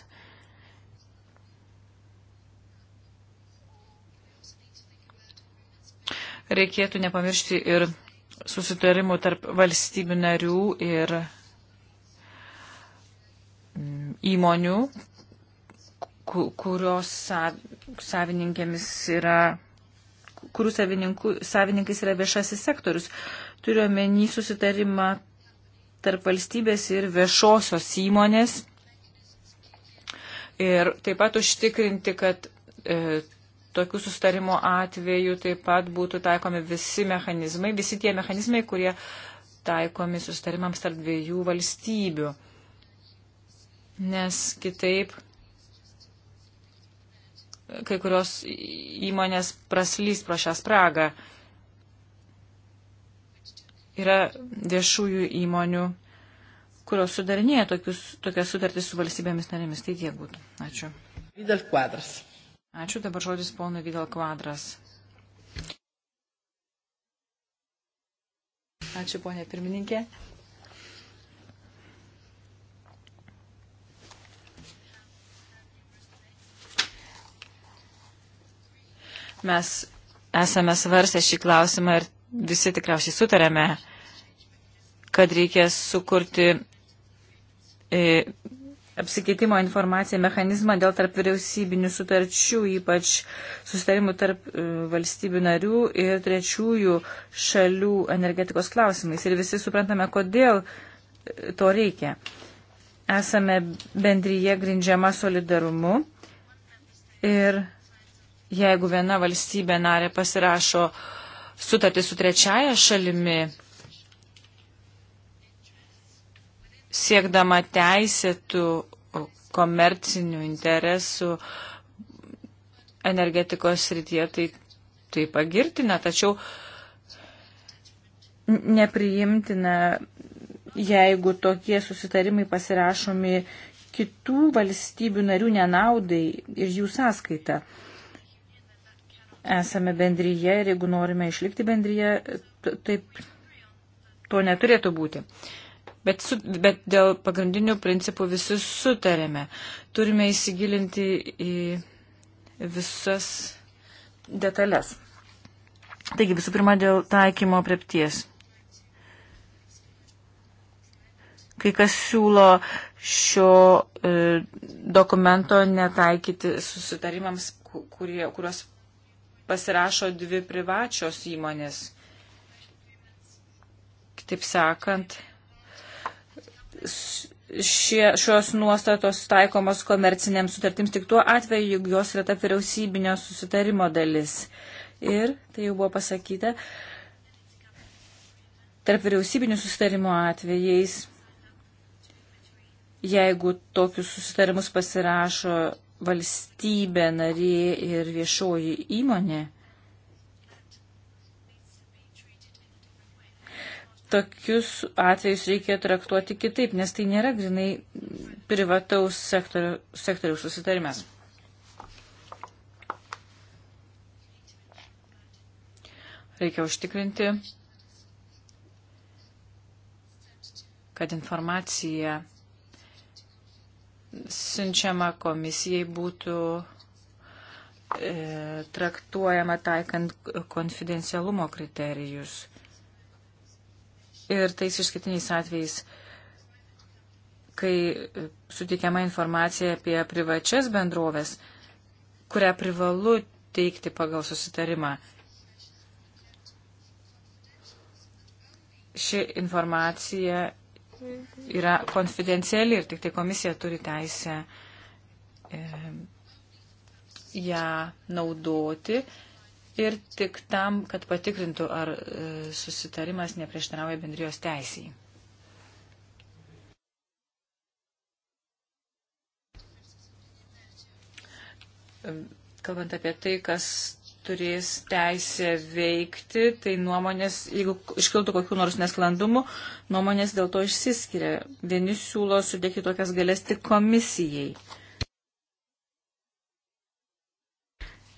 reikėtų nepamiršti ir susitarimų tarp valstybių narių ir mm, įmonių, kurios savininkėmis yra kurių savininkais yra viešasis sektorius. Turiu omeny susitarimą tarp valstybės ir viešosios įmonės. Ir taip pat užtikrinti, kad e, tokių sustarimo atveju taip pat būtų taikomi visi mechanizmai, visi tie mechanizmai, kurie taikomi sustarimams tarp dviejų valstybių. Nes kitaip kai kurios įmonės praslys pro šią spragą. Yra viešųjų įmonių, kurios sudarinėja tokius, tokias sutartis su valstybėmis narėmis. Tai tiek būtų. Ačiū. Vidal kvadras. Ačiū, dabar žodis ponui Vidal Kvadras. Ačiū, ponė pirmininkė. Mes esame svarsę šį klausimą ir visi tikriausiai sutarėme, kad reikia sukurti e, apsikeitimo informaciją mechanizmą dėl tarp vyriausybinių sutarčių, ypač sustarimų tarp e, valstybių narių ir trečiųjų šalių energetikos klausimais. Ir visi suprantame, kodėl e, to reikia. Esame bendryje grindžiama solidarumu ir jeigu viena valstybė narė pasirašo sutartį su trečiaja šalimi, siekdama teisėtų komercinių interesų energetikos srityje, tai, tai pagirtina, tačiau nepriimtina, jeigu tokie susitarimai pasirašomi kitų valstybių narių nenaudai ir jų sąskaita. Esame bendryje ir jeigu norime išlikti bendryje, taip to neturėtų būti. Uh, bet, su, bet dėl pagrindinių principų visi sutarėme. Turime įsigilinti į visas detalės. Taigi visų pirma dėl taikymo priepties. Kai kas siūlo šio e, dokumento netaikyti susitarimams, kurie, kuriuos pasirašo dvi privačios įmonės. Kitaip sakant, šie, šios nuostatos taikomos komercinėms sutartims tik tuo atveju, jeigu jos yra ta vyriausybinio susitarimo dalis. Ir, tai jau buvo pasakyta, tarp vyriausybinių susitarimo atvejais, jeigu tokius susitarimus pasirašo valstybė narė ir viešoji įmonė, tokius atvejus reikia traktuoti kitaip, nes tai nėra grinai privataus sektorių, sektorių susitarimas. Reikia užtikrinti, kad informacija siunčiama komisijai būtų e, traktuojama taikant konfidencialumo kriterijus ir tais išskirtiniais atvejais, kai e, suteikiama informacija apie privačias bendrovės, kurią privalu teikti pagal susitarimą. Ši informacija yra konfidenciali ir tik tai komisija turi teisę e, ją naudoti ir tik tam, kad patikrintų, ar e, susitarimas neprieštarauja bendrijos teisėjai. Kalbant apie tai, kas turės teisę veikti, tai nuomonės, jeigu iškiltų kokių nors nesklandumų, nuomonės dėl to išsiskiria. Vieni siūlo sudėkti tokias galės tik komisijai. Uh,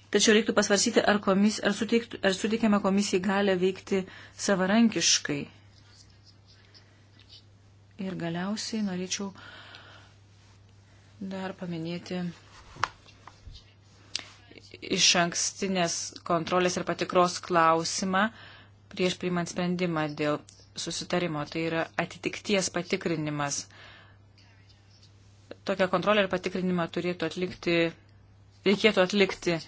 Tačiau reiktų pasvarsyti, ar, komis, ar, suteiktų, ar suteikėme komisijai galę veikti savarankiškai. Ir galiausiai norėčiau dar paminėti iš ankstinės kontrolės ir patikros klausimą prieš priimant sprendimą dėl susitarimo. Tai yra atitikties patikrinimas. Tokią kontrolę ir patikrinimą turėtų atlikti, reikėtų atlikti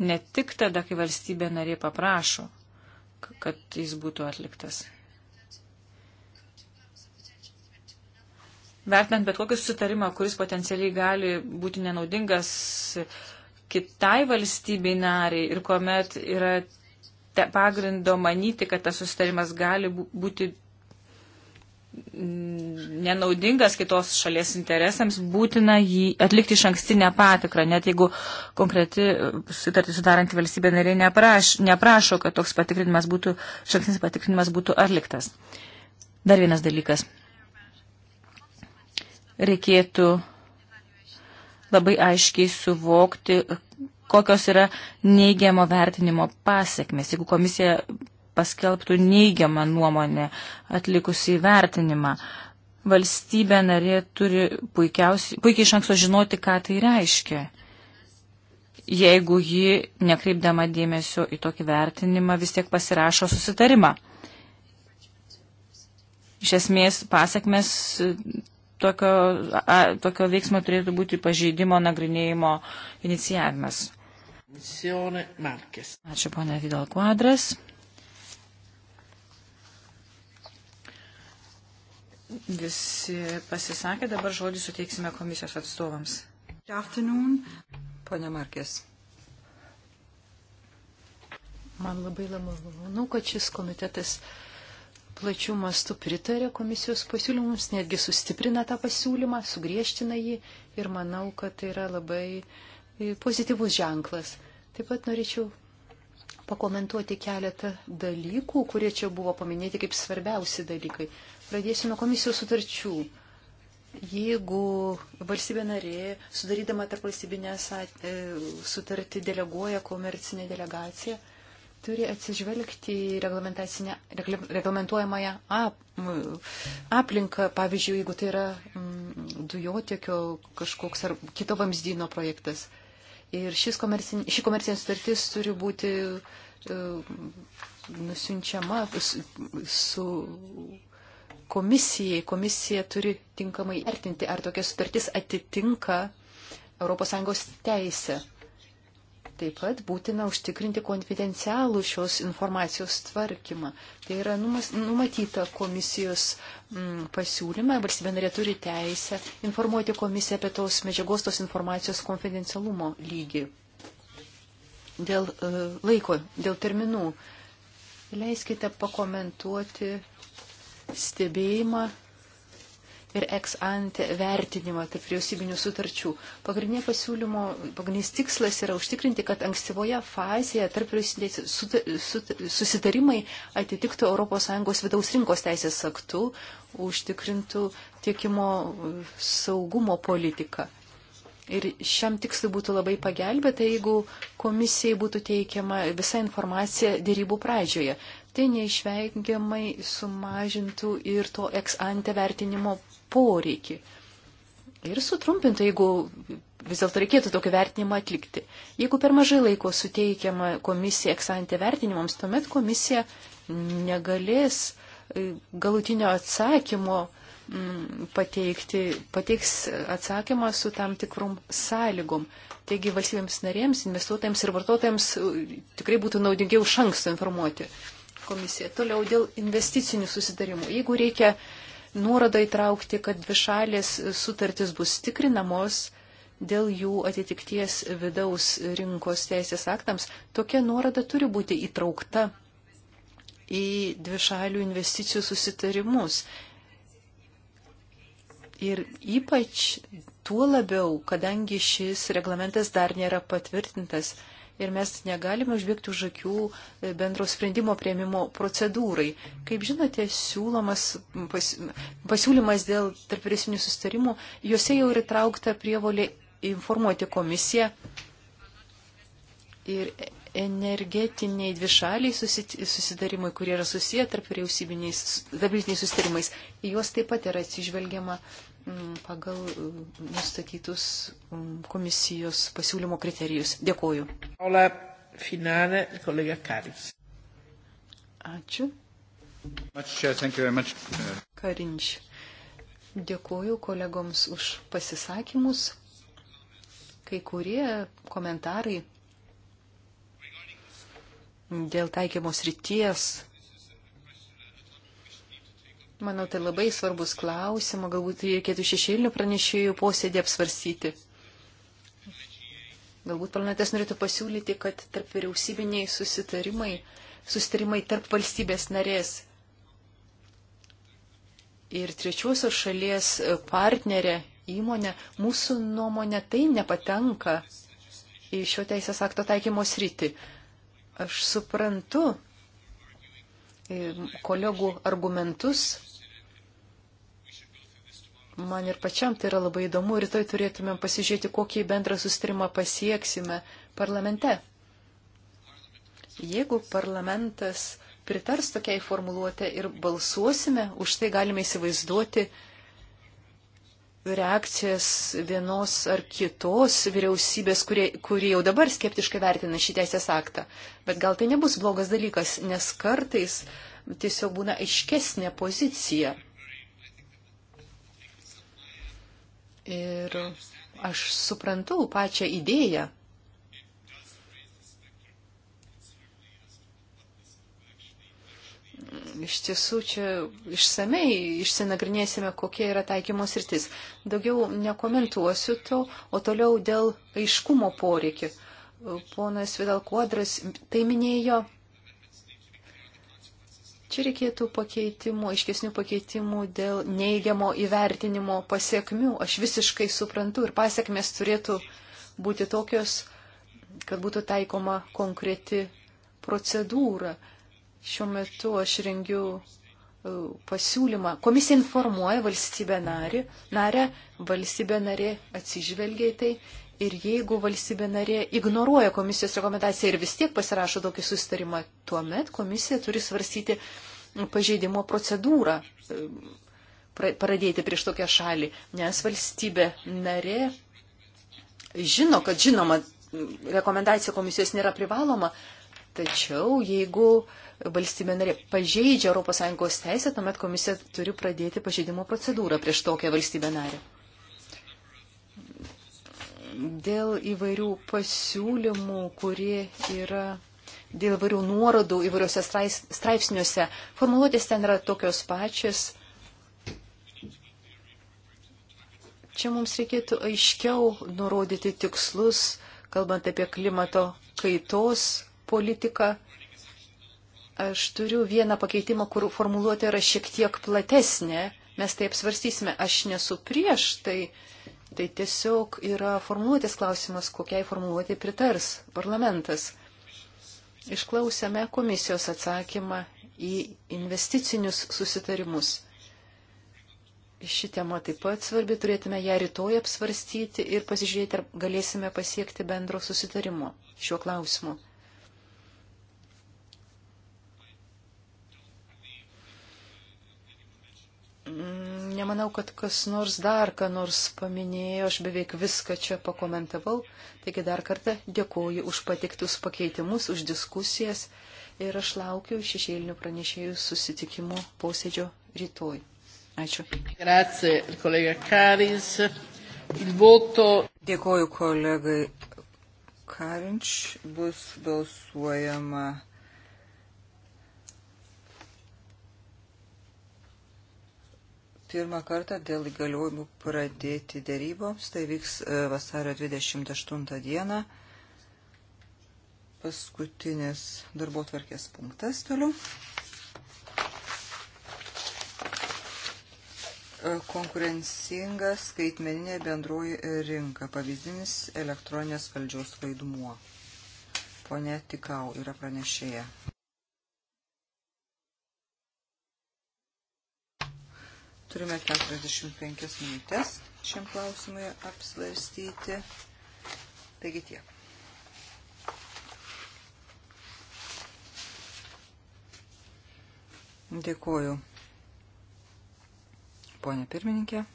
ne tik tada, kai valstybė narė paprašo, kad jis būtų atliktas. Vertinant bet kokį susitarimą, kuris potencialiai gali būti nenaudingas kitai valstybei nariai ir kuomet yra pagrindo manyti, kad tas susitarimas gali būti nenaudingas kitos šalies interesams, būtina jį atlikti iš ankstinę patikrą, net jeigu konkreti sutartį sudaranti valstybė nariai nepraš, neprašo, kad toks patikrinimas būtų, iš ankstinis patikrinimas būtų atliktas. Dar vienas dalykas. Reikėtų labai aiškiai suvokti, kokios yra neigiamo vertinimo pasiekmes. Jeigu komisija paskelbtų neigiamą nuomonę atlikusi įvertinimą. Valstybė narė turi puikiai iš anksto žinoti, ką tai reiškia. Jeigu ji, nekreipdama dėmesio į tokį vertinimą, vis tiek pasirašo susitarimą. Iš esmės, pasakmes e, tokio, a, tokio veiksmo turėtų būti pažeidimo nagrinėjimo inicijavimas. Ačiū, ponia Vidal Kvadras. Visi pasisakė, dabar žodį suteiksime komisijos atstovams. Pone Markės. Man labai malonu, kad šis komitetas plačių mastų pritarė komisijos pasiūlymus, netgi sustiprina tą pasiūlymą, sugriežtina jį ir manau, kad tai yra labai e, pozityvus ženklas. Taip pat norėčiau pakomentuoti keletą dalykų, kurie čia buvo paminėti kaip svarbiausi dalykai. Pradėsiu nuo komisijos sutarčių. Jeigu valstybė narė, sudarydama tarp valstybinę e, sutartį, deleguoja komercinę delegaciją, turi atsižvelgti į reglamentuojamąją aplinką, pavyzdžiui, jeigu tai yra dujotiekio kažkoks ar kito vamzdyno projektas. Ir komercin, ši komercinė sutartis turi būti e, nusinčiama su, su komisijai. Komisija turi tinkamai vertinti, ar tokia sutartis atitinka ES teisę. Taip pat būtina užtikrinti konfidencialų šios informacijos tvarkymą. Tai yra numatyta komisijos mm, pasiūlyme, valstybė narė turi teisę informuoti komisiją apie tos medžiagos, tos informacijos konfidencialumo lygį. Dėl uh, laiko, dėl terminų. Leiskite pakomentuoti stebėjimą ir ex ante vertinimą tarp vyriausybinių sutarčių. Pagrindinė pasiūlymo, pagrindinis tikslas yra užtikrinti, kad ankstyvoje fazėje tarp vyriausybiniai susitarimai atitiktų ES vidaus rinkos teisės aktų, užtikrintų tiekimo saugumo politiką. Ir šiam tikslui būtų labai pagelbėta, jeigu komisijai būtų teikiama visa informacija dėrybų pradžioje tai neišvengiamai sumažintų ir to ex-ante vertinimo poreikį. Ir sutrumpintų, jeigu vis dėlto reikėtų tokį vertinimą atlikti. Jeigu per mažai laiko suteikiama komisija eksantė vertinimams, tuomet komisija negalės e, galutinio atsakymo mm, pateikti, pateiks atsakymą su tam tikrom sąlygom. Taigi valstybėms narėms, investuotojams ir vartotojams e, tikrai būtų naudingiau šanksto informuoti komisija. Toliau dėl investicinių susitarimų. Jeigu reikia nuorodą įtraukti, kad dvišalės sutartis bus tikrinamos dėl jų atitikties vidaus rinkos teisės aktams, tokia nuoroda turi būti įtraukta į dvišalių investicijų susitarimus. Ir ypač tuo labiau, kadangi šis reglamentas dar nėra patvirtintas, ir mes negalime užbėgti už akių e, bendro sprendimo prieimimo procedūrai. Kaip žinote, siūlomas pas, pasiūlymas dėl tarp vyresnių sustarimų, juose jau yra traukta prievolė informuoti komisiją ir energetiniai dvišaliai susidarimai, kurie yra susiję tarp vyriausybiniais sustarimais, į juos taip pat yra atsižvelgiama Mm, pagal mm, nustatytus mm, komisijos pasiūlymo kriterijus. Dėkuoju. Finale, kolega Karis. Ačiū. Uh, uh, Karinč. Dėkuoju kolegoms už pasisakymus. Kai kurie komentarai dėl taikymos ryties Manau, tai labai svarbus klausimas, galbūt tai reikėtų šešėlinių pranešėjų posėdį apsvarstyti. Galbūt planetas norėtų pasiūlyti, kad tarp vyriausybiniai susitarimai, susitarimai tarp valstybės narės ir trečiosios šalies partnerė įmonė, mūsų nuomonė tai nepatenka į šio teisės akto taikymo sritį. Aš suprantu e, kolegų argumentus, Man ir pačiam tai yra labai įdomu. Rytoj turėtumėm pasižiūrėti, kokį bendrą sustrimą pasieksime parlamente. Jeigu parlamentas pritars tokiai formuluotė ir balsuosime, už tai galime įsivaizduoti reakcijas vienos ar kitos vyriausybės, kurie, kurie jau dabar skeptiškai vertina šį teisės aktą. Bet gal tai nebus blogas dalykas, nes kartais tiesiog būna aiškesnė pozicija Ir aš suprantu pačią idėją. Iš tiesų, čia išsamei išsinagrinėsime, kokia yra taikymo sritis. Daugiau nekomentuosiu to, o toliau dėl aiškumo poreikį. Ponas Vidal Kuodras tai minėjo Čia reikėtų pakeitimų, aiškesnių pakeitimų dėl neigiamo įvertinimo pasiekmių. Aš visiškai suprantu ir pasiekmes turėtų būti tokios, kad būtų taikoma konkreti procedūra. Šiuo metu aš rengiu e, pasiūlymą. Komisija informuoja valstybę narį, narę, valstybė narė atsižvelgia į tai Ir jeigu valstybė narė ignoruoja komisijos rekomendaciją ir vis tiek pasirašo tokį susitarimą, tuomet komisija turi svarstyti pažeidimo procedūrą e, pradėti prieš tokią šalį, nes valstybė narė žino, kad žinoma, rekomendacija komisijos nėra privaloma, tačiau jeigu valstybė narė pažeidžia ES teisę, tuomet komisija turi pradėti pažeidimo procedūrą prieš tokią valstybę narę dėl įvairių pasiūlymų, kurie yra dėl įvairių nuorodų įvairiuose straipsniuose. Formuluotės ten yra tokios pačios. Čia mums reikėtų aiškiau nurodyti tikslus, kalbant apie klimato kaitos politiką. Aš turiu vieną pakeitimą, kur formuluotė yra šiek tiek platesnė. Mes tai apsvarstysime. Aš nesu prieš tai, Tai tiesiog yra formuotės klausimas, kokiai formuotė pritars parlamentas. Išklausėme komisijos atsakymą į investicinius susitarimus. Ši tema taip pat svarbi, turėtume ją rytoj apsvarstyti ir pasižiūrėti, ar galėsime pasiekti bendro susitarimo šiuo klausimu. Nemanau, kad kas nors dar, ką nors paminėjo, aš beveik viską čia pakomentavau. Taigi dar kartą dėkoju už patiktus pakeitimus, už diskusijas ir aš laukiu šešėlinių pranešėjų susitikimų posėdžio rytoj. Ačiū. Grazie, kolega Karis. Il voto. Dėkoju kolegai Karinč. Bus balsuojama. pirmą kartą dėl įgaliojimų pradėti dėryboms. Tai vyks e, vasario 28 dieną. Paskutinis darbo tvarkės punktas toliau. E, konkurencinga skaitmeninė bendroji rinka. Pavyzdinis elektroninės valdžios vaidmuo. Pone Tikau yra pranešėja. Turime 45 minutės šiam klausimui apsvarstyti. Taigi tiek. Dėkuoju, ponė pirmininkė.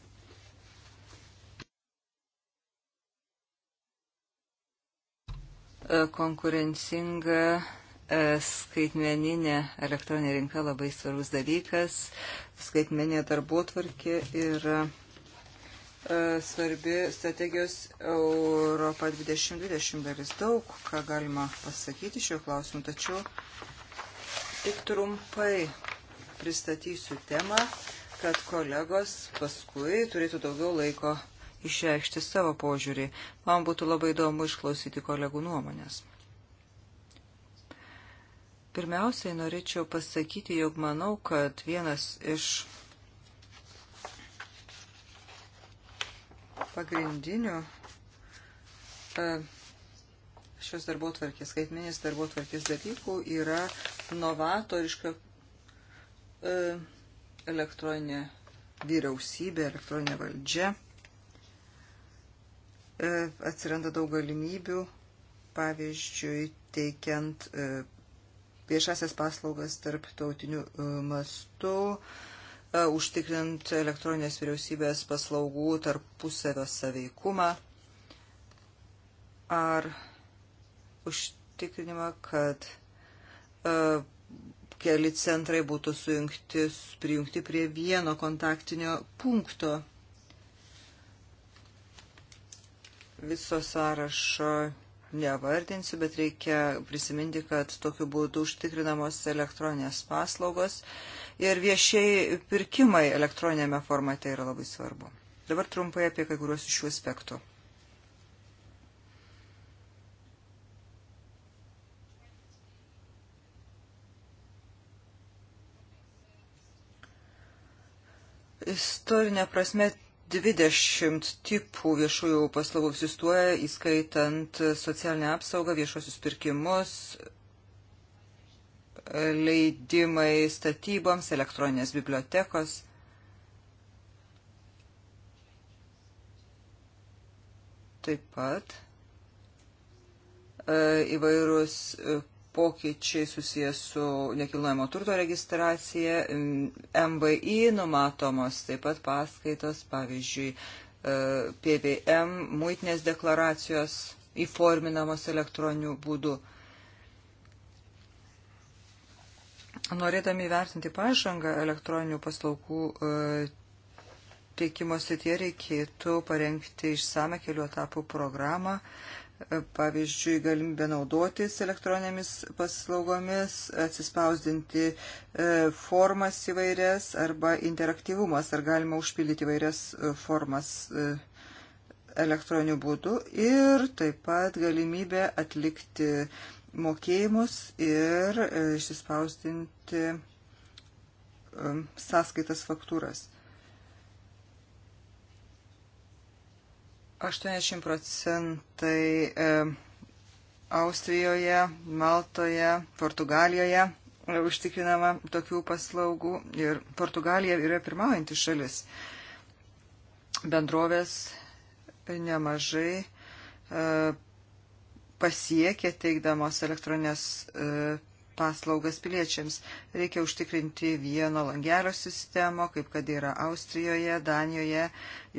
Konkurencinga E, skaitmeninė elektroninė rinka labai svarbus dalykas. Skaitmeninė darbuotvarkė yra e, svarbi strategijos Europa 2020 dalis. Daug ką galima pasakyti šiuo klausimu, tačiau tik trumpai pristatysiu temą, kad kolegos paskui turėtų daugiau laiko išreikšti savo požiūrį. Man būtų labai įdomu išklausyti kolegų nuomonės. Pirmiausiai norėčiau pasakyti, jog manau, kad vienas iš pagrindinių e, šios darbo tvarkės, skaitminės darbo tvarkės dalykų yra novatoriška e, elektroninė vyriausybė, elektroninė valdžia. E, atsiranda daug galimybių, pavyzdžiui, teikiant viešasias paslaugas tarptautiniu e, mastu, e, užtikrint elektroninės vyriausybės paslaugų tarpusavio saveikumą ar užtikrinimą, kad e, keli centrai būtų sujungti, prijungti prie vieno kontaktinio punkto. Viso sąrašo nevardinsiu, bet reikia prisiminti, kad tokiu būdu užtikrinamos elektroninės paslaugos ir viešiai pirkimai elektroninėme formate yra labai svarbu. Dabar trumpai apie kai kuriuos iš šių aspektų. Istorinė prasme 20 tipų viešųjų paslaugų egzistuoja, įskaitant socialinę apsaugą, viešosius pirkimus, leidimai statyboms, elektroninės bibliotekos. Taip pat e, įvairūs pokyčiai susijęs su nekilnojamo turto registracija, MVI mm, numatomos taip pat paskaitos, pavyzdžiui, e, PVM, muitinės deklaracijos įforminamos elektroniniu būdu. Norėdami vertinti pažangą elektroninių paslaugų e, teikimo srityje reikėtų parengti išsame kelių etapų programą, pavyzdžiui, galimybę naudotis elektroninėmis paslaugomis, atsispausdinti e, formas įvairias arba interaktyvumas, ar galima užpildyti įvairias e, formas e, elektroniniu būdu ir taip pat galimybę atlikti mokėjimus ir išsispausdinti sąskaitas faktūras. 80 procentai e, Austrijoje, Maltoje, Portugalijoje e, užtikrinama tokių paslaugų ir Portugalija yra pirmaujanti šalis. Bendrovės nemažai e, pasiekė teikdamos elektroninės paslaugas piliečiams. Reikia užtikrinti vieno langelio sistemą, kaip kad yra Austrijoje, Danijoje,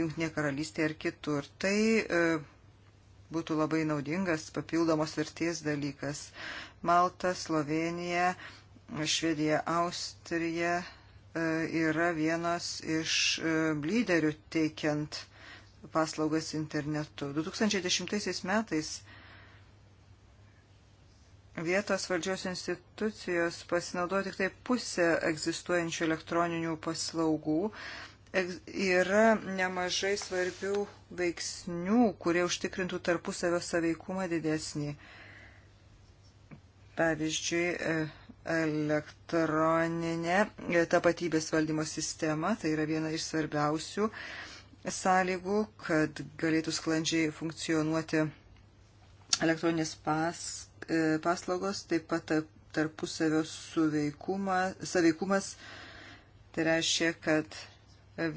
Junktinė karalystė ir kitur. Tai e, būtų labai naudingas papildomos vertės dalykas. Malta, Slovenija, Švedija, Austrija e, yra vienas iš e, lyderių teikiant paslaugas internetu. 2010 metais Vietos valdžios institucijos pasinaudoja tik tai pusę egzistuojančių elektroninių paslaugų. Yra nemažai svarbių veiksnių, kurie užtikrintų tarpusavio saveikumą didesnį. Pavyzdžiui, e, elektroninė tapatybės valdymo sistema, tai yra viena iš svarbiausių sąlygų, kad galėtų sklandžiai funkcionuoti elektroninės pas, E, paslaugos, taip pat tarpusavio saveikumas. Tai reiškia, kad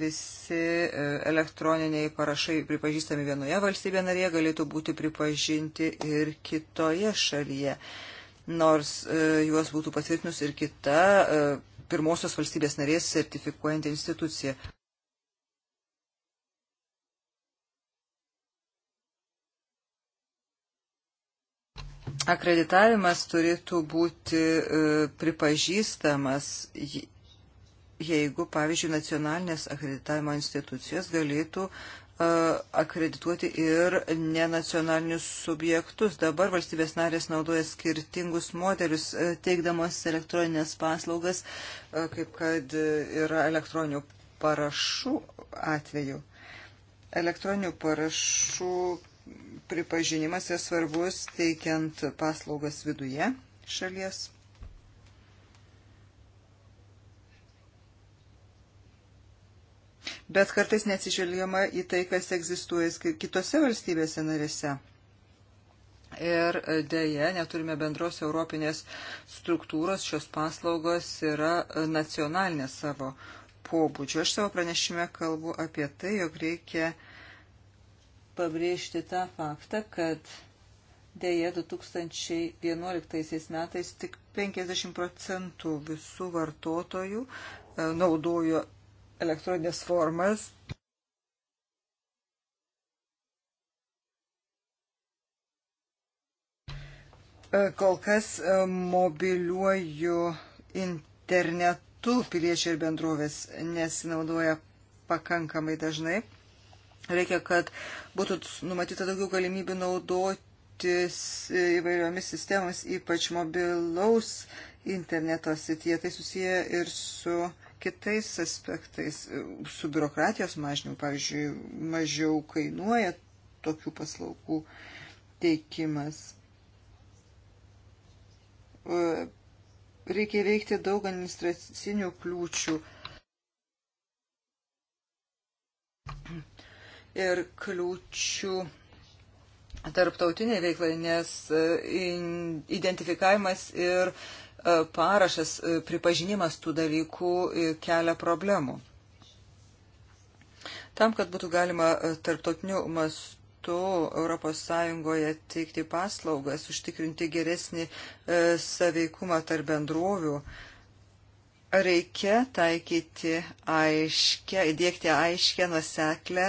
visi e, elektroniniai parašai pripažįstami vienoje valstybėje narėje galėtų būti pripažinti ir kitoje šalyje, nors e, juos būtų patvirtinus ir kita pirmosios valstybės narės sertifikuojanti institucija. akreditavimas turėtų būti e, pripažįstamas, jeigu, pavyzdžiui, nacionalinės akreditavimo institucijos galėtų e, akredituoti ir nenacionalinius subjektus. Dabar valstybės narės naudoja skirtingus modelius, e, teikdamos elektroninės paslaugas, kaip kad yra elektroninių parašų atveju. Elektroninių parašų pripažinimas yra svarbus teikiant paslaugas viduje šalies. Bet kartais neatsižvelgiama į tai, kas egzistuoja kitose valstybėse narėse. Ir dėje neturime bendros europinės struktūros, šios paslaugos yra e, nacionalinė savo pobūdžio. Aš savo pranešime kalbu apie tai, jog reikia uh, pabrėžti tą faktą, kad dėja 2011 metais tik 50 procentų visų vartotojų e, naudojo elektroninės formas. E, kol kas e, mobiliuoju internetu piliečiai ir bendrovės nesinaudoja pakankamai dažnai. Reikia, kad būtų numatyta daugiau galimybių naudotis įvairiomis sistemomis, ypač mobilaus interneto sityje. Tai susiję ir su kitais aspektais, su biurokratijos mažinimu, pavyzdžiui, mažiau kainuoja tokių paslaugų teikimas. E, reikia veikti daug administracinių kliūčių ir kliūčių tarptautiniai veiklai, nes e, identifikavimas ir e, parašas, e, pripažinimas tų dalykų kelia problemų. Tam, kad būtų galima tarptautiniu mastu mastu ES teikti paslaugas, užtikrinti geresnį saveikumą tarp bendrovių, reikia taikyti aiškę, įdėkti aiškę nuseklę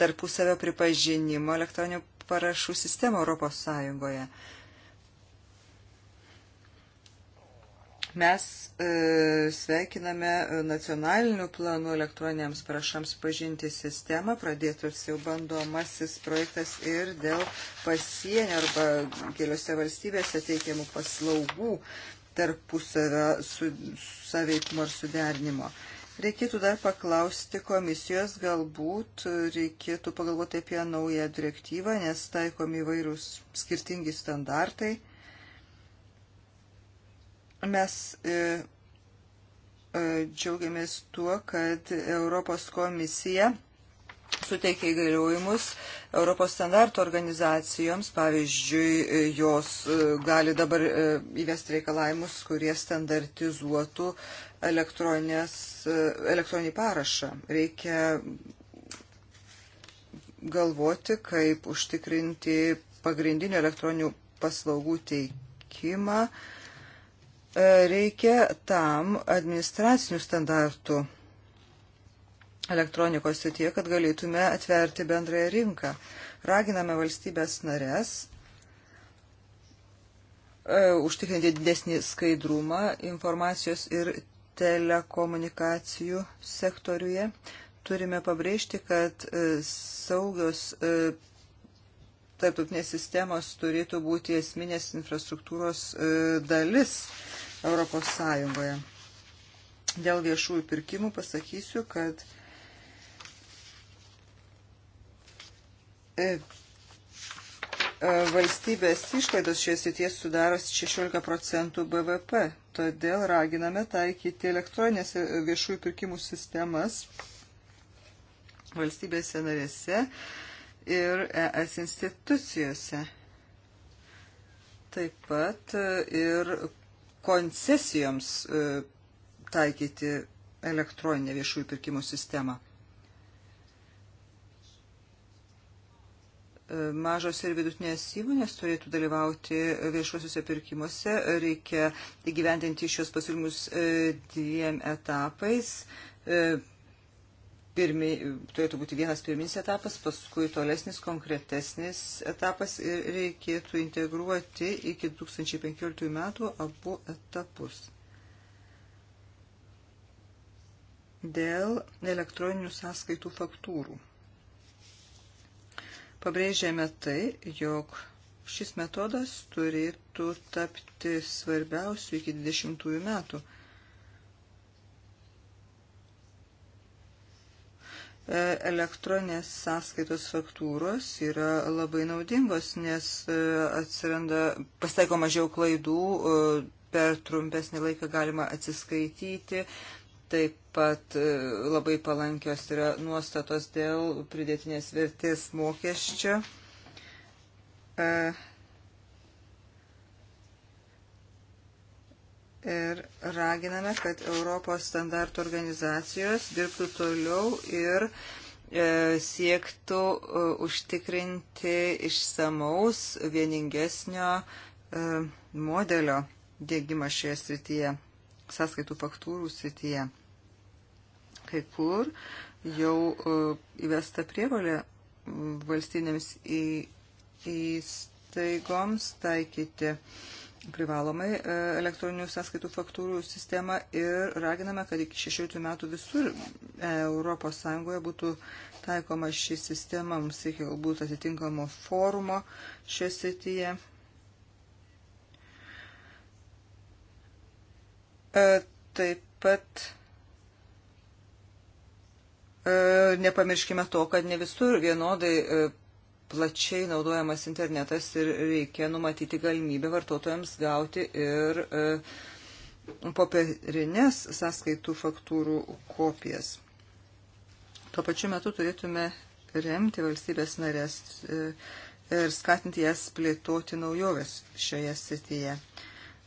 tarpusavio pripažinimo elektroninių parašų sistemą Europos Sąjungoje. Mes e, sveikiname e, nacionalinių planų elektroniniams parašams pažinti sistemą, pradėtas jau bandomasis projektas ir dėl pasienio arba keliose valstybėse teikiamų paslaugų tarpusavio su, saveikumo ir sudernimo. E, Reikėtų dar paklausti komisijos, galbūt reikėtų pagalvoti apie naują direktyvą, nes taikomi įvairūs skirtingi standartai. Mes e, e, džiaugiamės tuo, kad Europos komisija suteikia įgaliojimus Europos standartų organizacijoms, pavyzdžiui, e, jos e, gali dabar e, įvesti reikalavimus, kurie standartizuotų elektroninį parašą. Reikia galvoti, kaip užtikrinti pagrindinių elektroninių paslaugų teikimą. Reikia tam administracinių standartų elektronikos srityje, kad galėtume atverti bendrąją rinką. Raginame valstybės narės e, užtikrinti didesnį skaidrumą informacijos ir telekomunikacijų sektoriuje. Turime pabrėžti, kad e, saugios e, tarptautinės sistemos turėtų būti esminės infrastruktūros e, dalis Europos Sąjungoje. Dėl viešųjų pirkimų pasakysiu, kad e, E, valstybės išlaidos šioje srityje sudaro 16 procentų BVP, todėl raginame taikyti elektroninės e, viešųjų pirkimų sistemas valstybėse narėse ir ES institucijose. Taip pat e, ir koncesijoms taikyti elektroninę viešųjų pirkimų sistemą. mažos ir vidutinės įmonės turėtų dalyvauti viešuosiuose pirkimuose. Reikia įgyvendinti šios pasiūlymus e, dviem etapais. E, pirmi, turėtų būti vienas pirminis etapas, paskui tolesnis, konkretesnis etapas ir reikėtų integruoti iki 2015 metų abu etapus. Dėl elektroninių sąskaitų faktūrų. Pabrėžėme tai, jog šis metodas turėtų tapti svarbiausiu iki 20 metų. E, elektroninės sąskaitos faktūros yra labai naudingos, nes e, atsiranda, pasitaiko mažiau klaidų, e, per trumpesnį laiką galima atsiskaityti, Taip pat e, labai palankios yra nuostatos dėl pridėtinės vertės mokesčio. E, ir raginame, kad Europos standartų organizacijos dirbtų toliau ir e, siektų užtikrinti išsamaus, vieningesnio modelio dėgymą šioje srityje sąskaitų faktūrų sityje. Kai kur jau e, įvesta prievalė valstybėms į, įstaigoms taikyti privalomai e, elektroninių sąskaitų faktūrų sistemą ir raginame, kad iki 16 metų visur ES būtų taikoma ši sistema. Mums reikia galbūt atitinkamo forumo šioje srityje. E, taip pat e, nepamirškime to, kad ne visur vienodai e, plačiai naudojamas internetas ir reikia numatyti galimybę vartotojams gauti ir popierinės sąskaitų faktūrų kopijas. Tuo pačiu metu turėtume remti valstybės narės ir skatinti jas plėtoti naujoves šioje srityje.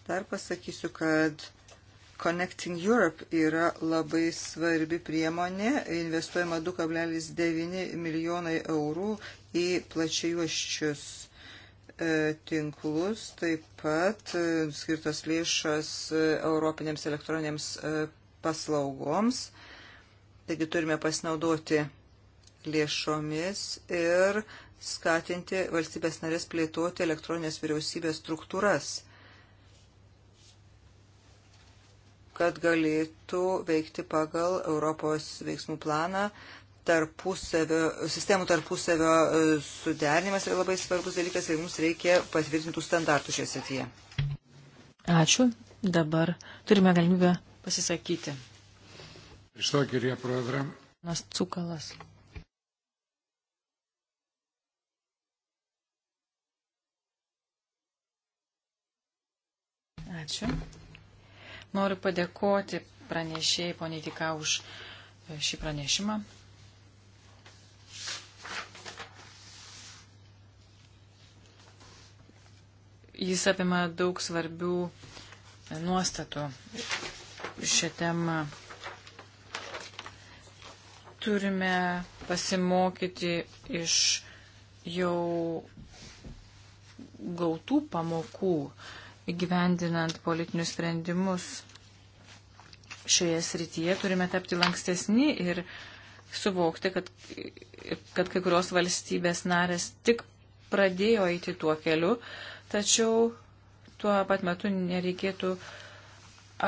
Dar pasakysiu, kad Connecting Europe yra labai svarbi priemonė, investuojama 2,9 milijonai eurų į plačiajuoščius e, tinklus, taip pat e, skirtos lėšas e, europinėms elektroninėms paslaugoms. Taigi turime pasinaudoti lėšomis ir skatinti valstybės narės plėtoti elektroninės vyriausybės struktūras kad galėtų veikti pagal Europos veiksmų planą. Tarpusavio, sistemų tarpusavio e, suderinimas yra labai svarbus dalykas ir mums reikia patvirtintų standartų šioje srityje. Ačiū. Dabar turime galimybę pasisakyti. Iš to, kirie prodra. Nas cukalas. Ačiū. Noriu padėkoti pranešėjai poniai Tika už e, šį pranešimą. Jis apima daug svarbių e, nuostatų šią temą. Turime pasimokyti iš jau gautų pamokų. Uh, įgyvendinant politinius sprendimus šioje srityje turime tapti lankstesni ir suvokti, kad, kad kai kurios valstybės narės tik pradėjo eiti tuo keliu, tačiau tuo pat metu nereikėtų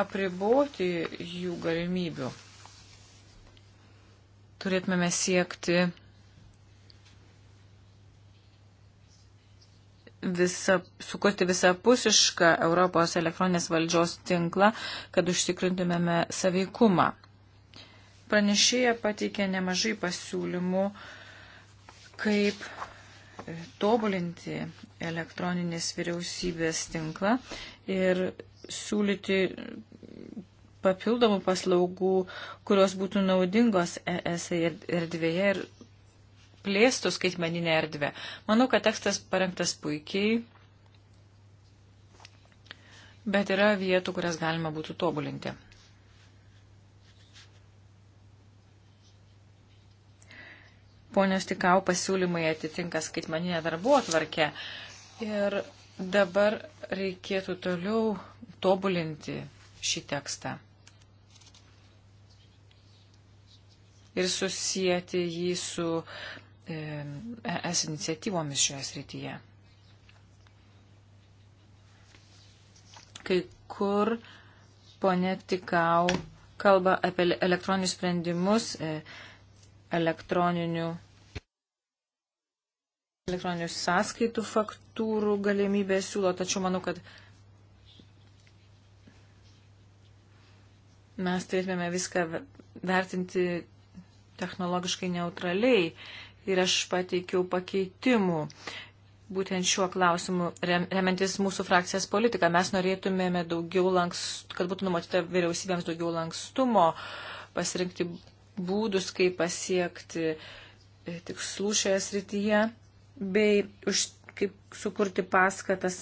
apriboti jų galimybių. Turėtumėme siekti visa, sukurti visapusišką Europos elektroninės valdžios tinklą, kad užtikrintumėme saveikumą. Pranešėja pateikė nemažai pasiūlymų, kaip tobulinti elektroninės vyriausybės tinklą ir siūlyti papildomų paslaugų, kurios būtų naudingos ES erdvėje ir plėstų skaitmeninę erdvę. Manau, kad tekstas parengtas puikiai, bet yra vietų, kurias galima būtų tobulinti. Ponios tikau pasiūlymai atitinka skaitmaninę darbo atvarkę ir dabar reikėtų toliau tobulinti šį tekstą. ir susijęti jį su E, ES iniciatyvomis šioje srityje. Kai kur ponė Tikau kalba apie elektroninius sprendimus, e, elektroninių, elektroninių sąskaitų faktūrų galimybę siūlo, tačiau manau, kad mes turėtume viską vertinti technologiškai neutraliai ir aš pateikiau pakeitimų. Būtent šiuo klausimu, remiantis mūsų frakcijas politiką, mes norėtumėme daugiau lankstumo, kad būtų numatyta vyriausybėms daugiau lankstumo, pasirinkti būdus, kaip pasiekti e, tikslų šioje srityje, bei už, kaip sukurti paskatas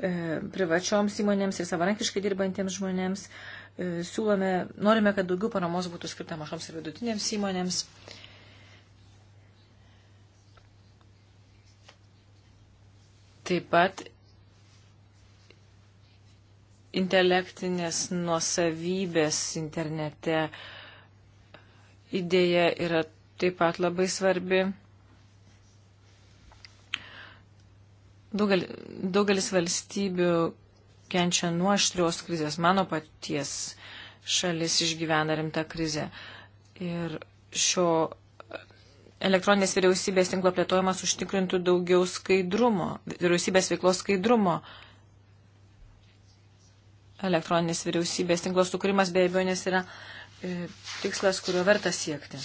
e, privačioms įmonėms ir savarankiškai dirbantiems žmonėms. E, siūlome, norime, kad daugiau paramos būtų skirta mažoms ir vidutinėms įmonėms. E, Taip pat intelektinės nuosavybės internete idėja yra taip pat labai svarbi. Daugelis, daugelis valstybių kenčia nuoštrios krizės. Mano paties šalis išgyvena rimtą krizę. Ir šio elektroninės vyriausybės tinklo plėtojimas užtikrintų daugiau skaidrumo, vyriausybės veiklos skaidrumo. Elektroninės vyriausybės tinklo sukūrimas be abejonės yra e, tikslas, kurio verta siekti.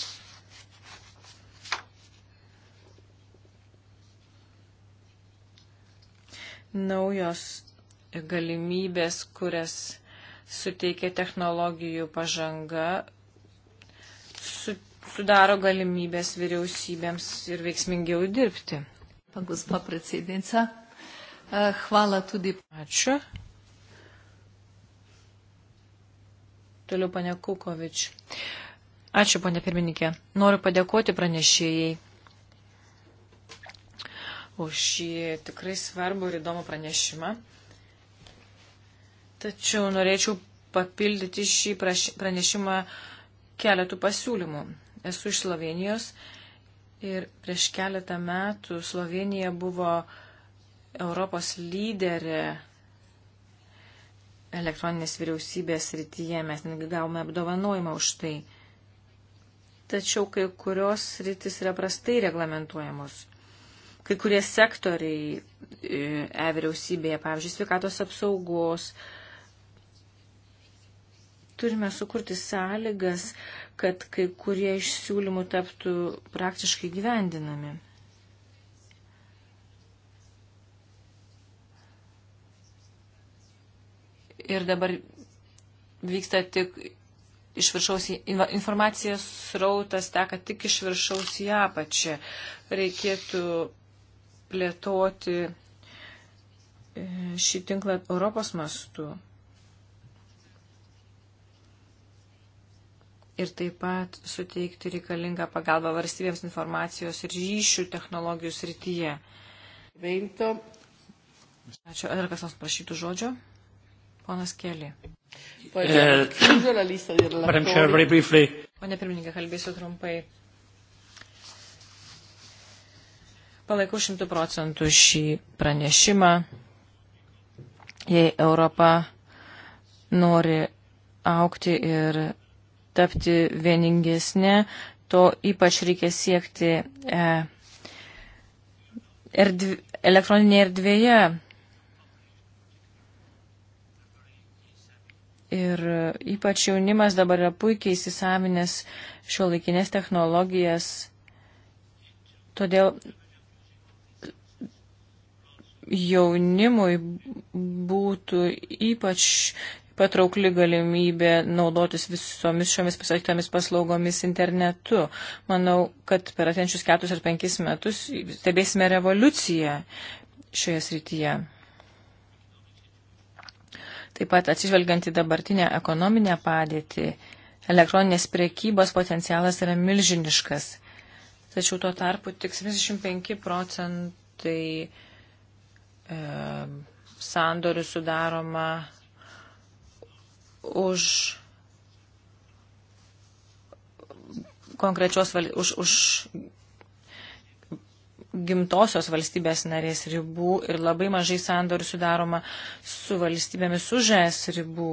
Naujos galimybės, kurias suteikia technologijų pažanga, sudaro galimybės vyriausybėms ir veiksmingiau dirbti. Paguspa precedenca. Eh, hvala tudi. Ačiū. Toliau pane Kukovič. Ačiū, pane pirmininkė. Noriu padėkoti pranešėjai už šį tikrai svarbų ir įdomų pranešimą. Tačiau norėčiau papildyti šį pranešimą keletų pasiūlymų. Esu iš Slovenijos ir prieš keletą metų Slovenija buvo Europos lyderė elektroninės vyriausybės rytyje. Mes netgi gavome apdovanojimą už tai. Tačiau kai kurios rytis yra prastai reglamentuojamos. Kai kurie sektoriai e, e-vyriausybėje, pavyzdžiui, sveikatos apsaugos, e, Turime sukurti sąlygas, kad kai kurie iš siūlymų taptų praktiškai gyvendinami. Ir dabar vyksta tik iš viršaus į informaciją srautas teka tik iš viršaus į apačią. Reikėtų plėtoti e, šį tinklą Europos mastu. ir taip pat suteikti reikalingą pagalbą varstybėms informacijos ir ryšių technologijų srityje. Veinto. Ačiū. Ar kas nors prašytų žodžio? Ponas Keli. Eh, Pone pirmininkė, kalbėsiu trumpai. Palaikau šimtų procentų šį pranešimą. Jei Europa nori aukti ir tapti vieningesnė, to ypač reikia siekti e, erdv, elektroninėje erdvėje. Ir ypač jaunimas dabar yra puikiai įsisavinęs šio laikinės technologijas. Todėl jaunimui būtų ypač patraukli galimybė naudotis visomis šiomis pasakytomis paslaugomis internetu. Manau, kad per atenčius keturis ar penkis metus stebėsime revoliuciją šioje srityje. Taip pat atsižvelgiant į dabartinę ekonominę padėtį, elektroninės priekybos potencialas yra milžiniškas. Tačiau tuo tarpu tik 75 procentai e, sandorių sudaroma už konkrečios, už, už gimtosios valstybės narės ribų ir labai mažai sandorių sudaroma su valstybėmis už es ribų.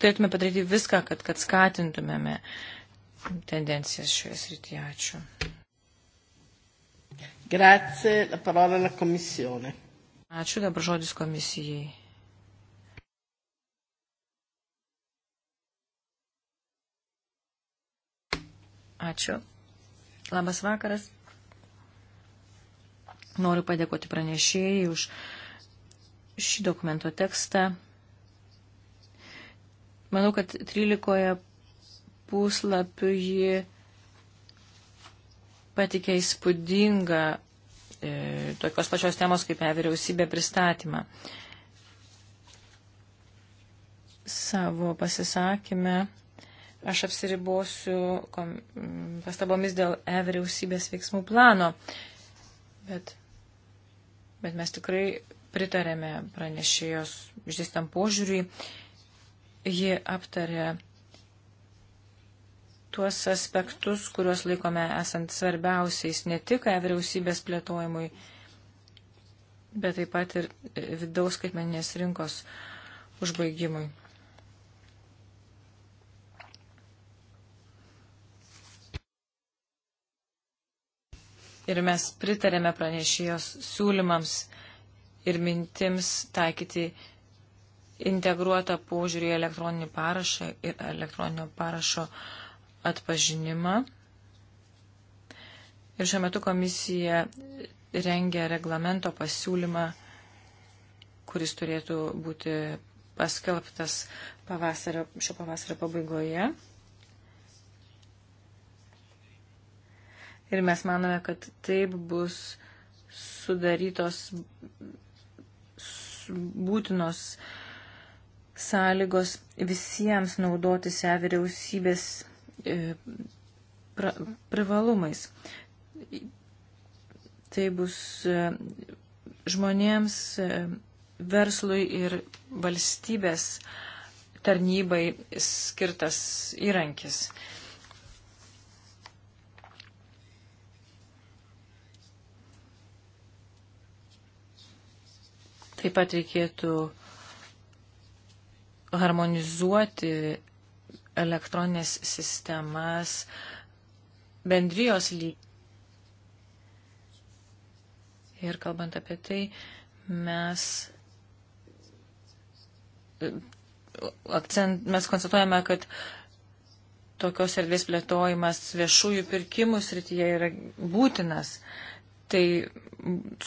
Turėtume padaryti viską, kad, kad skatintumėme tendencijas šioje srityje. Ačiū. Grazie, la parola alla Commissione. Ačiū, dabar žodis komisijai. Ačiū. Labas vakaras. Noriu padėkoti pranešėjai už šį dokumento tekstą. Manau, kad 13 puslapių ji patikė įspūdingą e, tokios pačios temos kaip e vyriausybė pristatymą. Savo pasisakymę Aš apsiribosiu kom... pastabomis dėl E vyriausybės veiksmų plano, bet, bet mes tikrai pritarėme pranešėjos išdėstam požiūriui. Ji aptarė tuos aspektus, kuriuos laikome esant svarbiausiais ne tik e vyriausybės plėtojimui, bet taip pat ir vidaus skaitmeninės rinkos užbaigimui. ir mes pritarėme pranešėjos siūlymams ir mintims taikyti integruotą požiūrį į elektroninį parašą ir elektroninio parašo atpažinimą. Ir šiuo metu komisija rengia reglamento pasiūlymą, kuris turėtų būti paskelbtas pavasario, šio pavasario pabaigoje. ir mes manome, kad taip bus sudarytos būtinos sąlygos visiems naudotis e vyriausybės privalumais. Tai bus e, žmonėms, e, verslui ir valstybės tarnybai skirtas įrankis. Taip pat reikėtų harmonizuoti elektroninės sistemas bendrijos lyg. Ir kalbant apie tai, mes, e, akcent, mes konstatuojame, kad tokios erdvės plėtojimas viešųjų pirkimų srityje yra būtinas. Tai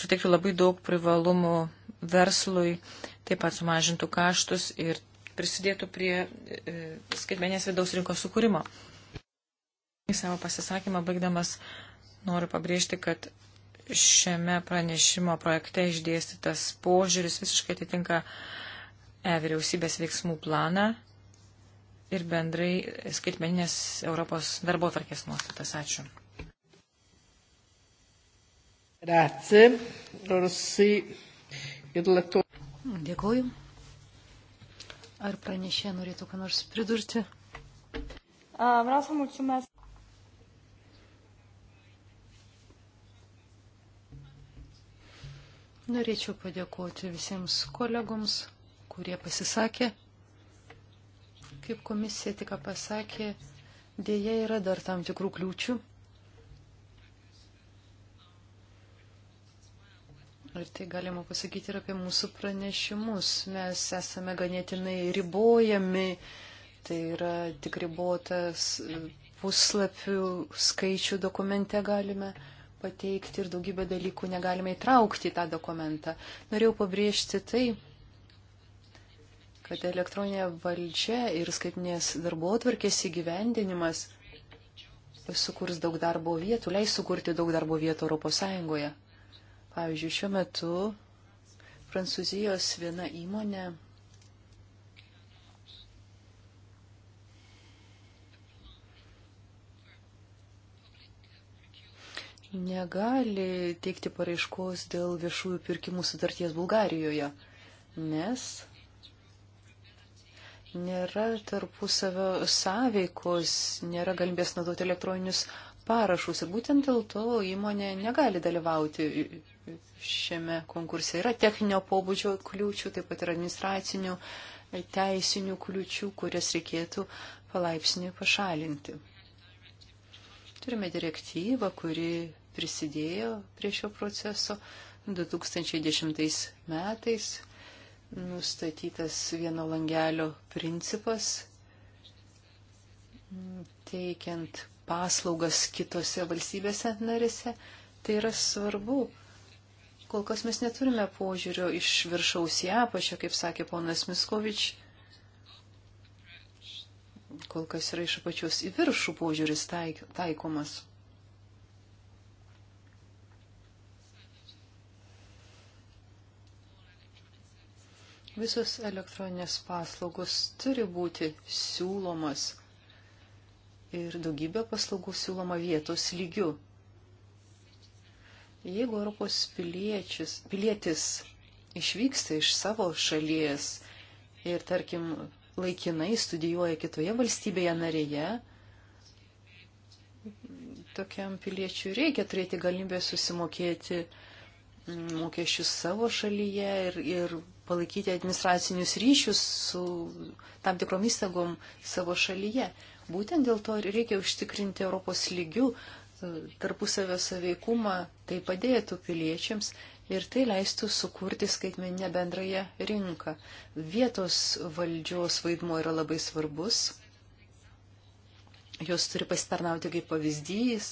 suteiktų labai daug privalumų verslui, taip pat sumažintų kaštus ir prisidėtų prie e, skaitmenės vidaus rinkos sukūrimo. Į savo pasisakymą baigdamas noriu pabrėžti, kad šiame pranešimo projekte išdėstytas požiūris visiškai atitinka e vyriausybės veiksmų planą ir bendrai skaitmeninės Europos darbo tvarkės nuostatas. Ačiū. Grazie. Rossi. Dėkoju. Ar pranešė norėtų ką nors pridurti? Vreau să mulțumesc. Norėčiau padėkoti visiems kolegoms, kurie pasisakė. Kaip komisija tik pasakė, dėja yra dar tam tikrų kliūčių. Ir tai galima pasakyti ir apie mūsų pranešimus. Mes esame ganėtinai ribojami, tai yra tik ribotas e, puslapių skaičių dokumente galime pateikti ir daugybę dalykų negalime įtraukti į tą dokumentą. Norėjau pabrėžti tai, kad elektroninė valdžia ir skaitinės darbo atvarkės įgyvendinimas sukurs daug darbo vietų, leis sukurti daug darbo vietų Europos Sąjungoje. Pavyzdžiui, šiuo metu Prancūzijos viena įmonė negali teikti paraiškos dėl viešųjų pirkimų sutarties Bulgarijoje, nes nėra tarpusavio sąveikos, nėra galimybės naudoti elektroninius parašus ir būtent dėl to įmonė negali dalyvauti šiame konkurse. Yra techninio pobūdžio kliūčių, taip pat ir administracinių, teisinių kliūčių, kurias reikėtų palaipsniui pašalinti. Turime direktyvą, kuri prisidėjo prie šio proceso 2010 metais. Nustatytas vieno langelio principas teikiant paslaugas kitose valstybėse narėse, tai yra svarbu. Kol kas mes neturime požiūrio iš viršaus į apačią, kaip sakė ponas Miskovič. Kol kas yra iš apačios į viršų požiūris taik, taikomas. Visos elektroninės paslaugos turi būti siūlomas ir daugybė paslaugų siūloma vietos lygių. Jeigu Europos piliečius, pilietis išvyksta iš savo šalies ir, tarkim, laikinai studijuoja kitoje valstybėje narėje, tokiam piliečiui reikia turėti galimybę susimokėti mm, mokesčius savo šalyje ir, ir palaikyti administracinius ryšius su tam tikrom įstaigom savo šalyje. Būtent dėl to ir reikia užtikrinti Europos lygių e, tarpusavio saveikumą, tai padėtų piliečiams ir tai leistų sukurti skaitmeninę bendrąją rinką. Vietos valdžios vaidmo yra labai svarbus, jos turi pasitarnauti kaip pavyzdys,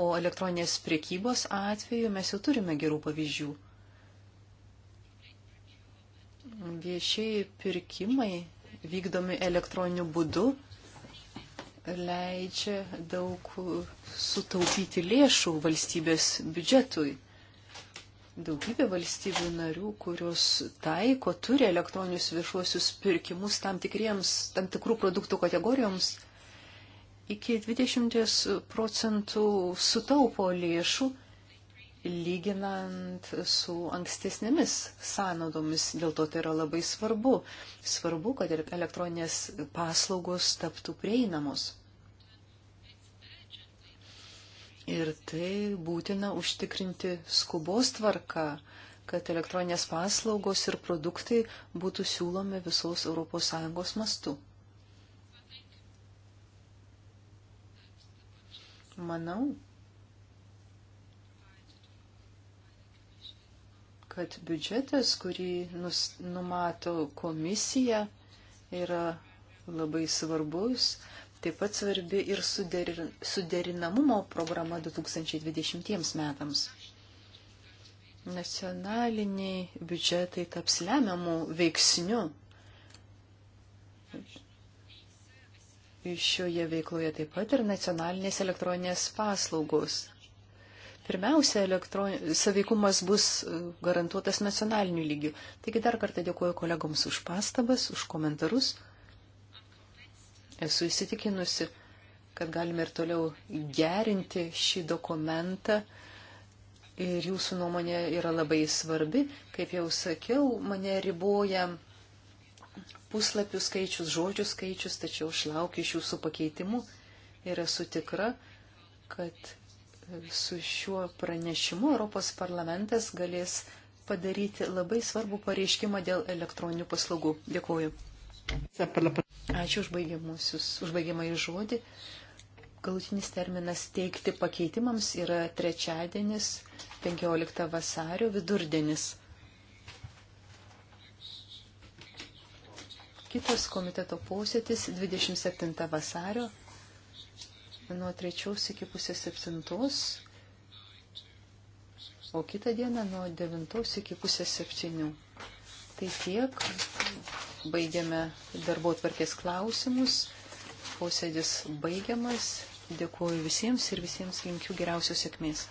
o elektroninės priekybos atveju mes jau turime gerų pavyzdžių. Viešiai pirkimai vykdomi elektroniniu būdu leidžia daug sutaupyti lėšų valstybės biudžetui. Daugybė valstybių narių, kurios taiko, turi elektroninius viešuosius pirkimus tam, tikriems, tam tikrų produktų kategorijoms, iki 20 procentų sutaupo lėšų lyginant su ankstesnėmis sąnaudomis. Dėl to tai yra labai svarbu. Svarbu, kad ir elektroninės paslaugos taptų prieinamos. Ir tai būtina užtikrinti skubos tvarka, kad elektroninės paslaugos ir produktai būtų siūlomi visos ES mastu. Manau, kad biudžetas, kurį nus, numato komisija, yra labai svarbus. Taip pat svarbi ir suder, suderinamumo programa 2020 metams. Nacionaliniai biudžetai taps lemiamų veiksnių šioje veikloje taip pat ir nacionalinės elektroninės paslaugos. Pirmiausia, elektron... saveikumas bus e, garantuotas nacionaliniu lygiu. Taigi dar kartą dėkuoju kolegoms už pastabas, už komentarus. Esu įsitikinusi, kad galime ir toliau gerinti šį dokumentą. Ir jūsų nuomonė yra labai svarbi. Kaip jau sakiau, mane riboja puslapių skaičius, žodžių skaičius, tačiau aš laukiu iš jūsų pakeitimų ir esu tikra, kad su šiuo pranešimu Europos parlamentas galės padaryti labai svarbų pareiškimą dėl elektroninių paslaugų. Dėkuoju. Ačiū užbaigiamą į žodį. Galutinis terminas teikti pakeitimams yra trečiadienis, 15 vasario vidurdienis. Kitas komiteto posėtis 27 vasario nuo trečios iki pusės septintos, o kitą dieną nuo devintos iki pusės septynių. Tai tiek, baigiame darbo tvarkės klausimus, posėdis baigiamas, dėkuoju visiems ir visiems linkiu geriausios sėkmės.